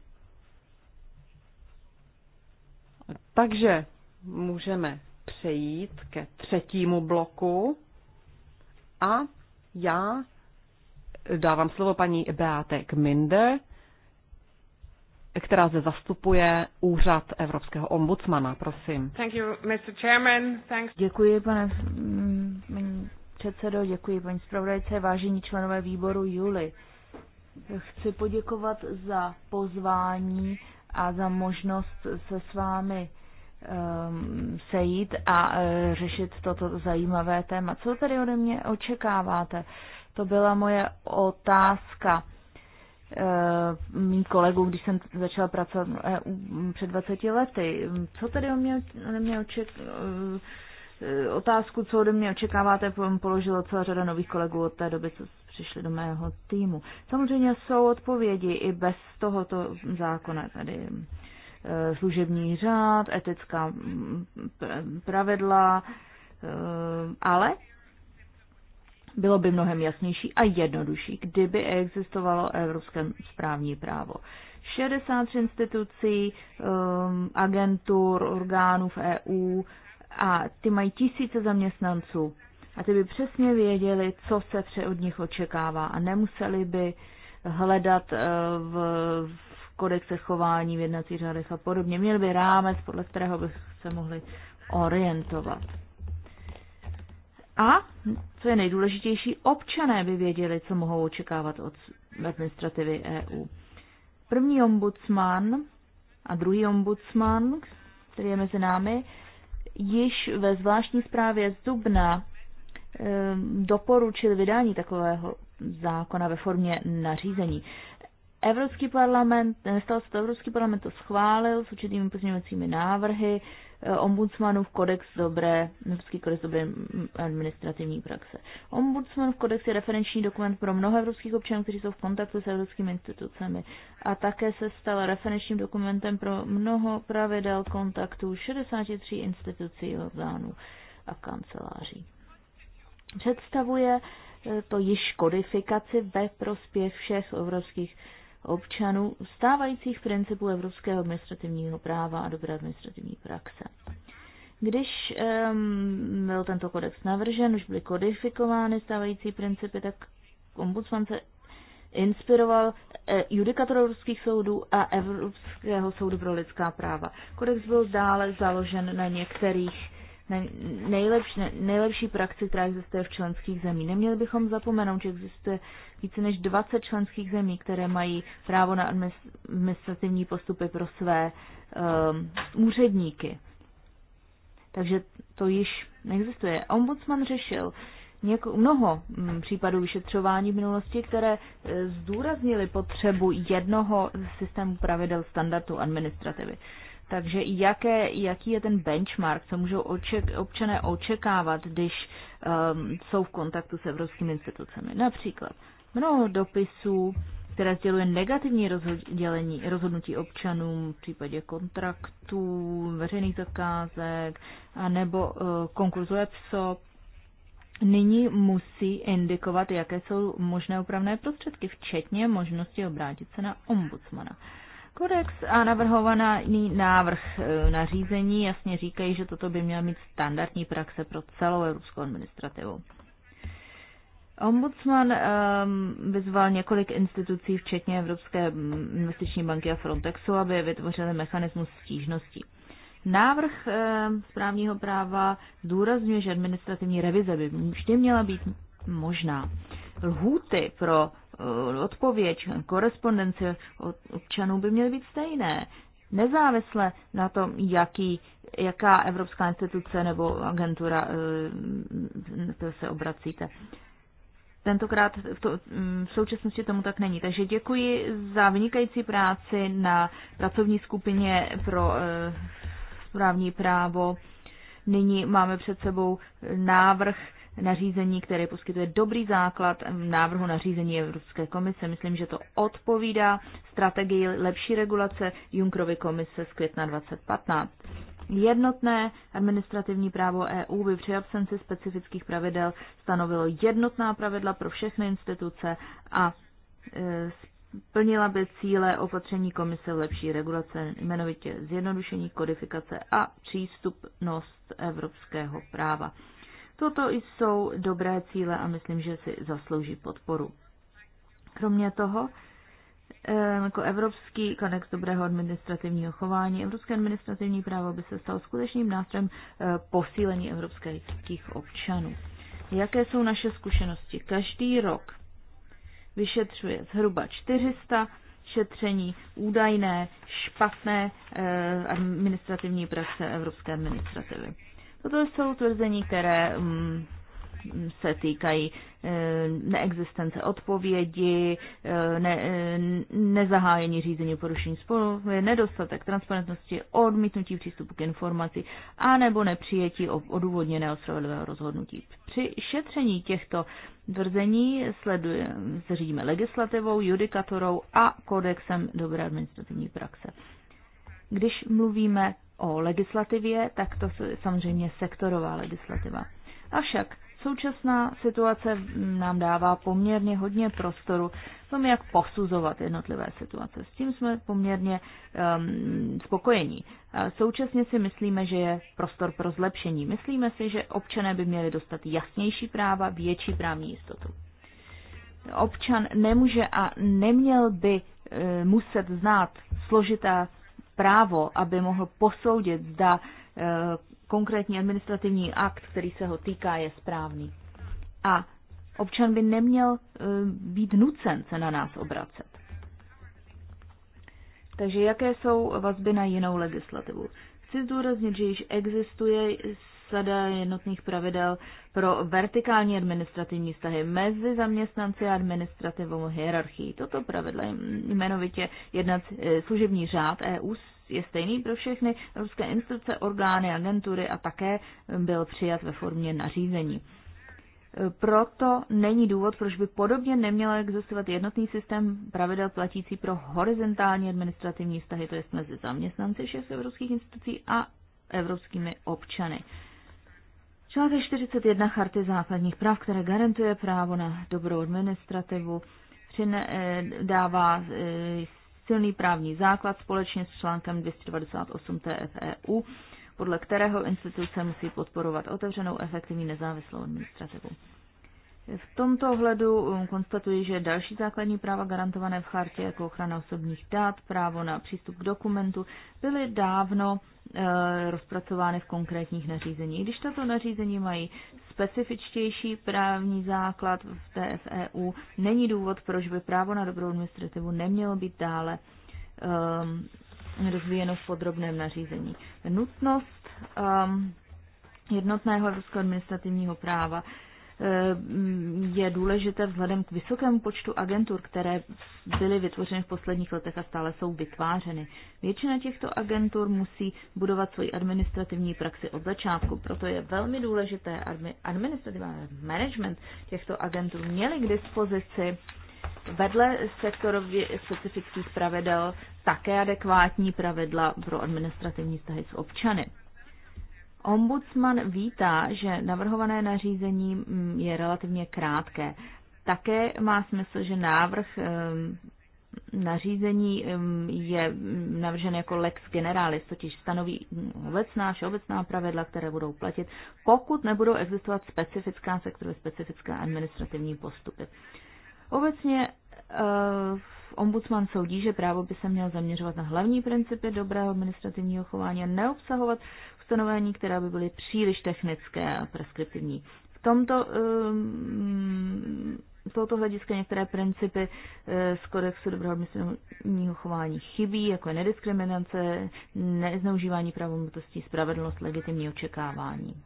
Takže můžeme přejít ke třetímu bloku a já dávám slovo paní Beate Kminde, která zde zastupuje úřad Evropského ombudsmana. Prosím. Thank you, Mr. Chairman. Thanks. Děkuji, pane m- mm, m- předsedo, děkuji, paní zpravodajce, vážení členové výboru Juli. Chci poděkovat za pozvání a za možnost se s vámi um, sejít a uh, řešit toto zajímavé téma. Co tady ode mě očekáváte? To byla moje otázka. Eh, mým kolegů, když jsem začala pracovat e před 20 lety. Co tedy o mě, o mě oček, eh, otázku, co ode mě očekáváte, položilo celá řada nových kolegů od té doby, co přišli do mého týmu. Samozřejmě jsou odpovědi i bez tohoto zákona, tady eh, služební řád, etická mm, pravidla, ale bylo by mnohem jasnější a jednodušší, kdyby existovalo evropské správní právo. 63 institucí, um, agentur, orgánů v EU a ty mají tisíce zaměstnanců. A ty by přesně věděli, co se pře od nich očekává a nemuseli by hledat eh, v, v kodexe chování, v jednacích řádech a podobně. Měli by rámec, podle kterého by se mohli orientovat. A, co je nejdůležitější, občané by věděli, co mohou očekávat od administrativy EU. První ombudsman a druhý ombudsman, který je mezi námi, již ve zvláštní zprávě z Dubna ehm, doporučil vydání takového zákona ve formě nařízení. Evropský parlament, nestalo eh, se to, Evropský parlament to schválil s určitými pozměňovacími návrhy eh, ombudsmanův kodex dobré, Evropský kodex dobré mm, administrativní praxe. Ombudsmanův kodex je referenční dokument pro mnoho evropských občanů, kteří jsou v kontaktu s evropskými institucemi a také se stal referenčním dokumentem pro mnoho pravidel kontaktů 63 institucí, orgánů a kanceláří. Představuje eh, to již kodifikaci ve prospěch všech evropských občanů stávajících principů evropského administrativního práva a dobré administrativní praxe. Když um, byl tento kodex navržen, už byly kodifikovány stávající principy, tak ombudsman se inspiroval eh, judikator evropských soudů a Evropského soudu pro lidská práva. Kodex byl dále založen na některých nejlepší, nejlepší praxi, která existuje v členských zemích. Neměli bychom zapomenout, že existuje více než 20 členských zemí, které mají právo na administrativní postupy pro své um, úředníky. Takže to již neexistuje. Ombudsman řešil něko, mnoho mm, případů vyšetřování v minulosti, které e, zdůraznily potřebu jednoho systému pravidel standardu administrativy. Takže jaké, jaký je ten benchmark, co můžou oček, občané očekávat, když um, jsou v kontaktu s evropskými institucemi? Například mnoho dopisů, které sděluje negativní rozdělení, rozhodnutí občanům v případě kontraktů, veřejných zakázek nebo uh, konkurzu EPSO, nyní musí indikovat, jaké jsou možné opravné prostředky, včetně možnosti obrátit se na ombudsmana. Uh, Kodex a navrhovaný návrh e, nařízení jasně říkají, že toto by měla mít standardní praxe pro celou evropskou administrativu. Ombudsman um, vyzval několik institucí, včetně Evropské investiční banky a Frontexu, aby vytvořili mechanismus stížností. Návrh um, správního práva zdůrazňuje, že administrativní revize by vždy měla být možná. Lhůty pro Eh, odpověď, korespondence od občanů by měly být stejné. Nezávisle na tom, jaký, jaká evropská instituce nebo agentura eh, to se obracíte. Tentokrát v, to, mm, v současnosti tomu tak není. Takže děkuji za vynikající práci na pracovní skupině pro eh, správní právo. Nyní máme před sebou návrh nařízení, které poskytuje dobrý základ návrhu nařízení Evropské komise. Myslím, že to odpovídá strategii lepší regulace Junkrovy komise z května 2015. Jednotné administrativní právo EU by při absenci specifických pravidel stanovilo jednotná pravidla pro všechny instituce a e, splnila by cíle opatření komise lepší regulace, jmenovitě zjednodušení kodifikace a přístupnost evropského práva. Toto jsou dobré cíle a myslím, že si zaslouží podporu. Kromě toho, eh, jako Evropský kodex dobrého administrativního chování, Evropské administrativní právo by se stalo skutečným nástrojem eh, posílení evropských občanů. Jaké jsou naše zkušenosti? Každý rok vyšetřuje zhruba 400 šetření údajné špatné eh, administrativní praxe evropské administrativy. Toto jsou tvrzení, které mm, se týkají eh, neexistence odpovědi, eh, ne, eh, nezahájení řízení porušení spolu, nedostatek transparentnosti, odmítnutí přístupu k informaci a nebo nepřijetí odůvodněného spravedlivého rozhodnutí. Při šetření těchto tvrzení sleduje, se řídíme legislativou, judikatorou a kodexem dobré administrativní praxe. Když mluvíme o legislativě, tak to samozřejmě sektorová legislativa. Avšak současná situace nám dává poměrně hodně prostoru v tom, jak posuzovat jednotlivé situace. S tím jsme poměrně um, spokojení. Současně si myslíme, že je prostor pro zlepšení. Myslíme si, že občané by měli dostat jasnější práva, větší právní jistotu. Občan nemůže a neměl by eh, muset znát složitá právo, aby mohl posoudit, zda eh, konkrétní administrativní akt, který se ho týká, je správný. A občan by neměl eh, být nucen se na nás obracet. Takže jaké jsou vazby na jinou legislativu? Chci zdůraznit, že již existuje zásada jednotných pravidel pro vertikální administrativní vztahy mezi zaměstnanci a administrativou hierarchii. Toto pravidlo jmenovitě jednat eh, služební řád EU je stejný pro všechny evropské instituce, orgány, agentury a také byl přijat ve formě nařízení. Eh, proto není důvod, proč by podobně neměl existovat jednotný systém pravidel platící pro horizontální administrativní vztahy, to jest mezi zaměstnanci všech evropských institucí a evropskými občany. Článek 41 Charty základních práv, které garantuje právo na dobrou administrativu, eh, dává eh, silný právní základ společně s článkem 228 TFEU, podle kterého instituce musí podporovat otevřenou, efektivní, nezávislou administrativu. V tomto ohledu um, konstatuji, že další základní práva garantované v chartě jako ochrana osobních dat, právo na přístup k dokumentu, byly dávno eh, rozpracovány v konkrétních nařízení. Když tato nařízení mají specifičtější právní základ v TFEU, není důvod, proč by právo na dobrou administrativu nemělo být dále um, rozvíjeno v podrobném nařízení. Nutnost um, jednotného evropského administrativního práva Eh, je důležité vzhledem k vysokému počtu agentur, které byly vytvořeny v posledních letech a stále jsou vytvářeny. Většina těchto agentur musí budovat svoji administrativní praxi od začátku, proto je velmi důležité, aby administrativa management těchto agentur měli k dispozici vedle sektorově specifických pravidel také adekvátní pravidla pro administrativní vztahy s občany. Ombudsman vítá, že navrhované nařízení mm, je relativně krátké. Také má smysl, že návrh mm, nařízení mm, je navržen jako lex generalis, totiž stanoví obecná, všeobecná pravidla, které budou platit, pokud nebudou existovat specifická sektory specifická administrativní postupy. Obecně eh, ombudsman soudí, že právo by se mělo zaměřovat na hlavní principy dobrého administrativního chování a neobsahovat ustanovení, která by byly příliš technické a preskriptivní. V tomto z um, tohoto hlediska některé principy uh, z kodexu myslního chování chybí, jako je nediskriminace, nezneužívání pravomotostí, spravedlnost, legitimní očekávání.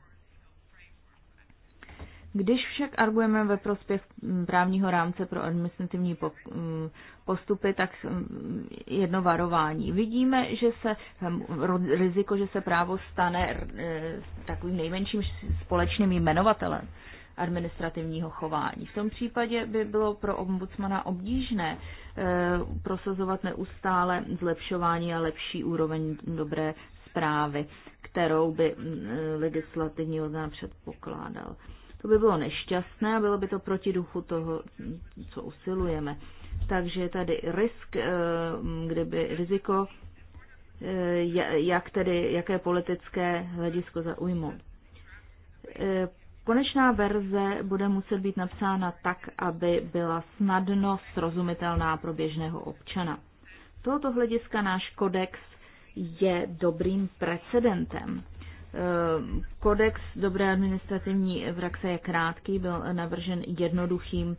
Když však argumentujeme ve prospěch mm, právního rámce pro administrativní mm, postupy, tak mm, jedno varování. Vidíme, že se riziko, že se právo stane e, takovým nejmenším společným jmenovatelem administrativního chování. V tom případě by bylo pro ombudsmana obtížné e, prosazovat neustále zlepšování a lepší úroveň dobré zprávy, kterou by legislativní orgán předpokládal. To by bylo nešťastné a bylo by to proti duchu toho, co usilujeme. Takže tady risk, eh, kdyby riziko, eh, jak tedy, jaké politické hledisko zaujmout. Eh, konečná verze bude muset být napsána tak, aby byla snadno srozumitelná pro běžného občana. Z tohoto hlediska náš kodex je dobrým precedentem. Kodex dobré administrativní praxe je krátký, byl navržen jednoduchým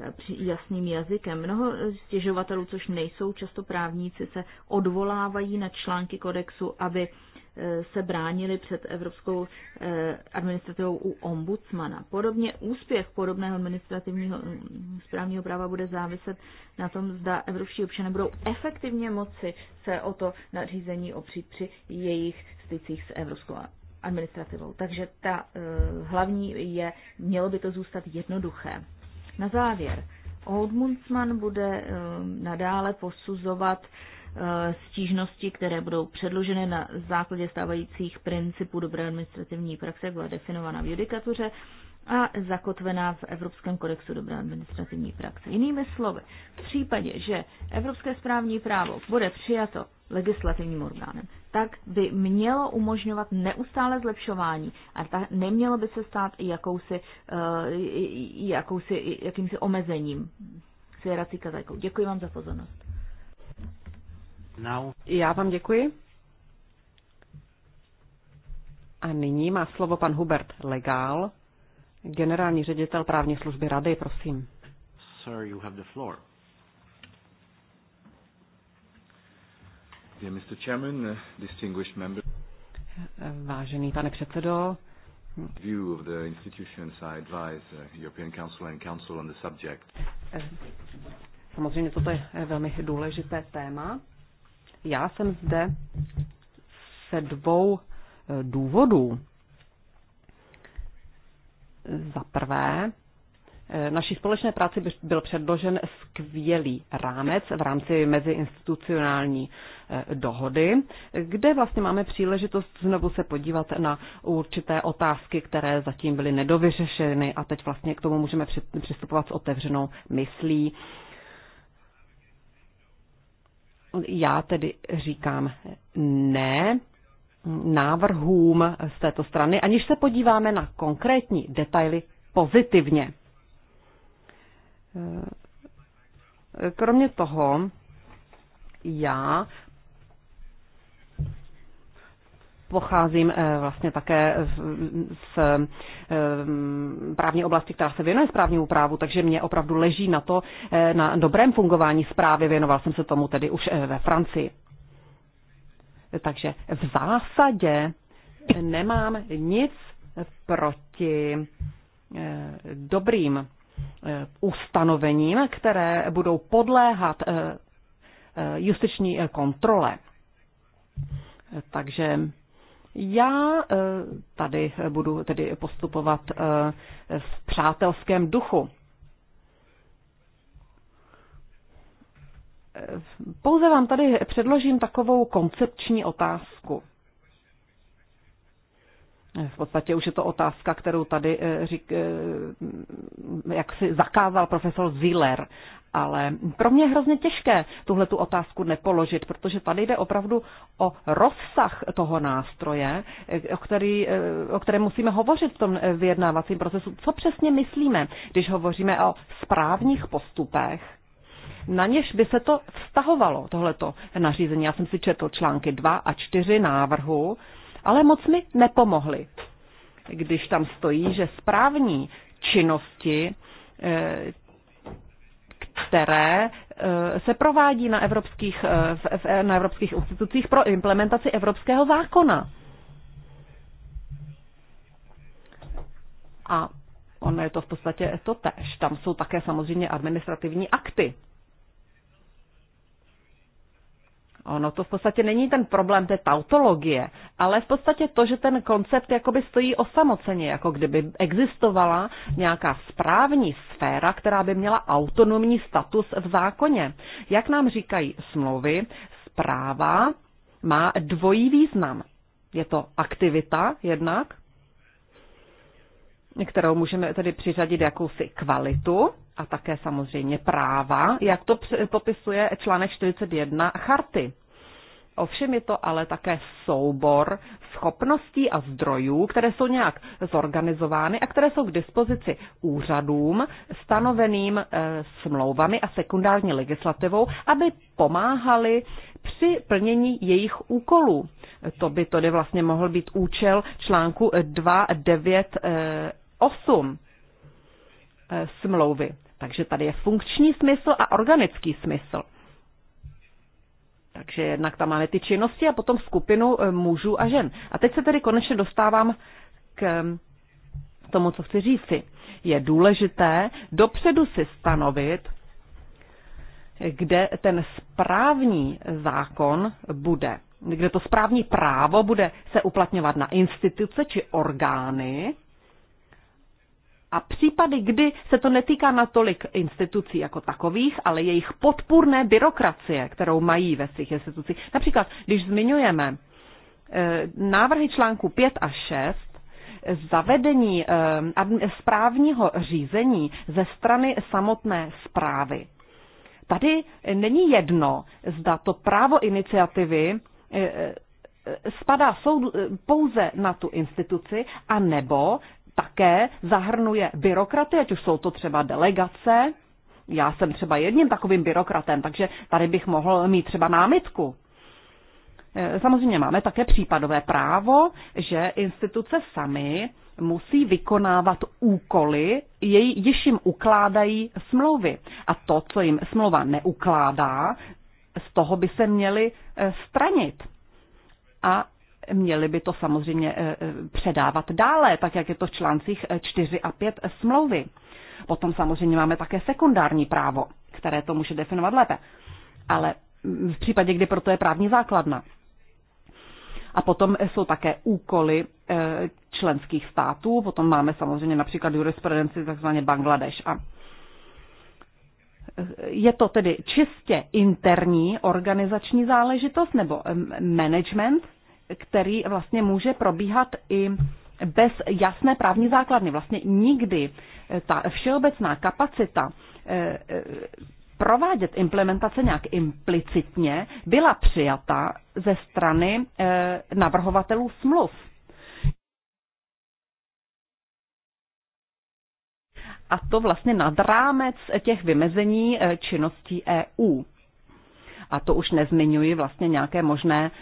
eh, jasným jazykem. Mnoho stěžovatelů, což nejsou často právníci, se odvolávají na články kodexu, aby Eh, se bránili před evropskou eh, administrativou u ombudsmana. Podobně úspěch podobného administrativního mm, správního práva bude záviset na tom, zda evropští občané budou efektivně moci se o to nařízení opřít při jejich stycích s evropskou administrativou. Takže ta eh, hlavní je, mělo by to zůstat jednoduché. Na závěr, Ombudsman bude nadále posuzovat Eh, stížnosti, které budou předloženy na základě stávajících principů dobré administrativní praxe, byla definována v judikatuře a zakotvená v Evropském kodexu dobré administrativní praxe. Jinými slovy, v případě, že Evropské správní právo bude přijato legislativním orgánem, tak by mělo umožňovat neustále zlepšování a ta, nemělo by se stát jakousi, eh, jakousi, jakýmsi omezením. Svěrací kazajkou. Děkuji vám za pozornost. Now. Já vám děkuji. A nyní má slovo pan Hubert Legál, generální ředitel právní služby rady, prosím. Sir, you have the floor. Dear Mr. Chairman, uh, distinguished member. Vážený pane předsedo, view of the institutions I advise uh, European Council and Council on the subject. Eh, samozřejmě toto je eh, velmi důležité téma já jsem zde se dvou eh, důvodů. Za prvé, eh, naší společné práci byl předložen skvělý rámec v rámci meziinstitucionální eh, dohody, kde vlastně máme příležitost znovu se podívat na určité otázky, které zatím byly nedovyřešeny a teď vlastně k tomu můžeme přistupovat s otevřenou myslí já tedy říkám ne návrhům z této strany, aniž se podíváme na konkrétní detaily pozitivně. Kromě toho, já pocházím eh, vlastně také z eh, právní oblasti, která se věnuje správnímu právu, takže mě opravdu leží na to, eh, na dobrém fungování zprávy. Věnoval jsem se tomu tedy už ve Francii. Takže v zásadě nemám nic proti dobrým ustanovením, které budou podléhat justiční kontrole. Takže já eh, tady budu tedy postupovat eh, v přátelském duchu. Eh, pouze vám tady předložím takovou koncepční otázku. V podstatě už je to otázka, kterou tady eh, řík, eh, jak si zakázal profesor Ziller. Ale pro mě je hrozně těžké tuhle tu otázku nepoložit, protože tady jde opravdu o rozsah toho nástroje, eh, o, který, o kterém musíme hovořit v tom vyjednávacím procesu. Co přesně myslíme, když hovoříme o správních postupech, na něž by se to vztahovalo, tohleto nařízení. Já jsem si četl články 2 a 4 návrhu ale moc mi nepomohly. Když tam stojí, že správní činnosti, eh, které eh, se provádí na evropských, eh, na evropských institucích pro implementaci evropského zákona. A ono je to v podstatě to tež. Tam jsou také samozřejmě administrativní akty. Ono to v podstatě není ten problém té tautologie, ale v podstatě to, že ten koncept jakoby stojí osamoceně, jako kdyby existovala nějaká správní sféra, která by měla autonomní status v zákoně. Jak nám říkají smlouvy, zpráva má dvojí význam. Je to aktivita jednak, kterou můžeme tedy přiřadit jakousi kvalitu, a také samozřejmě práva, jak to popisuje článek 41 charty. Ovšem je to ale také soubor schopností a zdrojů, které jsou nějak zorganizovány a které jsou k dispozici úřadům stanoveným e, smlouvami a sekundární legislativou, aby pomáhali při plnění jejich úkolů. To by tedy vlastně mohl být účel článku 298 e, eh, eh, smlouvy. Takže tady je funkční smysl a organický smysl. Takže jednak tam máme ty činnosti a potom skupinu eh, mužů a žen. A teď se tedy konečně dostávám k eh, tomu, co chci říci. Je důležité dopředu si stanovit, kde ten správní zákon bude, kde to správní právo bude se uplatňovat na instituce či orgány, a případy, kdy se to netýká natolik institucí jako takových, ale jejich podpůrné byrokracie, kterou mají ve svých institucích. Například, když zmiňujeme eh, návrhy článku 5 a 6, zavedení eh, správního řízení ze strany samotné zprávy. Tady není jedno, zda to právo iniciativy eh, spadá pouze na tu instituci, a nebo také zahrnuje byrokraty, ať už jsou to třeba delegace. Já jsem třeba jedním takovým byrokratem, takže tady bych mohl mít třeba námitku. E, samozřejmě máme také případové právo, že instituce samy musí vykonávat úkoly, její, již jim ukládají smlouvy. A to, co jim smlouva neukládá, z toho by se měli e, stranit. A Měli by to samozřejmě eh, eh, předávat dále, tak jak je to v článcích 4 eh, a 5 smlouvy. Potom samozřejmě máme také sekundární právo, které to může definovat lépe. Ale mm, v případě, kdy proto je právní základna. A potom jsou také úkoly členských států, potom máme samozřejmě například jurisprudenci takzvaně Bangladeš. A je to tedy čistě interní organizační záležitost nebo management, který vlastně může probíhat i bez jasné právní základny. Vlastně nikdy ta všeobecná kapacita eh, eh, provádět implementace nějak implicitně byla přijata ze strany eh, navrhovatelů smluv. A to vlastně nad rámec těch vymezení činností EU. A to už nezmiňuji vlastně nějaké možné uh,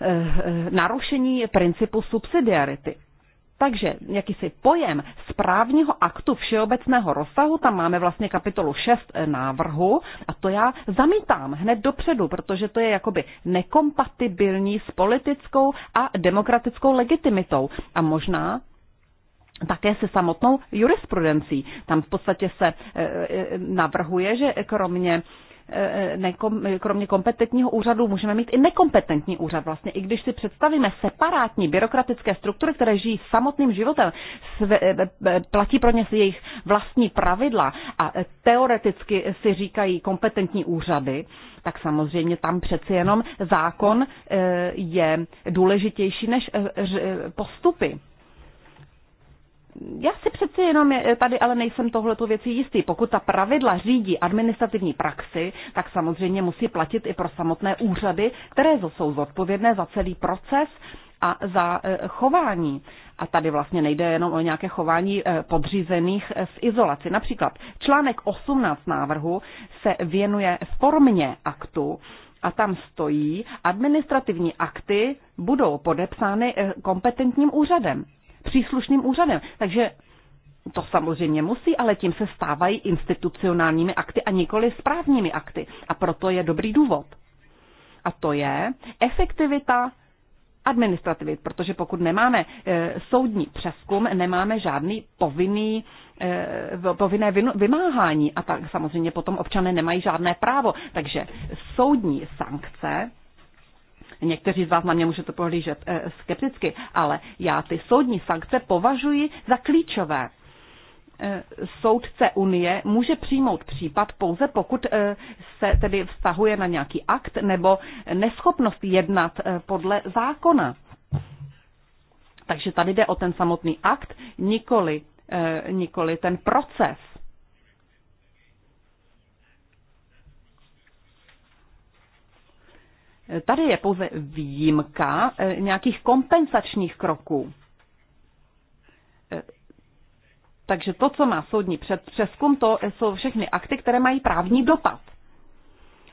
Eh, narušení principu subsidiarity. Takže jakýsi pojem správního aktu všeobecného rozsahu, tam máme vlastně kapitolu 6 eh, návrhu a to já zamítám hned dopředu, protože to je jakoby nekompatibilní s politickou a demokratickou legitimitou a možná také se samotnou jurisprudencí. Tam v podstatě se eh, navrhuje, že kromě E, e, nekom, kromě kompetentního úřadu můžeme mít i nekompetentní úřad. Vlastně i když si představíme separátní byrokratické struktury, které žijí samotným životem, sve, e, platí pro ně si jejich vlastní pravidla a teoreticky si říkají kompetentní úřady, tak samozřejmě tam přeci jenom zákon je důležitější než postupy já si přeci jenom je, tady ale nejsem tohleto věcí jistý. Pokud ta pravidla řídí administrativní praxi, tak samozřejmě musí platit i pro samotné úřady, které jsou zodpovědné za celý proces a za e, chování. A tady vlastně nejde jenom o nějaké chování e, podřízených e, v izolaci. Například článek 18 návrhu se věnuje formě aktu a tam stojí, administrativní akty budou podepsány kompetentním úřadem příslušným úřadem. Takže to samozřejmě musí, ale tím se stávají institucionálními akty a nikoli správními akty. A proto je dobrý důvod. A to je efektivita administrativy, protože pokud nemáme e, soudní přeskum, nemáme žádný povinný, e, povinné vinu, vymáhání a tak samozřejmě potom občané nemají žádné právo. Takže soudní sankce Někteří z vás na mě můžete pohlížet eh, skepticky, ale já ty soudní sankce považuji za klíčové eh, soudce Unie může přijmout případ pouze pokud eh, se tedy vztahuje na nějaký akt nebo neschopnost jednat podle zákona. Takže tady jde o ten samotný akt, nikoli, nikoli ten proces. Tady je pouze výjimka eh, nějakých kompensačních kroků. Eh, takže to, co má soudní přeskum, to jsou všechny akty, které mají právní dopad.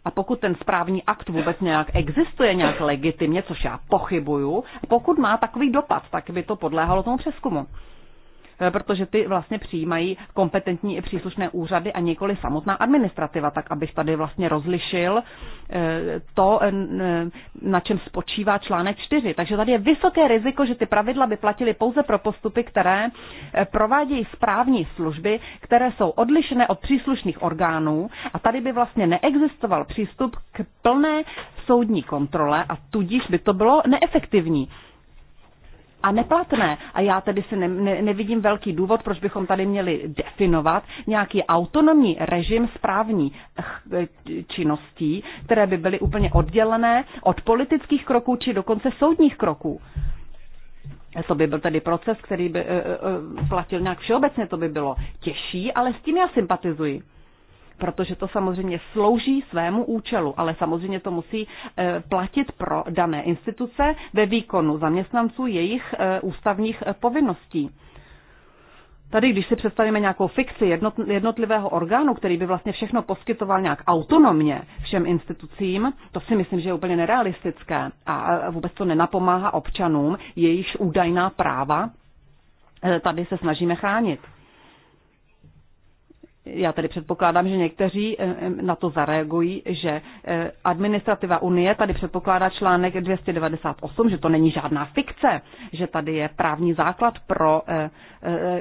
A pokud ten správní akt vůbec nějak existuje, nějak legitimně, což já pochybuju, pokud má takový dopad, tak by to podléhalo tomu přeskumu. Eh, protože ty vlastně přijímají kompetentní i příslušné úřady a nikoli samotná administrativa, tak abych tady vlastně rozlišil eh, to, eh, na čem spočívá článek 4. Takže tady je vysoké riziko, že ty pravidla by platily pouze pro postupy, které provádějí správní služby, které jsou odlišené od příslušných orgánů a tady by vlastně neexistoval přístup k plné soudní kontrole a tudíž by to bylo neefektivní a neplatné. A já tedy si ne, ne, nevidím velký důvod, proč bychom tady měli definovat nějaký autonomní režim správní činností, které by byly úplně oddělené od politických kroků či dokonce soudních kroků. To by byl tedy proces, který by uh, uh, platil nějak všeobecně, to by bylo těžší, ale s tím já sympatizuji protože to samozřejmě slouží svému účelu, ale samozřejmě to musí eh, platit pro dané instituce ve výkonu zaměstnanců jejich eh, ústavních eh, povinností. Tady, když si představíme nějakou fikci jednotlivého orgánu, který by vlastně všechno poskytoval nějak autonomně všem institucím, to si myslím, že je úplně nerealistické a vůbec to nenapomáhá občanům, jejichž údajná práva tady se snažíme chránit. Já tedy předpokládám, že někteří eh, eh, na to zareagují, že eh, administrativa Unie tady předpokládá článek 298, že to není žádná fikce, že tady je právní základ pro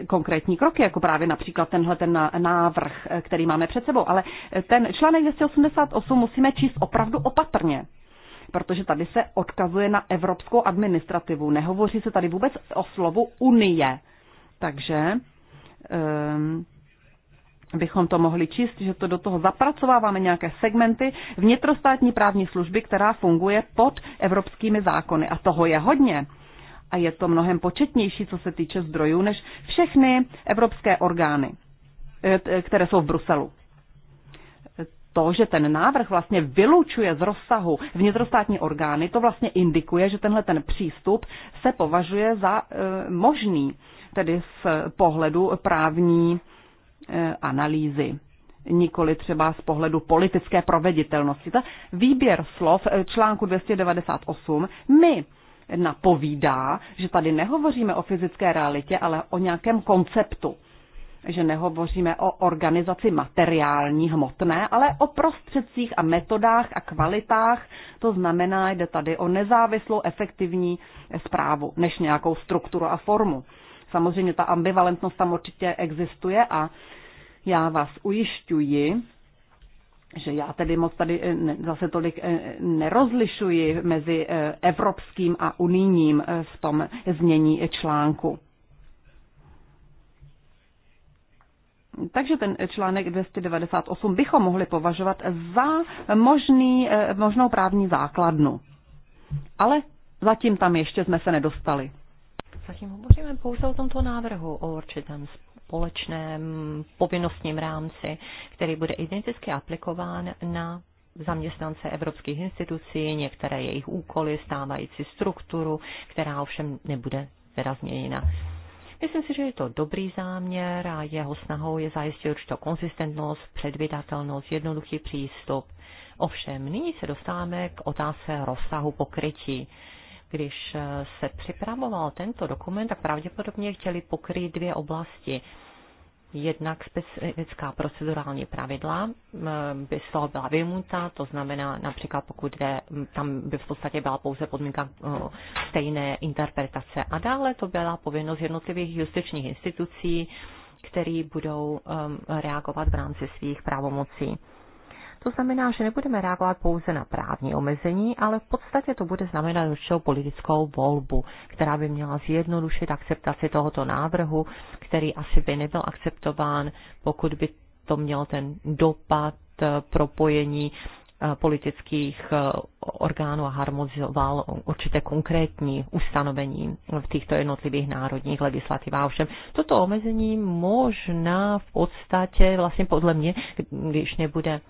konkrétní kroky, jako právě například tenhle ten návrh, který máme před sebou. Ale ten článek 288 musíme číst opravdu opatrně protože tady se odkazuje na evropskou administrativu. Nehovoří se tady vůbec o slovu Unie. Takže um, bychom to mohli číst, že to do toho zapracováváme nějaké segmenty vnitrostátní právní služby, která funguje pod evropskými zákony. A toho je hodně. A je to mnohem početnější, co se týče zdrojů, než všechny evropské orgány, eh, které jsou v Bruselu to, že ten návrh vlastně vylučuje z rozsahu vnitrostátní orgány, to vlastně indikuje, že tenhle ten přístup se považuje za e, možný, tedy z pohledu právní Eh, analýzy nikoli třeba z pohledu politické proveditelnosti. Ta výběr slov eh, článku 298 my napovídá, že tady nehovoříme o fyzické realitě, ale o nějakém konceptu. Že nehovoříme o organizaci materiální, hmotné, ale o prostředcích a metodách a kvalitách. To znamená, jde tady o nezávislou, efektivní zprávu, než nějakou strukturu a formu. Samozřejmě ta ambivalentnost tam určitě existuje a já vás ujišťuji, že já tedy moc tady eh, zase tolik eh, nerozlišuji mezi eh, evropským a unijním v tom znění článku. Takže ten článek 298 bychom mohli považovat za možný, možnou právní základnu. Ale zatím tam ještě jsme se nedostali. Zatím hovoříme pouze o tomto návrhu, o určitém společném povinnostním rámci, který bude identicky aplikován na zaměstnance evropských institucí, některé jejich úkoly, stávající strukturu, která ovšem nebude teda změněna. Myslím si, že je to dobrý záměr a jeho snahou je zajistit určitou konzistentnost, předvydatelnost, jednoduchý přístup. Ovšem, nyní se dostáváme k otázce rozsahu pokrytí. Když eh, se připravoval tento dokument, tak pravděpodobně chtěli pokrýt dvě oblasti. Jednak specifická procedurální pravidla eh, by z toho byla vymuta, to znamená například pokud jde, tam by v podstatě byla pouze podmínka eh, stejné interpretace. A dále to byla povinnost jednotlivých justičních institucí, které budou reagovat v rámci svých pravomocí. To znamená, že nebudeme reagovat pouze na právní omezení, ale v podstatě to bude znamenat určitou politickou volbu, která by měla zjednodušit akceptaci tohoto návrhu, který asi by nebyl akceptován, pokud by to mělo ten dopad eh, propojení eh, politických eh, orgánů a harmonizoval určité konkrétní ustanovení v těchto jednotlivých národních legislativách. Ovšem toto omezení možná v podstatě vlastně podle mě, když nebude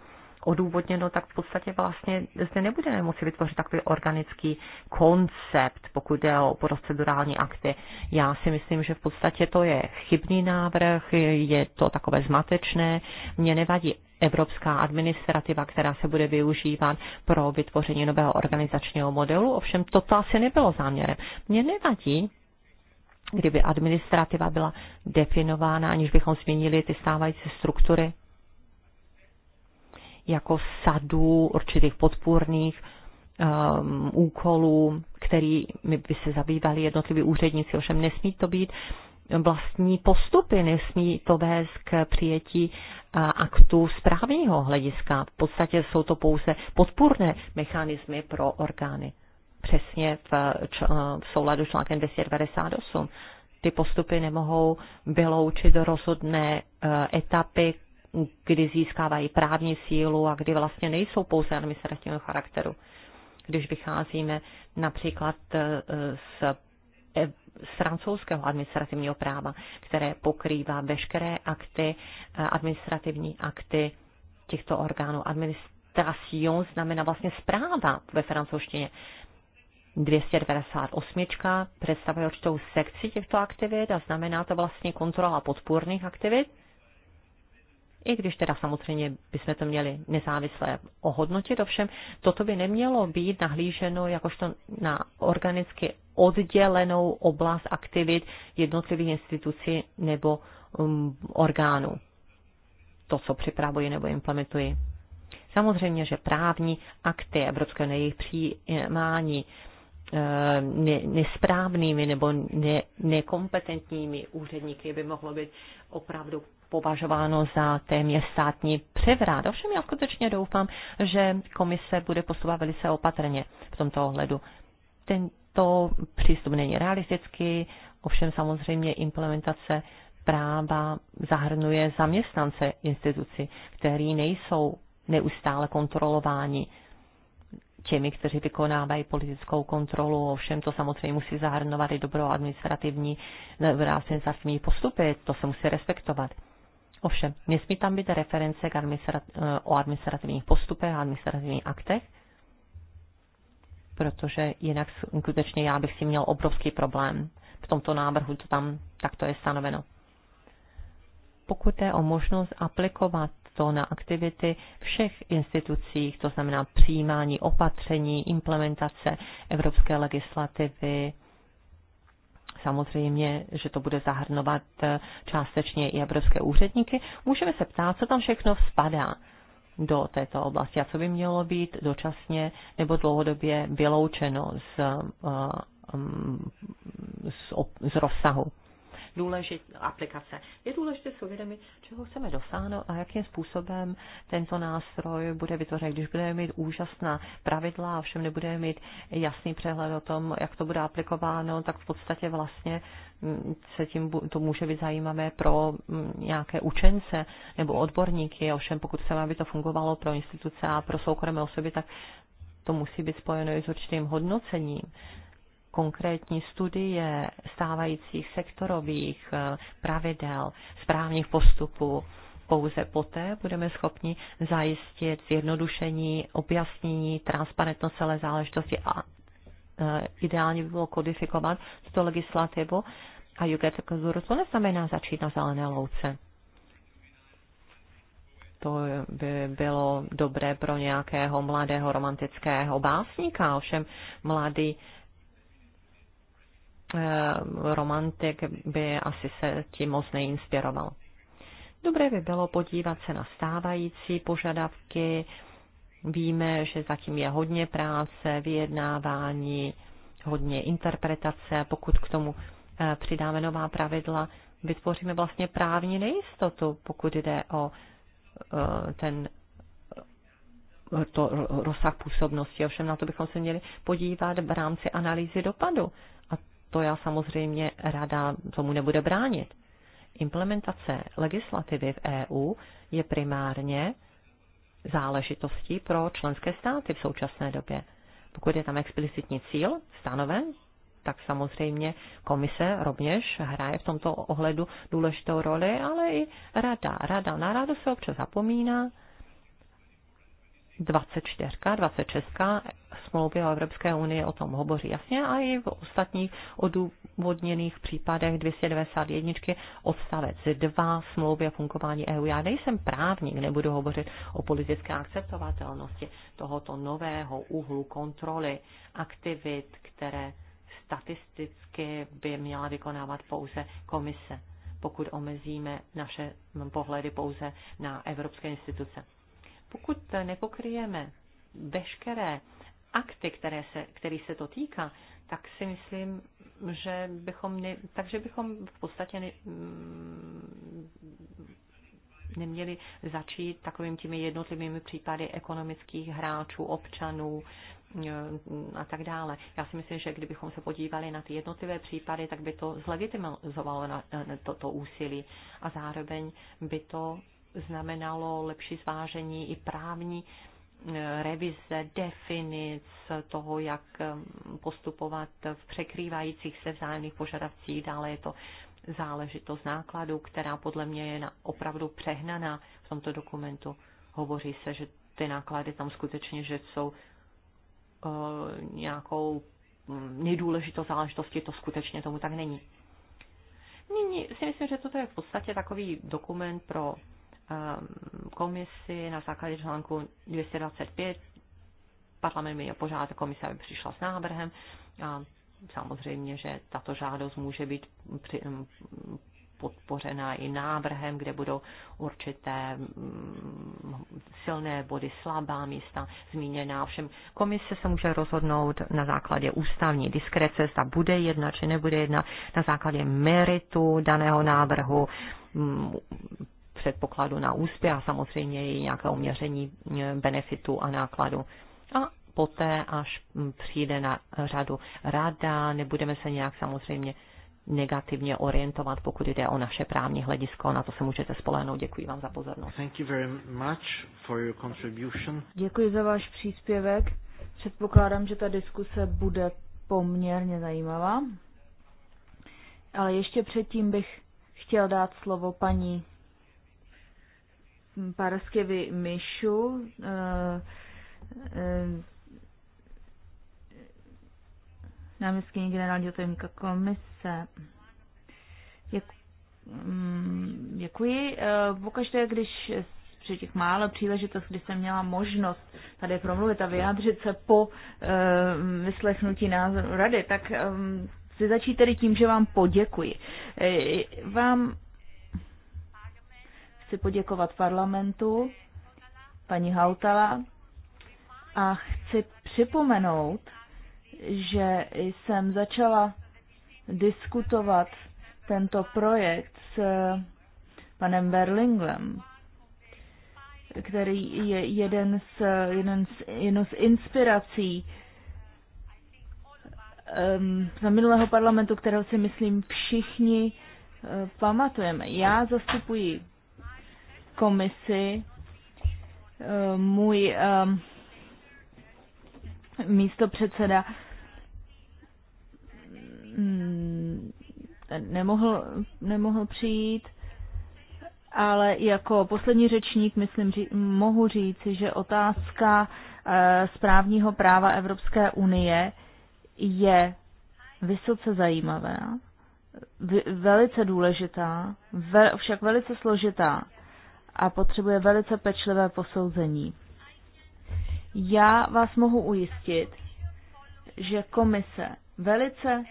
odůvodněno, tak v podstatě vlastně zde nebudeme moci vytvořit takový organický koncept, pokud jde o procedurální akty. Já si myslím, že v podstatě to je chybný návrh, je to takové zmatečné. Mně nevadí evropská administrativa, která se bude využívat pro vytvoření nového organizačního modelu, ovšem toto asi nebylo záměrem. Mně nevadí, kdyby administrativa byla definována, aniž bychom změnili ty stávající struktury jako sadu určitých podpůrných um, úkolů, kterými by se zabývali jednotliví úředníci. Ovšem nesmí to být vlastní postupy, nesmí to vést k přijetí aktu správního hlediska. V podstatě jsou to pouze podpůrné mechanismy pro orgány. Přesně v, č- v souladu s článkem 298. Ty postupy nemohou vyloučit rozhodné e, etapy, kdy získávají právní sílu a kdy vlastně nejsou pouze administrativního charakteru. Když vycházíme například e, z, e, z francouzského administrativního práva, které pokrývá veškeré akty, e, administrativní akty těchto orgánů. Administration znamená vlastně zpráva ve francouzštině. 298 představuje určitou sekci těchto aktivit a znamená to vlastně kontrola podpůrných aktivit i když teda samozřejmě bychom to měli nezávisle ohodnotit, ovšem toto by nemělo být nahlíženo jakožto na organicky oddělenou oblast aktivit jednotlivých institucí nebo um, orgánů. To, co připravuji nebo implementuji. Samozřejmě, že právní akty Evropské unie, jejich přijímání eh, ne, nesprávnými nebo ne, nekompetentními úředníky by mohlo být opravdu považováno za téměř státní převrát. Ovšem já skutečně doufám, že komise bude postupovat velice opatrně v tomto ohledu. Tento přístup není realistický, ovšem samozřejmě implementace práva zahrnuje zaměstnance instituci, který nejsou neustále kontrolováni těmi, kteří vykonávají politickou kontrolu. Ovšem to samozřejmě musí zahrnovat i dobrou administrativní, administrativní postupy, to se musí respektovat. Ovšem, nesmí tam být reference k administrat- eh, o administrativních postupech a administrativních aktech, protože jinak skutečně já bych si měl obrovský problém. V tomto návrhu to tam takto je stanoveno. Pokud je o možnost aplikovat to na aktivity všech institucích, to znamená přijímání opatření, implementace evropské legislativy, samozřejmě, že to bude zahrnovat eh, částečně i evropské úředníky, můžeme se ptát, co tam všechno spadá do této oblasti a co by mělo být dočasně nebo dlouhodobě vyloučeno z, eh, mm, z, z rozsahu důležit, aplikace. Je důležité si uvědomit, čeho chceme dosáhnout a jakým způsobem tento nástroj bude vytvořen. Když budeme mít úžasná pravidla a všem nebudeme mít jasný přehled o tom, jak to bude aplikováno, tak v podstatě vlastně mm, se tím to může být zajímavé pro mm, nějaké učence nebo odborníky. Ovšem, pokud chceme, aby to fungovalo pro instituce a pro soukromé osoby, tak to musí být spojeno i s určitým hodnocením konkrétní studie stávajících sektorových eh, pravidel, správných postupů. Pouze poté budeme schopni zajistit zjednodušení, objasnění, transparentnost celé záležitosti a eh, ideálně by bylo kodifikovat tuto legislativu a judikaturu. To neznamená začít na zelené louce. To by bylo dobré pro nějakého mladého romantického básníka, ovšem mladý Eh, romantik by asi se tím moc neinspiroval. Dobré by bylo podívat se na stávající požadavky. Víme, že zatím je hodně práce, vyjednávání, hodně interpretace. Pokud k tomu eh, přidáme nová pravidla, vytvoříme vlastně právní nejistotu, pokud jde o eh, ten to rozsah působnosti. Ovšem na to bychom se měli podívat v rámci analýzy dopadu to já samozřejmě ráda tomu nebude bránit. Implementace legislativy v EU je primárně záležitostí pro členské státy v současné době. Pokud je tam explicitní cíl stanoven, tak samozřejmě komise rovněž hraje v tomto ohledu důležitou roli, ale i rada. Rada na rádu se občas zapomíná, 24, 26 smlouvy o Evropské unii o tom hovoří jasně a i v ostatních odůvodněných případech 291 odstavec 2 smlouvy o fungování EU. Já nejsem právník, nebudu hovořit o politické akceptovatelnosti tohoto nového úhlu kontroly aktivit, které statisticky by měla vykonávat pouze komise, pokud omezíme naše pohledy pouze na evropské instituce. Pokud nepokryjeme veškeré akty, které se, který se to týká, tak si myslím, že bychom, ne, takže bychom v podstatě ne, mm, neměli začít takovým těmi jednotlivými případy ekonomických hráčů, občanů mm, a tak dále. Já si myslím, že kdybychom se podívali na ty jednotlivé případy, tak by to zlegitimizovalo na, na to, to úsilí a zároveň by to znamenalo lepší zvážení i právní eh, revize definic toho, jak eh, postupovat v překrývajících se vzájemných požadavcích. Dále je to záležitost nákladu, která podle mě je opravdu přehnaná v tomto dokumentu. Hovoří se, že ty náklady tam skutečně, že jsou eh, nějakou mm, nejdůležitou záležitostí, to skutečně tomu tak není. Nyní si myslím, že toto je v podstatě takový dokument pro Um, komisi na základě článku 225. Parlament měl požádat komisi, aby přišla s návrhem a samozřejmě, že tato žádost může být při, um, podpořena i návrhem, kde budou určité um, silné body, slabá místa zmíněná. Všem komise se může rozhodnout na základě ústavní diskrece, zda bude jedna či nebude jedna, na základě meritu daného návrhu předpokladu na úspěch a samozřejmě i nějaké měření eh, benefitu a nákladu. A poté, až hm, přijde na řadu rada, nebudeme se nějak samozřejmě negativně orientovat, pokud jde o naše právní hledisko. Na to se můžete spolehnout. Děkuji vám za pozornost. Thank you very much for your contribution. Děkuji za váš příspěvek. Předpokládám, že ta diskuse bude poměrně zajímavá. Ale ještě předtím bych chtěl dát slovo paní Paraskevy Myšu, eh, eh, náměstkyně generálního tajemníka komise. Mm, děkuji. Eh, pokaždé, když při těch málo příležitost, kdy jsem měla možnost tady promluvit a vyjádřit se po vyslechnutí názoru rady, tak chci začít tedy tím, že vám poděkuji. Vám Chci poděkovat parlamentu, paní Hautala a chci připomenout, že jsem začala diskutovat tento projekt s panem Berlinglem, který je jeden z, jeden z, jeden z inspirací um, za minulého parlamentu, kterého si myslím všichni uh, pamatujeme. Já zastupuji komisi eh, můj eh, místo předseda mm, nemohl, nemohl přijít, ale jako poslední řečník myslím, ří, mohu říci, že otázka eh, správního práva Evropské unie je vysoce zajímavá, velice důležitá, ve, však velice složitá a potřebuje velice pečlivé posouzení. Já vás mohu ujistit, že komise velice uh,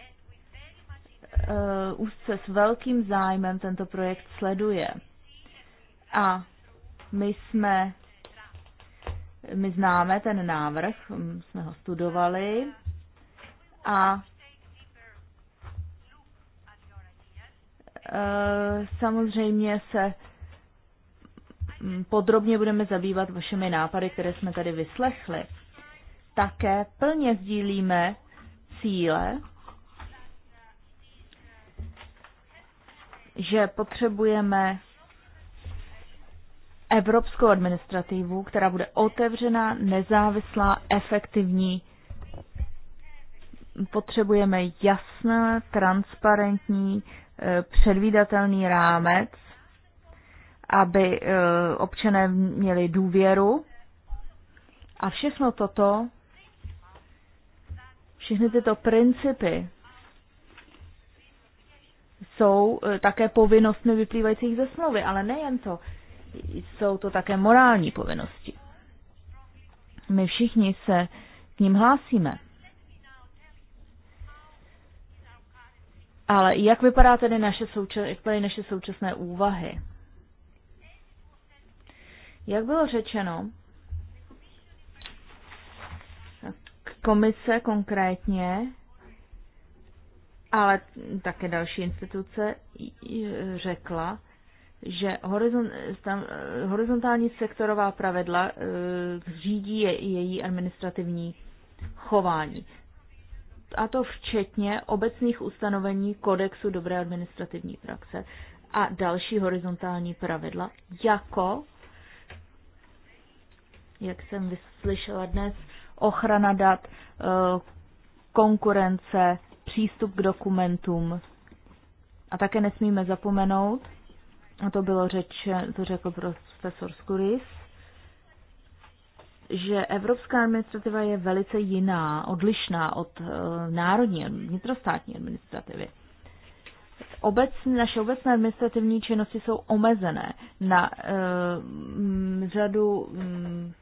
úzce s velkým zájmem tento projekt sleduje. A my jsme, my známe ten návrh, hm, jsme ho studovali a uh, samozřejmě se Mm, podrobně budeme zabývat vašimi nápady, které jsme tady vyslechli. Také plně sdílíme cíle, že potřebujeme evropskou administrativu, která bude otevřená, nezávislá, efektivní. Potřebujeme jasný, transparentní, eh, předvídatelný rámec aby eh, občané měli důvěru. A všechno toto, všechny tyto principy jsou eh, také povinnostmi vyplývajících ze smlouvy, ale nejen to, jsou to také morální povinnosti. My všichni se k ním hlásíme. Ale jak vypadá tedy naše, jak naše současné úvahy? Jak bylo řečeno, komise konkrétně, ale také další instituce řekla, že eh, horizontální sektorová pravidla eh, řídí její administrativní chování. A to včetně obecných ustanovení Kodexu dobré administrativní praxe a další horizontální pravidla, jako jak jsem vyslyšela dnes, ochrana dat, eh, konkurence, přístup k dokumentům. A také nesmíme zapomenout, a to bylo řeč, to řekl profesor Skuris, že evropská administrativa je velice jiná, odlišná od eh, národní, vnitrostátní administrativy. Obec, naše obecné administrativní činnosti jsou omezené na uh, řadu um,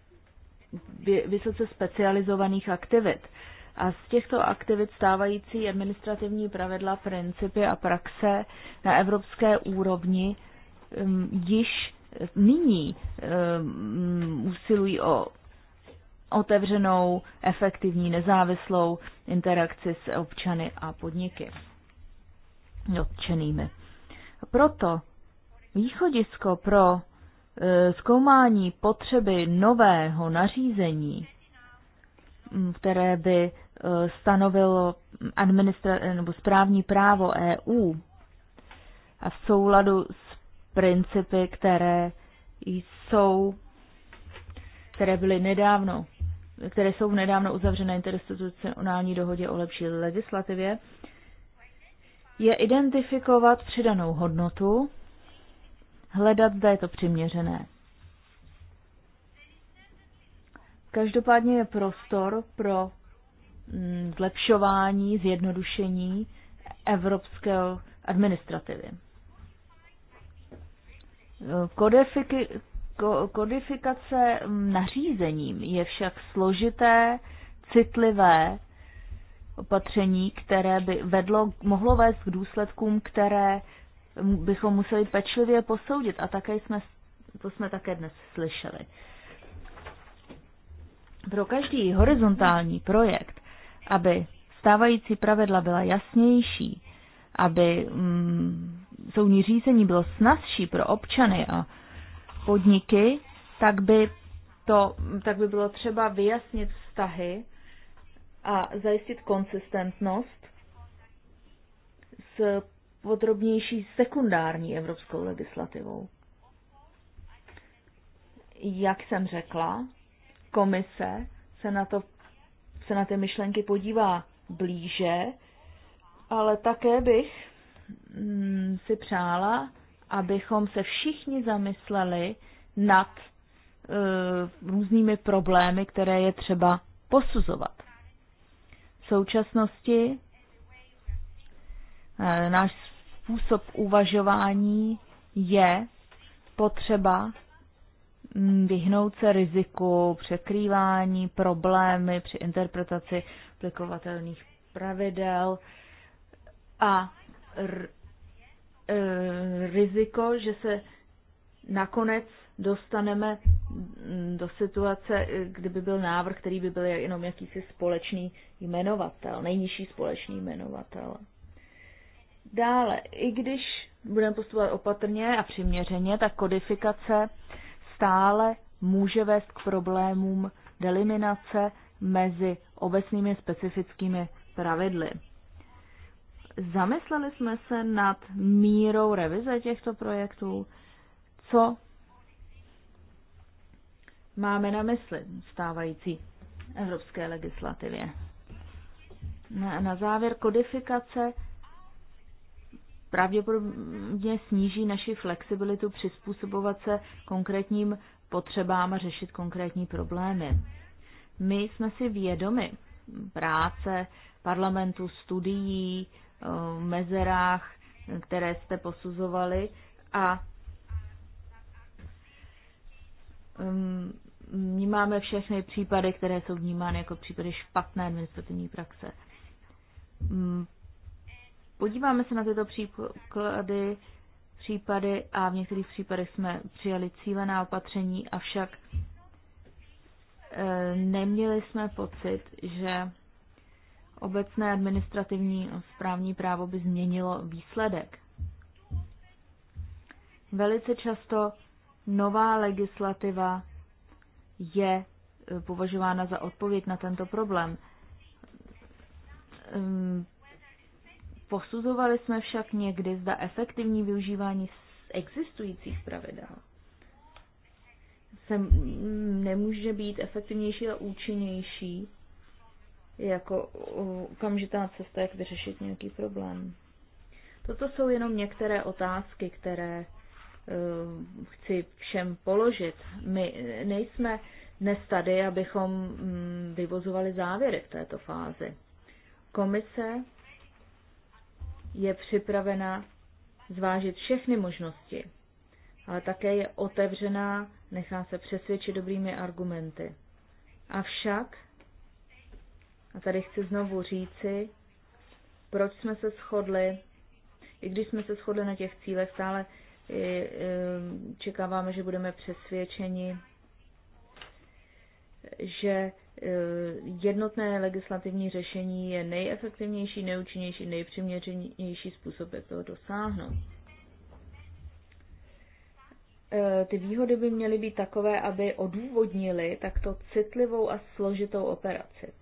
vysoce specializovaných aktivit. A z těchto aktivit stávající administrativní pravidla, principy a praxe na evropské úrovni um, již nyní um, usilují o otevřenou, efektivní, nezávislou interakci s občany a podniky dotčenými. Proto východisko pro Eh, zkoumání potřeby nového nařízení, mm, které by eh, stanovilo administra- eh, nebo správní právo EU a v souladu s principy, které jsou, které byly nedávno, které jsou v nedávno uzavřené interinstitucionální dohodě o lepší legislativě, je identifikovat přidanou hodnotu hledat, zda je to přiměřené. Každopádně je prostor pro mm, zlepšování, zjednodušení evropské administrativy. Kodifiki, kodifikace mm, nařízením je však složité, citlivé opatření, které by vedlo, mohlo vést k důsledkům, které bychom museli pečlivě posoudit a také jsme, to jsme také dnes slyšeli. Pro každý horizontální projekt, aby stávající pravidla byla jasnější, aby mm, soudní řízení bylo snazší pro občany a podniky, tak by, to, tak by bylo třeba vyjasnit vztahy a zajistit konsistentnost s podrobnější sekundární evropskou legislativou. Jak jsem řekla, komise se na, to, se na ty myšlenky podívá blíže, ale také bych mm, si přála, abychom se všichni zamysleli nad e, různými problémy, které je třeba posuzovat. V současnosti e, náš způsob uvažování je potřeba mm, vyhnout se riziku, překrývání, problémy při interpretaci aplikovatelných pravidel a e, riziko, že se nakonec dostaneme mm, do situace, e, kdyby byl návrh, který by byl jenom jakýsi společný jmenovatel, nejnižší společný jmenovatel. Dále, i když budeme postupovat opatrně a přiměřeně, tak kodifikace stále může vést k problémům deliminace mezi obecnými specifickými pravidly. Zamysleli jsme se nad mírou revize těchto projektů, co máme na mysli stávající evropské legislativě. Na, na závěr kodifikace pravděpodobně sníží naši flexibilitu přizpůsobovat se konkrétním potřebám a řešit konkrétní problémy. My jsme si vědomi práce parlamentu, studií, eh, mezerách, které jste posuzovali a ehm, vnímáme všechny případy, které jsou vnímány jako případy špatné administrativní praxe mm, Podíváme se na tyto příklady, případy a v některých případech jsme přijali cílená opatření, avšak eh, neměli jsme pocit, že obecné administrativní správní právo by změnilo výsledek. Velice často nová legislativa je eh, považována za odpověď na tento problém. Ehm, Posuzovali jsme však někdy, zda efektivní využívání existujících pravidel se nemůže být efektivnější a účinnější jako okamžitá cesta, jak vyřešit nějaký problém. Toto jsou jenom některé otázky, které uh, chci všem položit. My nejsme dnes tady, abychom um, vyvozovali závěry v této fázi. Komise je připravena zvážit všechny možnosti, ale také je otevřená, nechá se přesvědčit dobrými argumenty. Avšak, a tady chci znovu říci, proč jsme se shodli, i když jsme se shodli na těch cílech, stále čekáváme, že budeme přesvědčeni, že Eh, jednotné legislativní řešení je nejefektivnější, nejúčinnější, nejpřiměřenější způsob, jak toho dosáhnout. Eh, ty výhody by měly být takové, aby odůvodnily takto citlivou a složitou operaci.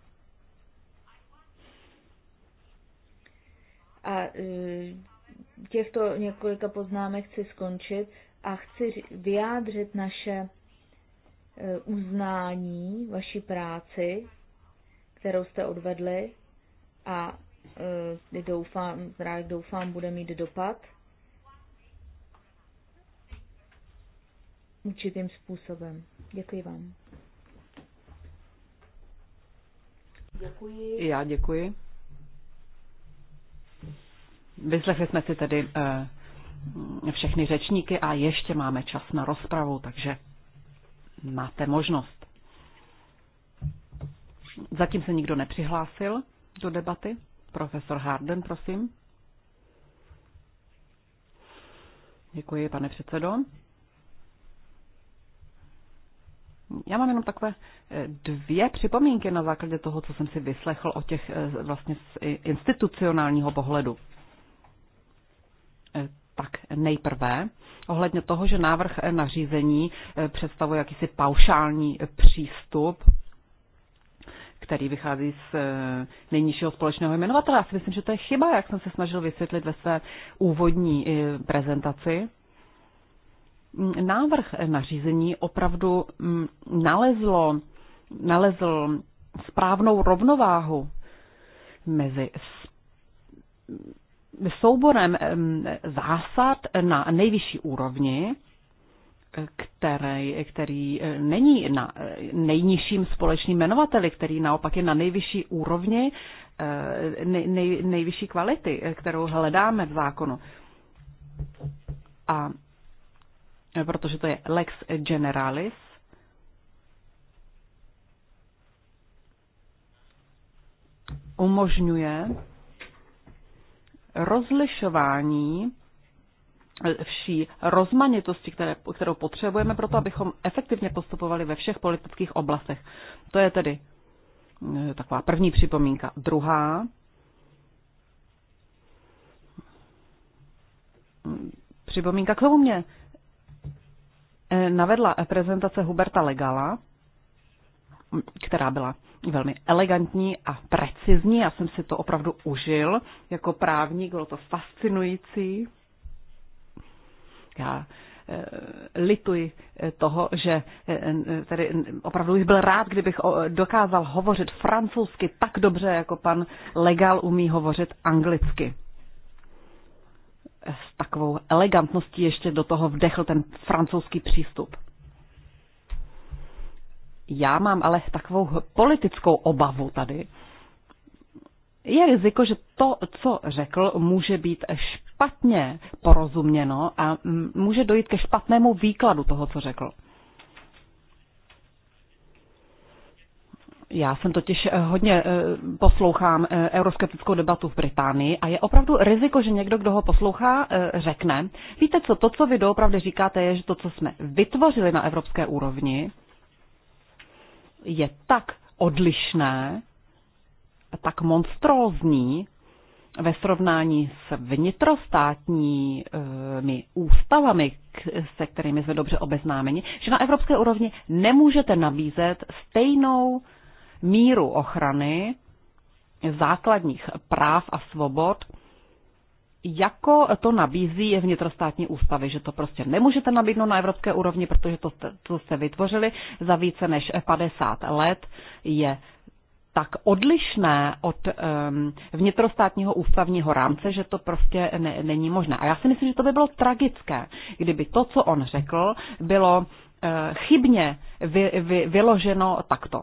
A eh, těchto několika poznámek chci skončit a chci vyjádřit naše Eh, uznání vaší práci, kterou jste odvedli a e, doufám, rád doufám, bude mít dopad určitým způsobem. Děkuji vám. Děkuji. Já děkuji. Vyslechli jsme si tedy e, všechny řečníky a ještě máme čas na rozpravu, takže máte možnost. Zatím se nikdo nepřihlásil do debaty. Profesor Harden, prosím. Děkuji, pane předsedo. Já mám jenom takové eh, dvě připomínky na základě toho, co jsem si vyslechl o těch eh, vlastně z institucionálního pohledu. Eh, tak nejprve ohledně toho, že návrh nařízení eh, představuje jakýsi paušální přístup který vychází z eh, nejnižšího společného jmenovatele. Já si myslím, že to je chyba, jak jsem se snažil vysvětlit ve své úvodní eh, prezentaci. Mm, návrh nařízení opravdu mm, nalezlo, nalezl správnou rovnováhu mezi souborem zásad na nejvyšší úrovni, který, který není na nejnižším společným jmenovateli, který naopak je na nejvyšší úrovni eh, nej, nejvyšší kvality, kterou hledáme v zákonu. A protože to je lex generalis, umožňuje rozlišování eh, vší rozmanitosti, které, kterou potřebujeme pro to, abychom efektivně postupovali ve všech politických oblastech. To je tedy eh, taková první připomínka. Druhá, mm, připomínka k tomu mě eh, navedla prezentace Huberta Legala, která byla velmi elegantní a precizní. Já jsem si to opravdu užil jako právník, bylo to fascinující. Já eh, lituji toho, že eh, tedy opravdu bych byl rád, kdybych dokázal hovořit francouzsky tak dobře, jako pan Legal umí hovořit anglicky. S takovou elegantností ještě do toho vdechl ten francouzský přístup. Já mám ale takovou politickou obavu tady. Je riziko, že to, co řekl, může být špatně porozuměno a může dojít ke špatnému výkladu toho, co řekl. Já jsem totiž eh, hodně eh, poslouchám eh, euroskeptickou debatu v Británii a je opravdu riziko, že někdo, kdo ho poslouchá, řekne, víte co, to, co vy doopravdy říkáte, je, že to, co jsme vytvořili na evropské úrovni, je tak odlišné, tak monstrózní ve srovnání s vnitrostátními ústavami, se kterými jsme dobře obeznámeni, že na evropské úrovni nemůžete nabízet stejnou míru ochrany základních práv a svobod jako to nabízí vnitrostátní ústavy, že to prostě nemůžete nabídnout na evropské úrovni, protože to, co jste vytvořili za více než 50 let, je tak odlišné od um, vnitrostátního ústavního rámce, že to prostě ne, není možné. A já si myslím, že to by bylo tragické, kdyby to, co on řekl, bylo uh, chybně vy, vy, vyloženo takto.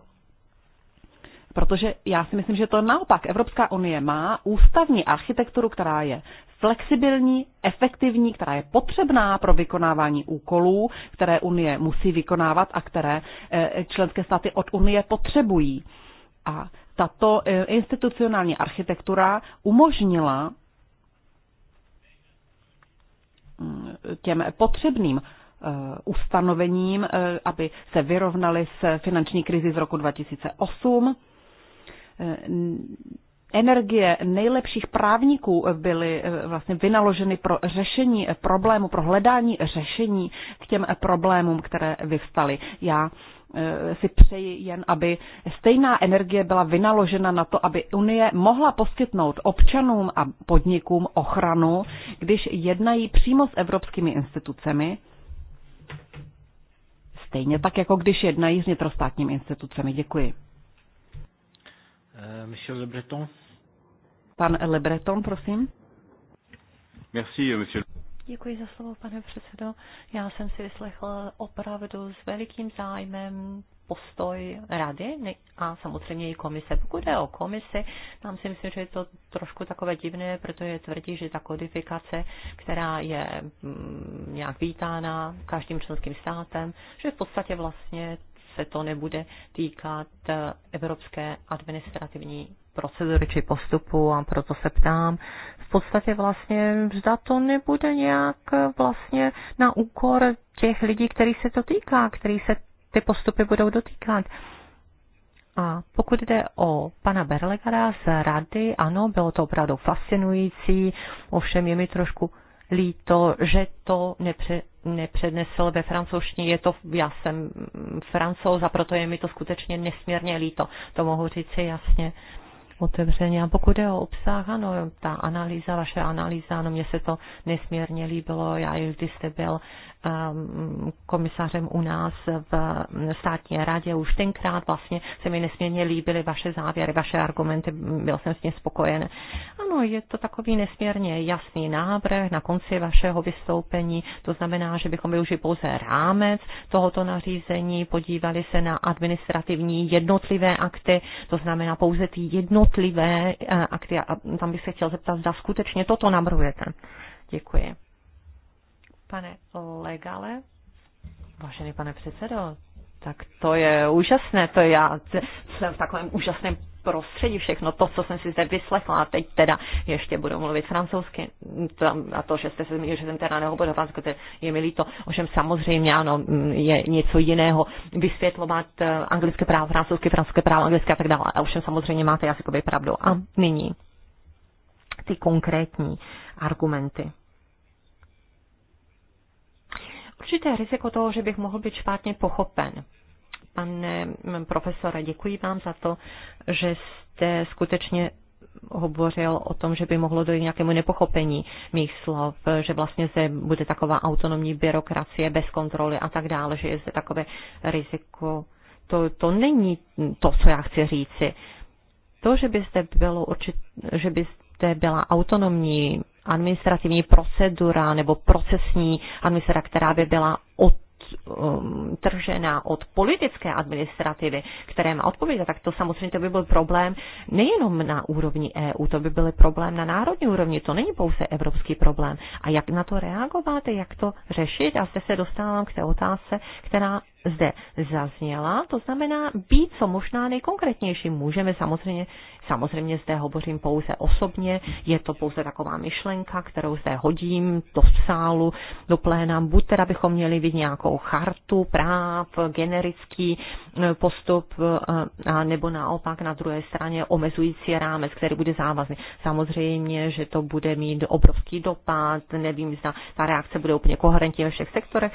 Protože já si myslím, že to naopak Evropská unie má ústavní architekturu, která je flexibilní, efektivní, která je potřebná pro vykonávání úkolů, které Unie musí vykonávat a které eh, členské státy od Unie potřebují. A tato eh, institucionální architektura umožnila mm, těm potřebným eh, ustanovením, aby se vyrovnali s finanční krizi z roku 2008 energie nejlepších právníků byly eh, vlastně vynaloženy pro řešení problému, pro hledání řešení k těm problémům, které vyvstaly. Já eh, si přeji jen, aby stejná energie byla vynaložena na to, aby Unie mohla poskytnout občanům a podnikům ochranu, když jednají přímo s evropskými institucemi, stejně tak, jako když jednají s vnitrostátními institucemi. Děkuji. Euh, monsieur Le Breton. Pan Le Breton, prosím. Merci, euh, monsieur. Děkuji za slovo, pane předsedo. Já jsem si vyslechl opravdu s velikým zájmem postoj rady a samozřejmě i komise. Pokud je o komisi, tam si myslím, že je to trošku takové divné, protože tvrdí, že ta kodifikace, která je mm, nějak vítána každým členským státem, že v podstatě vlastně se to nebude týkat eh, evropské administrativní procedury či postupu a proto se ptám, v podstatě vlastně zda to nebude nějak eh, vlastně na úkor těch lidí, který se to týká, který se ty postupy budou dotýkat. A pokud jde o pana Berlegara z rady, ano, bylo to opravdu fascinující, ovšem je mi trošku líto, že to nepře, nepřednesl ve francouzštině. Je to, já jsem francouz a proto je mi to skutečně nesmírně líto. To mohu si jasně otevřeně. A pokud je o obsah, ano, ta analýza, vaše analýza, ano, mně se to nesmírně líbilo. Já, když jste byl Um, komisařem u nás v státní radě. Už tenkrát vlastně se mi nesmírně líbily vaše závěry, vaše argumenty, byl jsem s tím spokojen. Ano, je to takový nesmírně jasný návrh na konci vašeho vystoupení. To znamená, že bychom využili pouze rámec tohoto nařízení, podívali se na administrativní jednotlivé akty, to znamená pouze ty jednotlivé eh, akty. A tam bych se chtěl zeptat, zda skutečně toto navrhujete. Děkuji. Pane Legale, vážený pane předsedo, tak to je úžasné, to je, já jsem v takovém úžasném prostředí, všechno to, co jsem si zde vyslechla, a teď teda ještě budu mluvit francouzsky, a to, že jste se zmínil, že jsem teda nehovořil francouzsky, to je mi líto, ovšem samozřejmě ano, je něco jiného vysvětlovat eh, anglické právo, francouzské, francouzské právo, anglické a tak dále, a ovšem samozřejmě máte jazykově pravdu. A nyní ty konkrétní argumenty určité riziko toho, že bych mohl být špatně pochopen. Pane mm, profesore, děkuji vám za to, že jste skutečně hovořil o tom, že by mohlo dojít nějakému nepochopení mých slov, že vlastně se bude taková autonomní byrokracie bez kontroly a tak dále, že je zde takové riziko. To, to není to, co já chci říci. To, že by zde bylo určit, že by zde byla autonomní administrativní procedura nebo procesní administra, která by byla od um, tržená od politické administrativy, které má odpovědět, tak to samozřejmě to by byl problém nejenom na úrovni EU, to by byl problém na národní úrovni, to není pouze evropský problém. A jak na to reagovat, jak to řešit? A zde se dostávám k té otázce, která zde zazněla, to znamená být co možná nejkonkrétnější. Můžeme samozřejmě, samozřejmě zde hovořím pouze osobně, je to pouze taková myšlenka, kterou zde hodím do sálu, do pléna, buď teda bychom měli být nějakou chartu práv, generický eh, postup, eh, a nebo naopak na druhé straně omezující rámec, který bude závazný. Samozřejmě, že to bude mít obrovský dopad, nevím, zda ta reakce bude úplně koherentní ve všech sektorech,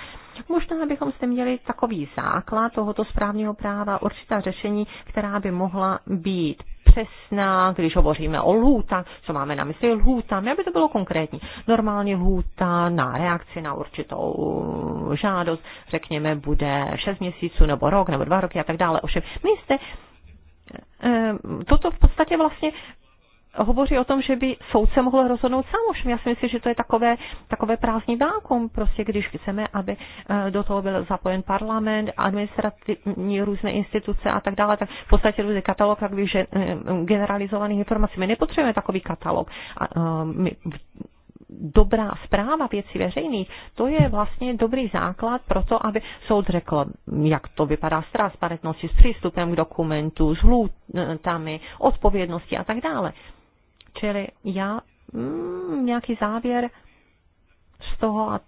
Možná bychom zde měli takový základ tohoto správního práva, určitá řešení, která by mohla být přesná, když hovoříme o lhůta, co máme na mysli měl by to bylo konkrétní. Normálně lhůta na reakci na určitou žádost, řekněme, bude 6 měsíců nebo rok nebo dva roky a tak dále. Ovšem, my jste eh, toto v podstatě vlastně hovoří o tom, že by soudce mohl rozhodnout sám. já si myslím, že to je takové, takové prázdný vákum, prostě když chceme, aby eh, do toho byl zapojen parlament, administrativní různé instituce a tak dále, tak v podstatě různý katalog takových eh, generalizovaných informací. My nepotřebujeme takový katalog. A, a, eh, my, dobrá zpráva věcí veřejných, to je vlastně dobrý základ pro to, aby soud řekl, jak to vypadá s transparentností, s přístupem k dokumentu, s hlutami, odpovědnosti a tak dále. Čili já mm, nějaký závěr z toho a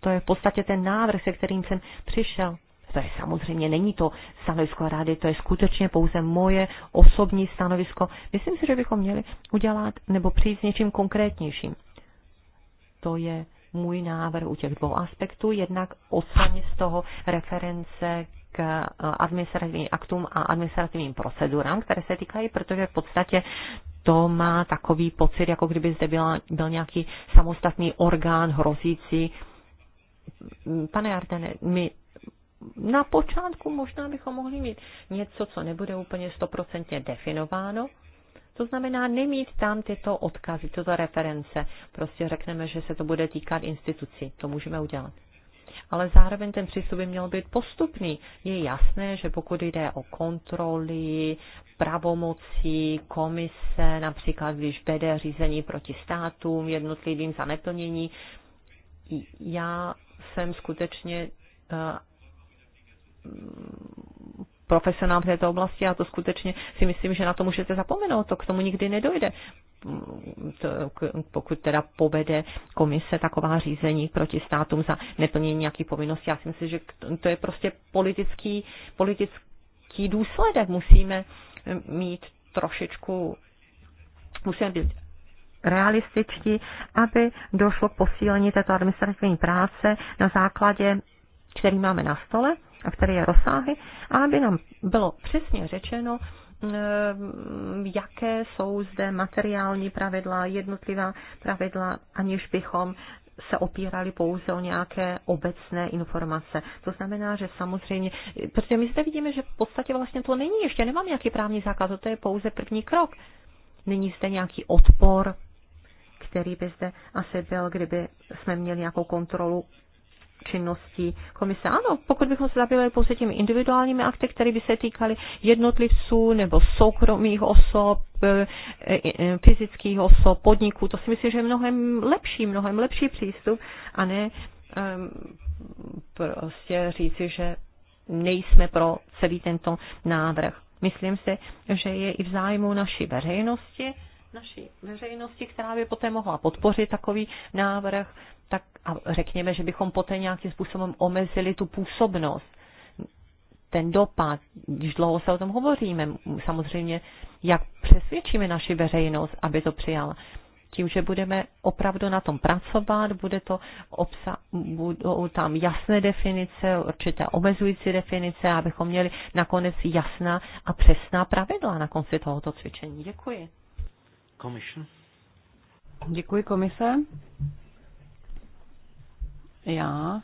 to je v podstatě ten návrh, se kterým jsem přišel. To je samozřejmě, není to stanovisko rady, to je skutečně pouze moje osobní stanovisko. Myslím si, že bychom měli udělat nebo přijít s něčím konkrétnějším. To je můj návrh u těch dvou aspektů, jednak odstranit z toho reference k eh, administrativním aktům a administrativním procedurám, které se týkají, protože v podstatě to má takový pocit, jako kdyby zde byla, byl nějaký samostatný orgán hrozící. Pane Ardene, my na počátku možná bychom mohli mít něco, co nebude úplně stoprocentně definováno, to znamená nemít tam tyto odkazy, tyto reference. Prostě řekneme, že se to bude týkat institucí. To můžeme udělat ale zároveň ten přístup by měl být postupný. Je jasné, že pokud jde o kontroly, pravomocí komise, například když vede řízení proti státům jednotlivým za neplnění, já jsem skutečně eh, profesionál v této oblasti a to skutečně si myslím, že na to můžete zapomenout, to k tomu nikdy nedojde. To, pokud teda povede komise taková řízení proti státům za neplnění nějakých povinností, já si myslím, že to je prostě politický, politický důsledek. Musíme mít trošičku, musíme být realističtí, aby došlo k posílení této administrativní práce na základě, který máme na stole, které rozsáhy, a aby nám bylo přesně řečeno, eh, jaké jsou zde materiální pravidla, jednotlivá pravidla, aniž bychom se opírali pouze o nějaké obecné informace. To znamená, že samozřejmě, protože my zde vidíme, že v podstatě vlastně to není, ještě nemám nějaký právní zákaz, to je pouze první krok. Není zde nějaký odpor, který by zde asi byl, kdyby jsme měli nějakou kontrolu činností komise. Ano, pokud bychom se zabývali pouze těmi individuálními akty, které by se týkaly jednotlivců nebo soukromých osob, e, e, fyzických osob, podniků, to si myslím, že je mnohem lepší, mnohem lepší přístup a ne prostě říci, že nejsme pro celý tento návrh. Myslím si, že je i v zájmu naší veřejnosti, naší veřejnosti, která by poté mohla podpořit takový návrh tak a řekněme, že bychom poté nějakým způsobem omezili tu působnost, ten dopad, když dlouho se o tom hovoříme, samozřejmě, jak přesvědčíme naši veřejnost, aby to přijala. Tím, že budeme opravdu na tom pracovat, bude to obsa- budou tam jasné definice, určité omezující definice, abychom měli nakonec jasná a přesná pravidla na konci tohoto cvičení. Děkuji. Commission. Děkuji komise. Já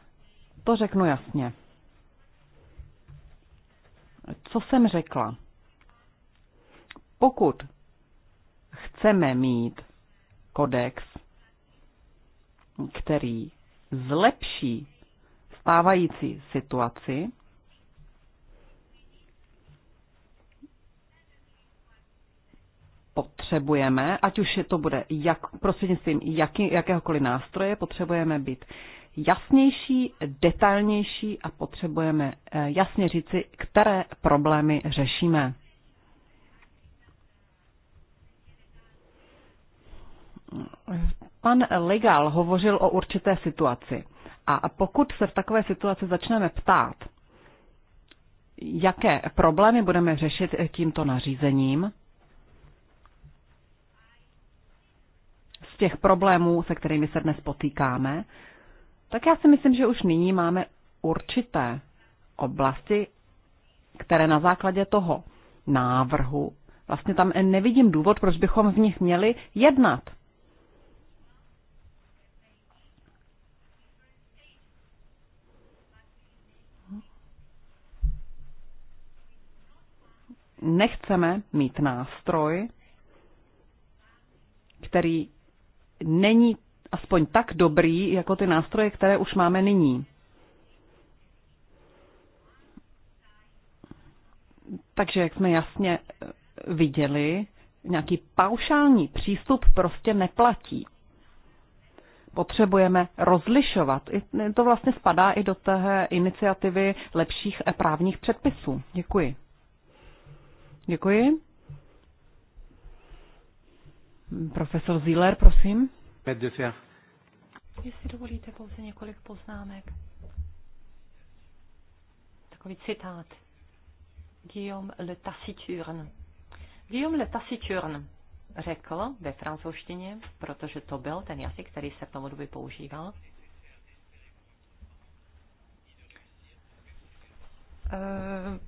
to řeknu jasně. Co jsem řekla? Pokud chceme mít kodex, který zlepší stávající situaci, potřebujeme, ať už je to bude jak, prostřednictvím jaký, jakéhokoliv nástroje, potřebujeme být jasnější, detailnější a potřebujeme eh, jasně říci, které problémy řešíme. Pan Legal hovořil o určité situaci. A pokud se v takové situaci začneme ptát, jaké problémy budeme řešit tímto nařízením, z těch problémů, se kterými se dnes potýkáme, tak já si myslím, že už nyní máme určité oblasti, které na základě toho návrhu, vlastně tam nevidím důvod, proč bychom v nich měli jednat. Nechceme mít nástroj, který není aspoň tak dobrý, jako ty nástroje, které už máme nyní. Takže, jak jsme jasně eh, viděli, nějaký paušální přístup prostě neplatí. Potřebujeme rozlišovat. To vlastně spadá i do té iniciativy lepších právních předpisů. Děkuji. Děkuji. Profesor Zíler, prosím de faire. Jestli dovolíte pouze několik poznámek. Takový citát. Guillaume Le Taciturne. Guillaume Le Taciturne řekl ve francouzštině, protože to byl ten jazyk, který se v tom době používal, eh,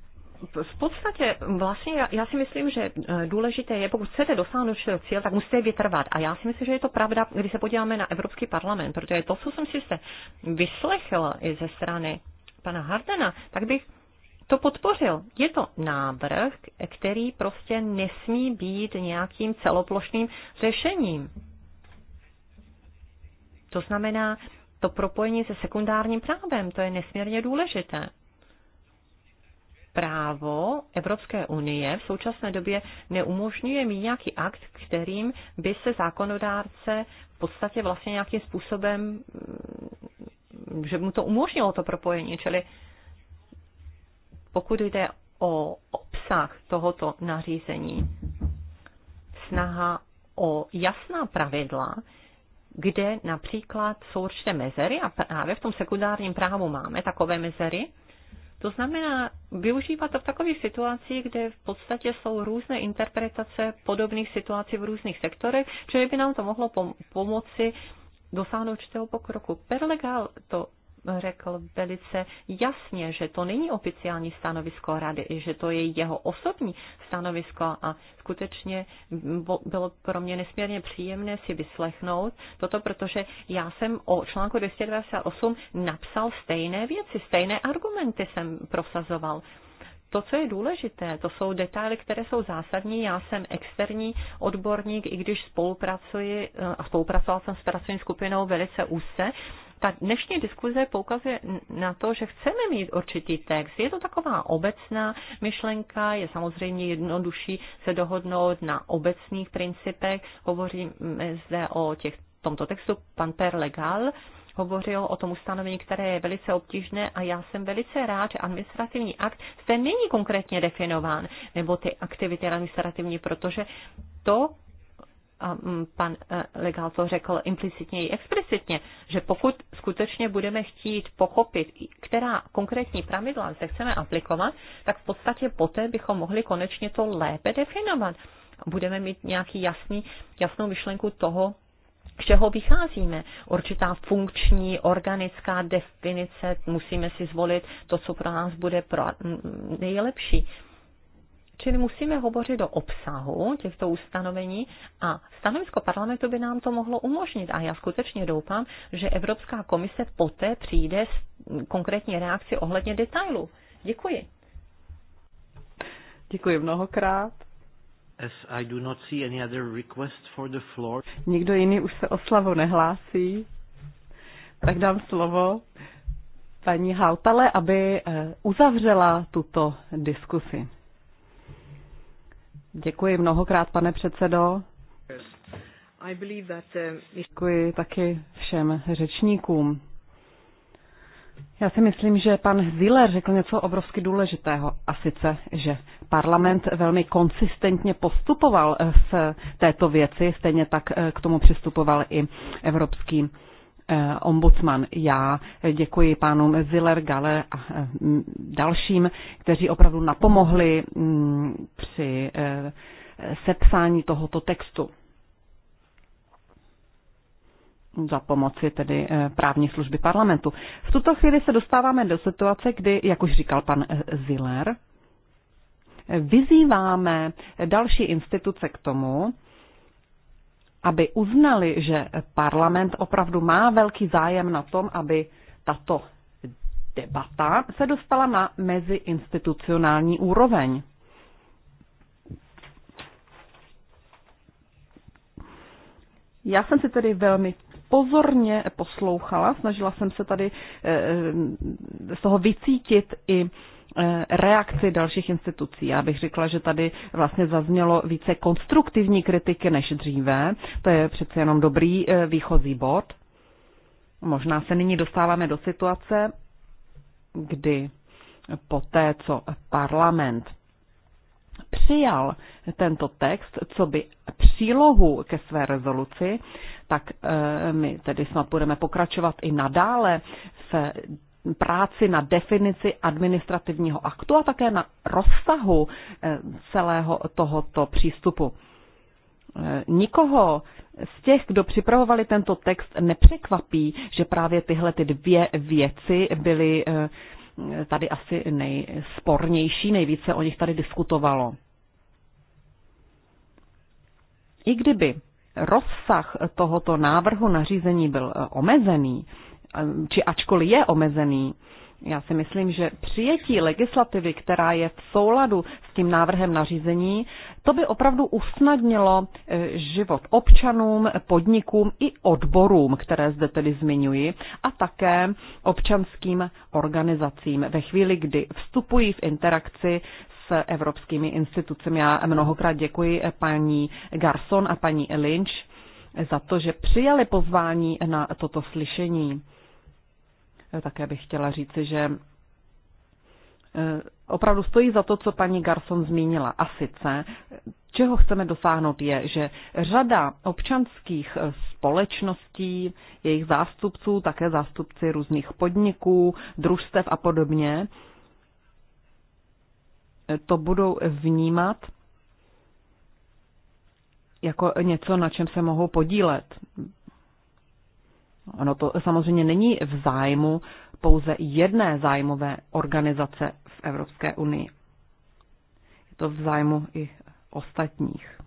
v podstatě vlastně já, já si myslím, že eh, důležité je, pokud chcete dosáhnout určitého cíl, tak musíte vytrvat. A já si myslím, že je to pravda, když se podíváme na Evropský parlament, protože to, co jsem si se vyslechl i ze strany pana Hardena, tak bych to podpořil. Je to návrh, který prostě nesmí být nějakým celoplošným řešením. To znamená, to propojení se sekundárním právem, to je nesmírně důležité právo Evropské unie v současné době neumožňuje mít nějaký akt, kterým by se zákonodárce v podstatě vlastně nějakým způsobem, mm, že mu to umožnilo to propojení, čili pokud jde o obsah tohoto nařízení, snaha o jasná pravidla, kde například jsou určité mezery a právě v tom sekundárním právu máme takové mezery, to znamená využívat to v takových situacích, kde v podstatě jsou různé interpretace podobných situací v různých sektorech, čili by nám to mohlo pom- pomoci dosáhnout určitého pokroku. Perlegal to řekl velice jasně, že to není oficiální stanovisko rady, že to je jeho osobní stanovisko a skutečně bylo pro mě nesmírně příjemné si vyslechnout toto, protože já jsem o článku 228 napsal stejné věci, stejné argumenty jsem prosazoval. To, co je důležité, to jsou detaily, které jsou zásadní. Já jsem externí odborník, i když spolupracuji eh, a spolupracoval jsem s pracovní skupinou velice úzce, ta dnešní diskuze poukazuje na to, že chceme mít určitý text. Je to taková obecná myšlenka, je samozřejmě jednodušší se dohodnout na obecných principech. Hovoříme zde o těch, tomto textu pan Per Legal, hovořil o tom ustanovení, které je velice obtížné a já jsem velice rád, že administrativní akt zde není konkrétně definován, nebo ty aktivity administrativní, protože to Mm, pan eh, Legal to řekl implicitně i explicitně, že pokud skutečně budeme chtít pochopit, která konkrétní pravidla se chceme aplikovat, tak v podstatě poté bychom mohli konečně to lépe definovat. Budeme mít nějaký jasný, jasnou myšlenku toho, z čeho vycházíme. Určitá funkční, organická definice, musíme si zvolit to, co pro nás bude pro mm, nejlepší. Čili musíme hovořit o obsahu těchto ustanovení a stanovisko parlamentu by nám to mohlo umožnit. A já skutečně doufám, že Evropská komise poté přijde s konkrétní reakci ohledně detailu. Děkuji. Děkuji mnohokrát. As I do not see any other request for the floor. Nikdo jiný už se o slavu nehlásí, tak dám slovo paní Hautale, aby eh, uzavřela tuto diskusi. Děkuji mnohokrát, pane předsedo. Uh, Děkuji taky všem řečníkům. Já si myslím, že pan Ziller řekl něco obrovsky důležitého, a sice, že parlament velmi konsistentně postupoval eh, v této věci, stejně tak eh, k tomu přistupoval i Evropský Eh, ombudsman. Já děkuji pánům Ziller, Galer a eh, dalším, kteří opravdu napomohli mm, při eh, sepsání tohoto textu za pomoci tedy právní služby parlamentu. V tuto chvíli se dostáváme do situace, kdy, jak už říkal pan Ziller, vyzýváme další instituce k tomu, aby uznali, že parlament opravdu má velký zájem na tom, aby tato debata se dostala na meziinstitucionální úroveň. Já jsem si tedy velmi pozorně poslouchala, snažila jsem se tady eh, eh, z toho vycítit i Eh, reakci dalších institucí. Já bych řekla, že tady vlastně zaznělo více konstruktivní kritiky než dříve. To je přece jenom dobrý eh, výchozí bod. Možná se nyní dostáváme do situace, kdy poté, co parlament přijal tento text, co by přílohu ke své rezoluci, tak eh, my tedy snad budeme pokračovat i nadále v práci na definici administrativního aktu a také na rozsahu eh, celého tohoto přístupu. Eh, nikoho z těch, kdo připravovali tento text, nepřekvapí, že právě tyhle ty dvě věci byly eh, tady asi nejspornější, nejvíce o nich tady diskutovalo. I kdyby rozsah tohoto návrhu nařízení byl omezený, Eh, či ačkoliv je omezený, já si myslím, že přijetí legislativy, která je v souladu s tím návrhem nařízení, to by opravdu usnadnilo eh, život občanům, podnikům i odborům, které zde tedy zmiňuji, a také občanským organizacím ve chvíli, kdy vstupují v interakci s evropskými institucemi. Já mnohokrát děkuji eh, paní Garson a paní Lynch za to, že přijali pozvání na toto slyšení. Také bych chtěla říci, že e, opravdu stojí za to, co paní Garson zmínila. A sice, čeho chceme dosáhnout je, že řada občanských e, společností, jejich zástupců, také zástupci různých podniků, družstev a podobně, e, to budou vnímat jako něco, na čem se mohou podílet Ono to samozřejmě není v zájmu pouze jedné zájmové organizace v Evropské unii. Je to v zájmu i ostatních.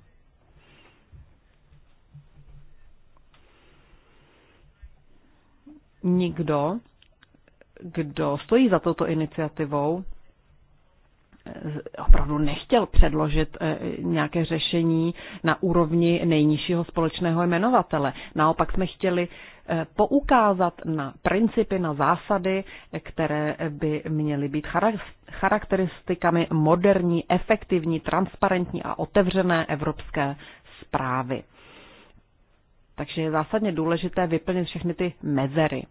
Nikdo, kdo stojí za touto iniciativou, opravdu nechtěl předložit eh, nějaké řešení na úrovni nejnižšího společného jmenovatele. Naopak jsme chtěli eh, poukázat na principy, na zásady, které by měly být charakteristikami moderní, efektivní, transparentní a otevřené evropské zprávy. Takže je zásadně důležité vyplnit všechny ty mezery.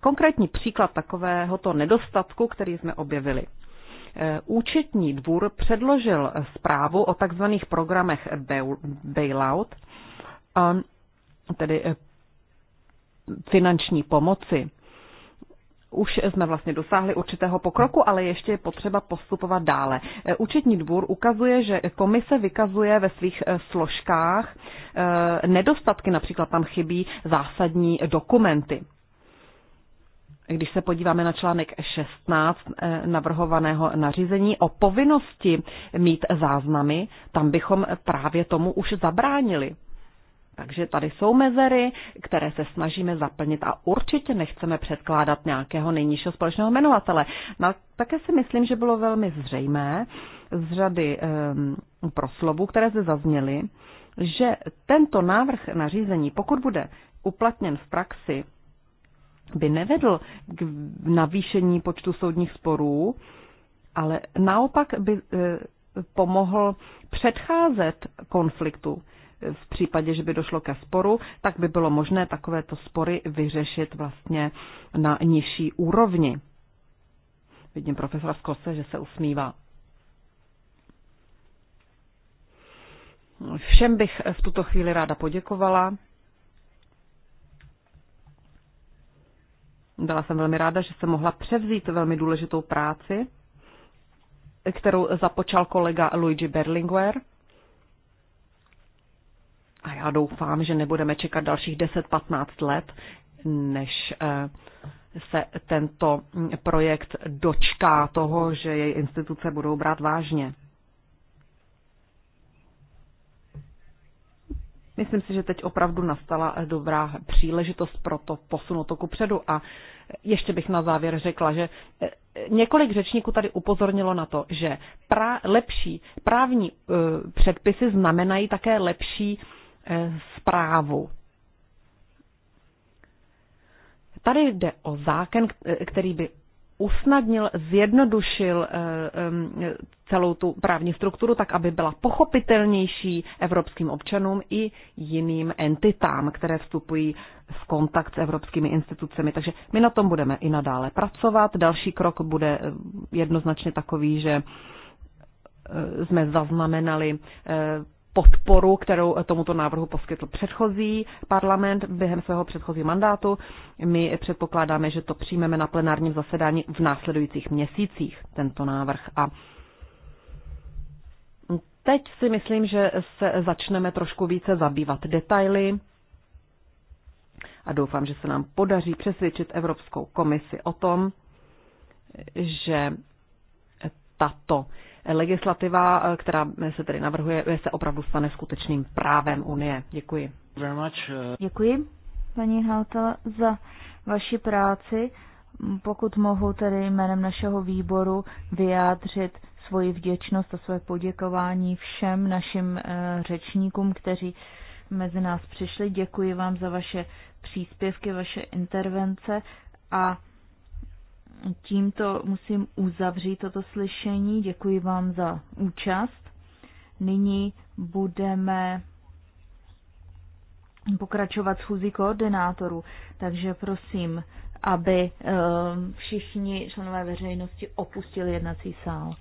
Konkrétní příklad takovéhoto nedostatku, který jsme objevili. Eh, účetní dvůr předložil zprávu o takzvaných programech bailout, tedy eh, finanční pomoci. Už jsme vlastně dosáhli určitého pokroku, ale ještě je potřeba postupovat dále. Eh, účetní dvůr ukazuje, že komise vykazuje ve svých složkách nedostatky, například tam chybí zásadní dokumenty když se podíváme na článek 16 eh, navrhovaného nařízení o povinnosti mít záznamy, tam bychom právě tomu už zabránili. Takže tady jsou mezery, které se snažíme zaplnit a určitě nechceme předkládat nějakého nejnižšího společného jmenovatele. No, také si myslím, že bylo velmi zřejmé z řady um, proslovů, které se zazněly, že tento návrh nařízení, pokud bude uplatněn v praxi, by nevedl k navýšení počtu soudních sporů, ale naopak by eh, pomohl předcházet konfliktu. V případě, že by došlo ke sporu, tak by bylo možné takovéto spory vyřešit vlastně na nižší úrovni. Vidím profesora Skose, že se usmívá. Všem bych v tuto chvíli ráda poděkovala. Byla jsem velmi ráda, že jsem mohla převzít velmi důležitou práci, kterou započal kolega Luigi Berlinguer. A já doufám, že nebudeme čekat dalších 10-15 let, než eh, se tento projekt dočká toho, že jej instituce budou brát vážně. Myslím si, že teď opravdu nastala dobrá příležitost pro to posunout to kupředu. předu a ještě bych na závěr řekla, že eh, několik řečníků tady upozornilo na to, že pra, lepší právní eh, předpisy znamenají také lepší zprávu. Eh, tady jde o zákon, který by usnadnil, zjednodušil eh, celou tu právní strukturu tak, aby byla pochopitelnější evropským občanům i jiným entitám, které vstupují v kontakt s evropskými institucemi. Takže my na tom budeme i nadále pracovat. Další krok bude eh, jednoznačně takový, že eh, jsme zaznamenali podporu, kterou tomuto návrhu poskytl předchozí parlament během svého předchozího mandátu. My předpokládáme, že to přijmeme na plenárním zasedání v následujících měsících, tento návrh. A teď si myslím, že se začneme trošku více zabývat detaily a doufám, že se nám podaří přesvědčit Evropskou komisi o tom, že tato legislativa, která se tedy navrhuje, se opravdu stane skutečným právem Unie. Děkuji. Uh, Děkuji, paní Halta, za vaši práci. Pokud mohu tedy jménem našeho výboru vyjádřit svoji vděčnost a své poděkování všem našim eh, řečníkům, kteří mezi nás přišli. Děkuji vám za vaše příspěvky, vaše intervence a Tímto musím uzavřít toto slyšení. Děkuji vám za účast. Nyní budeme pokračovat schůzí koordinátorů, takže prosím, aby eh, všichni členové veřejnosti opustili jednací sál.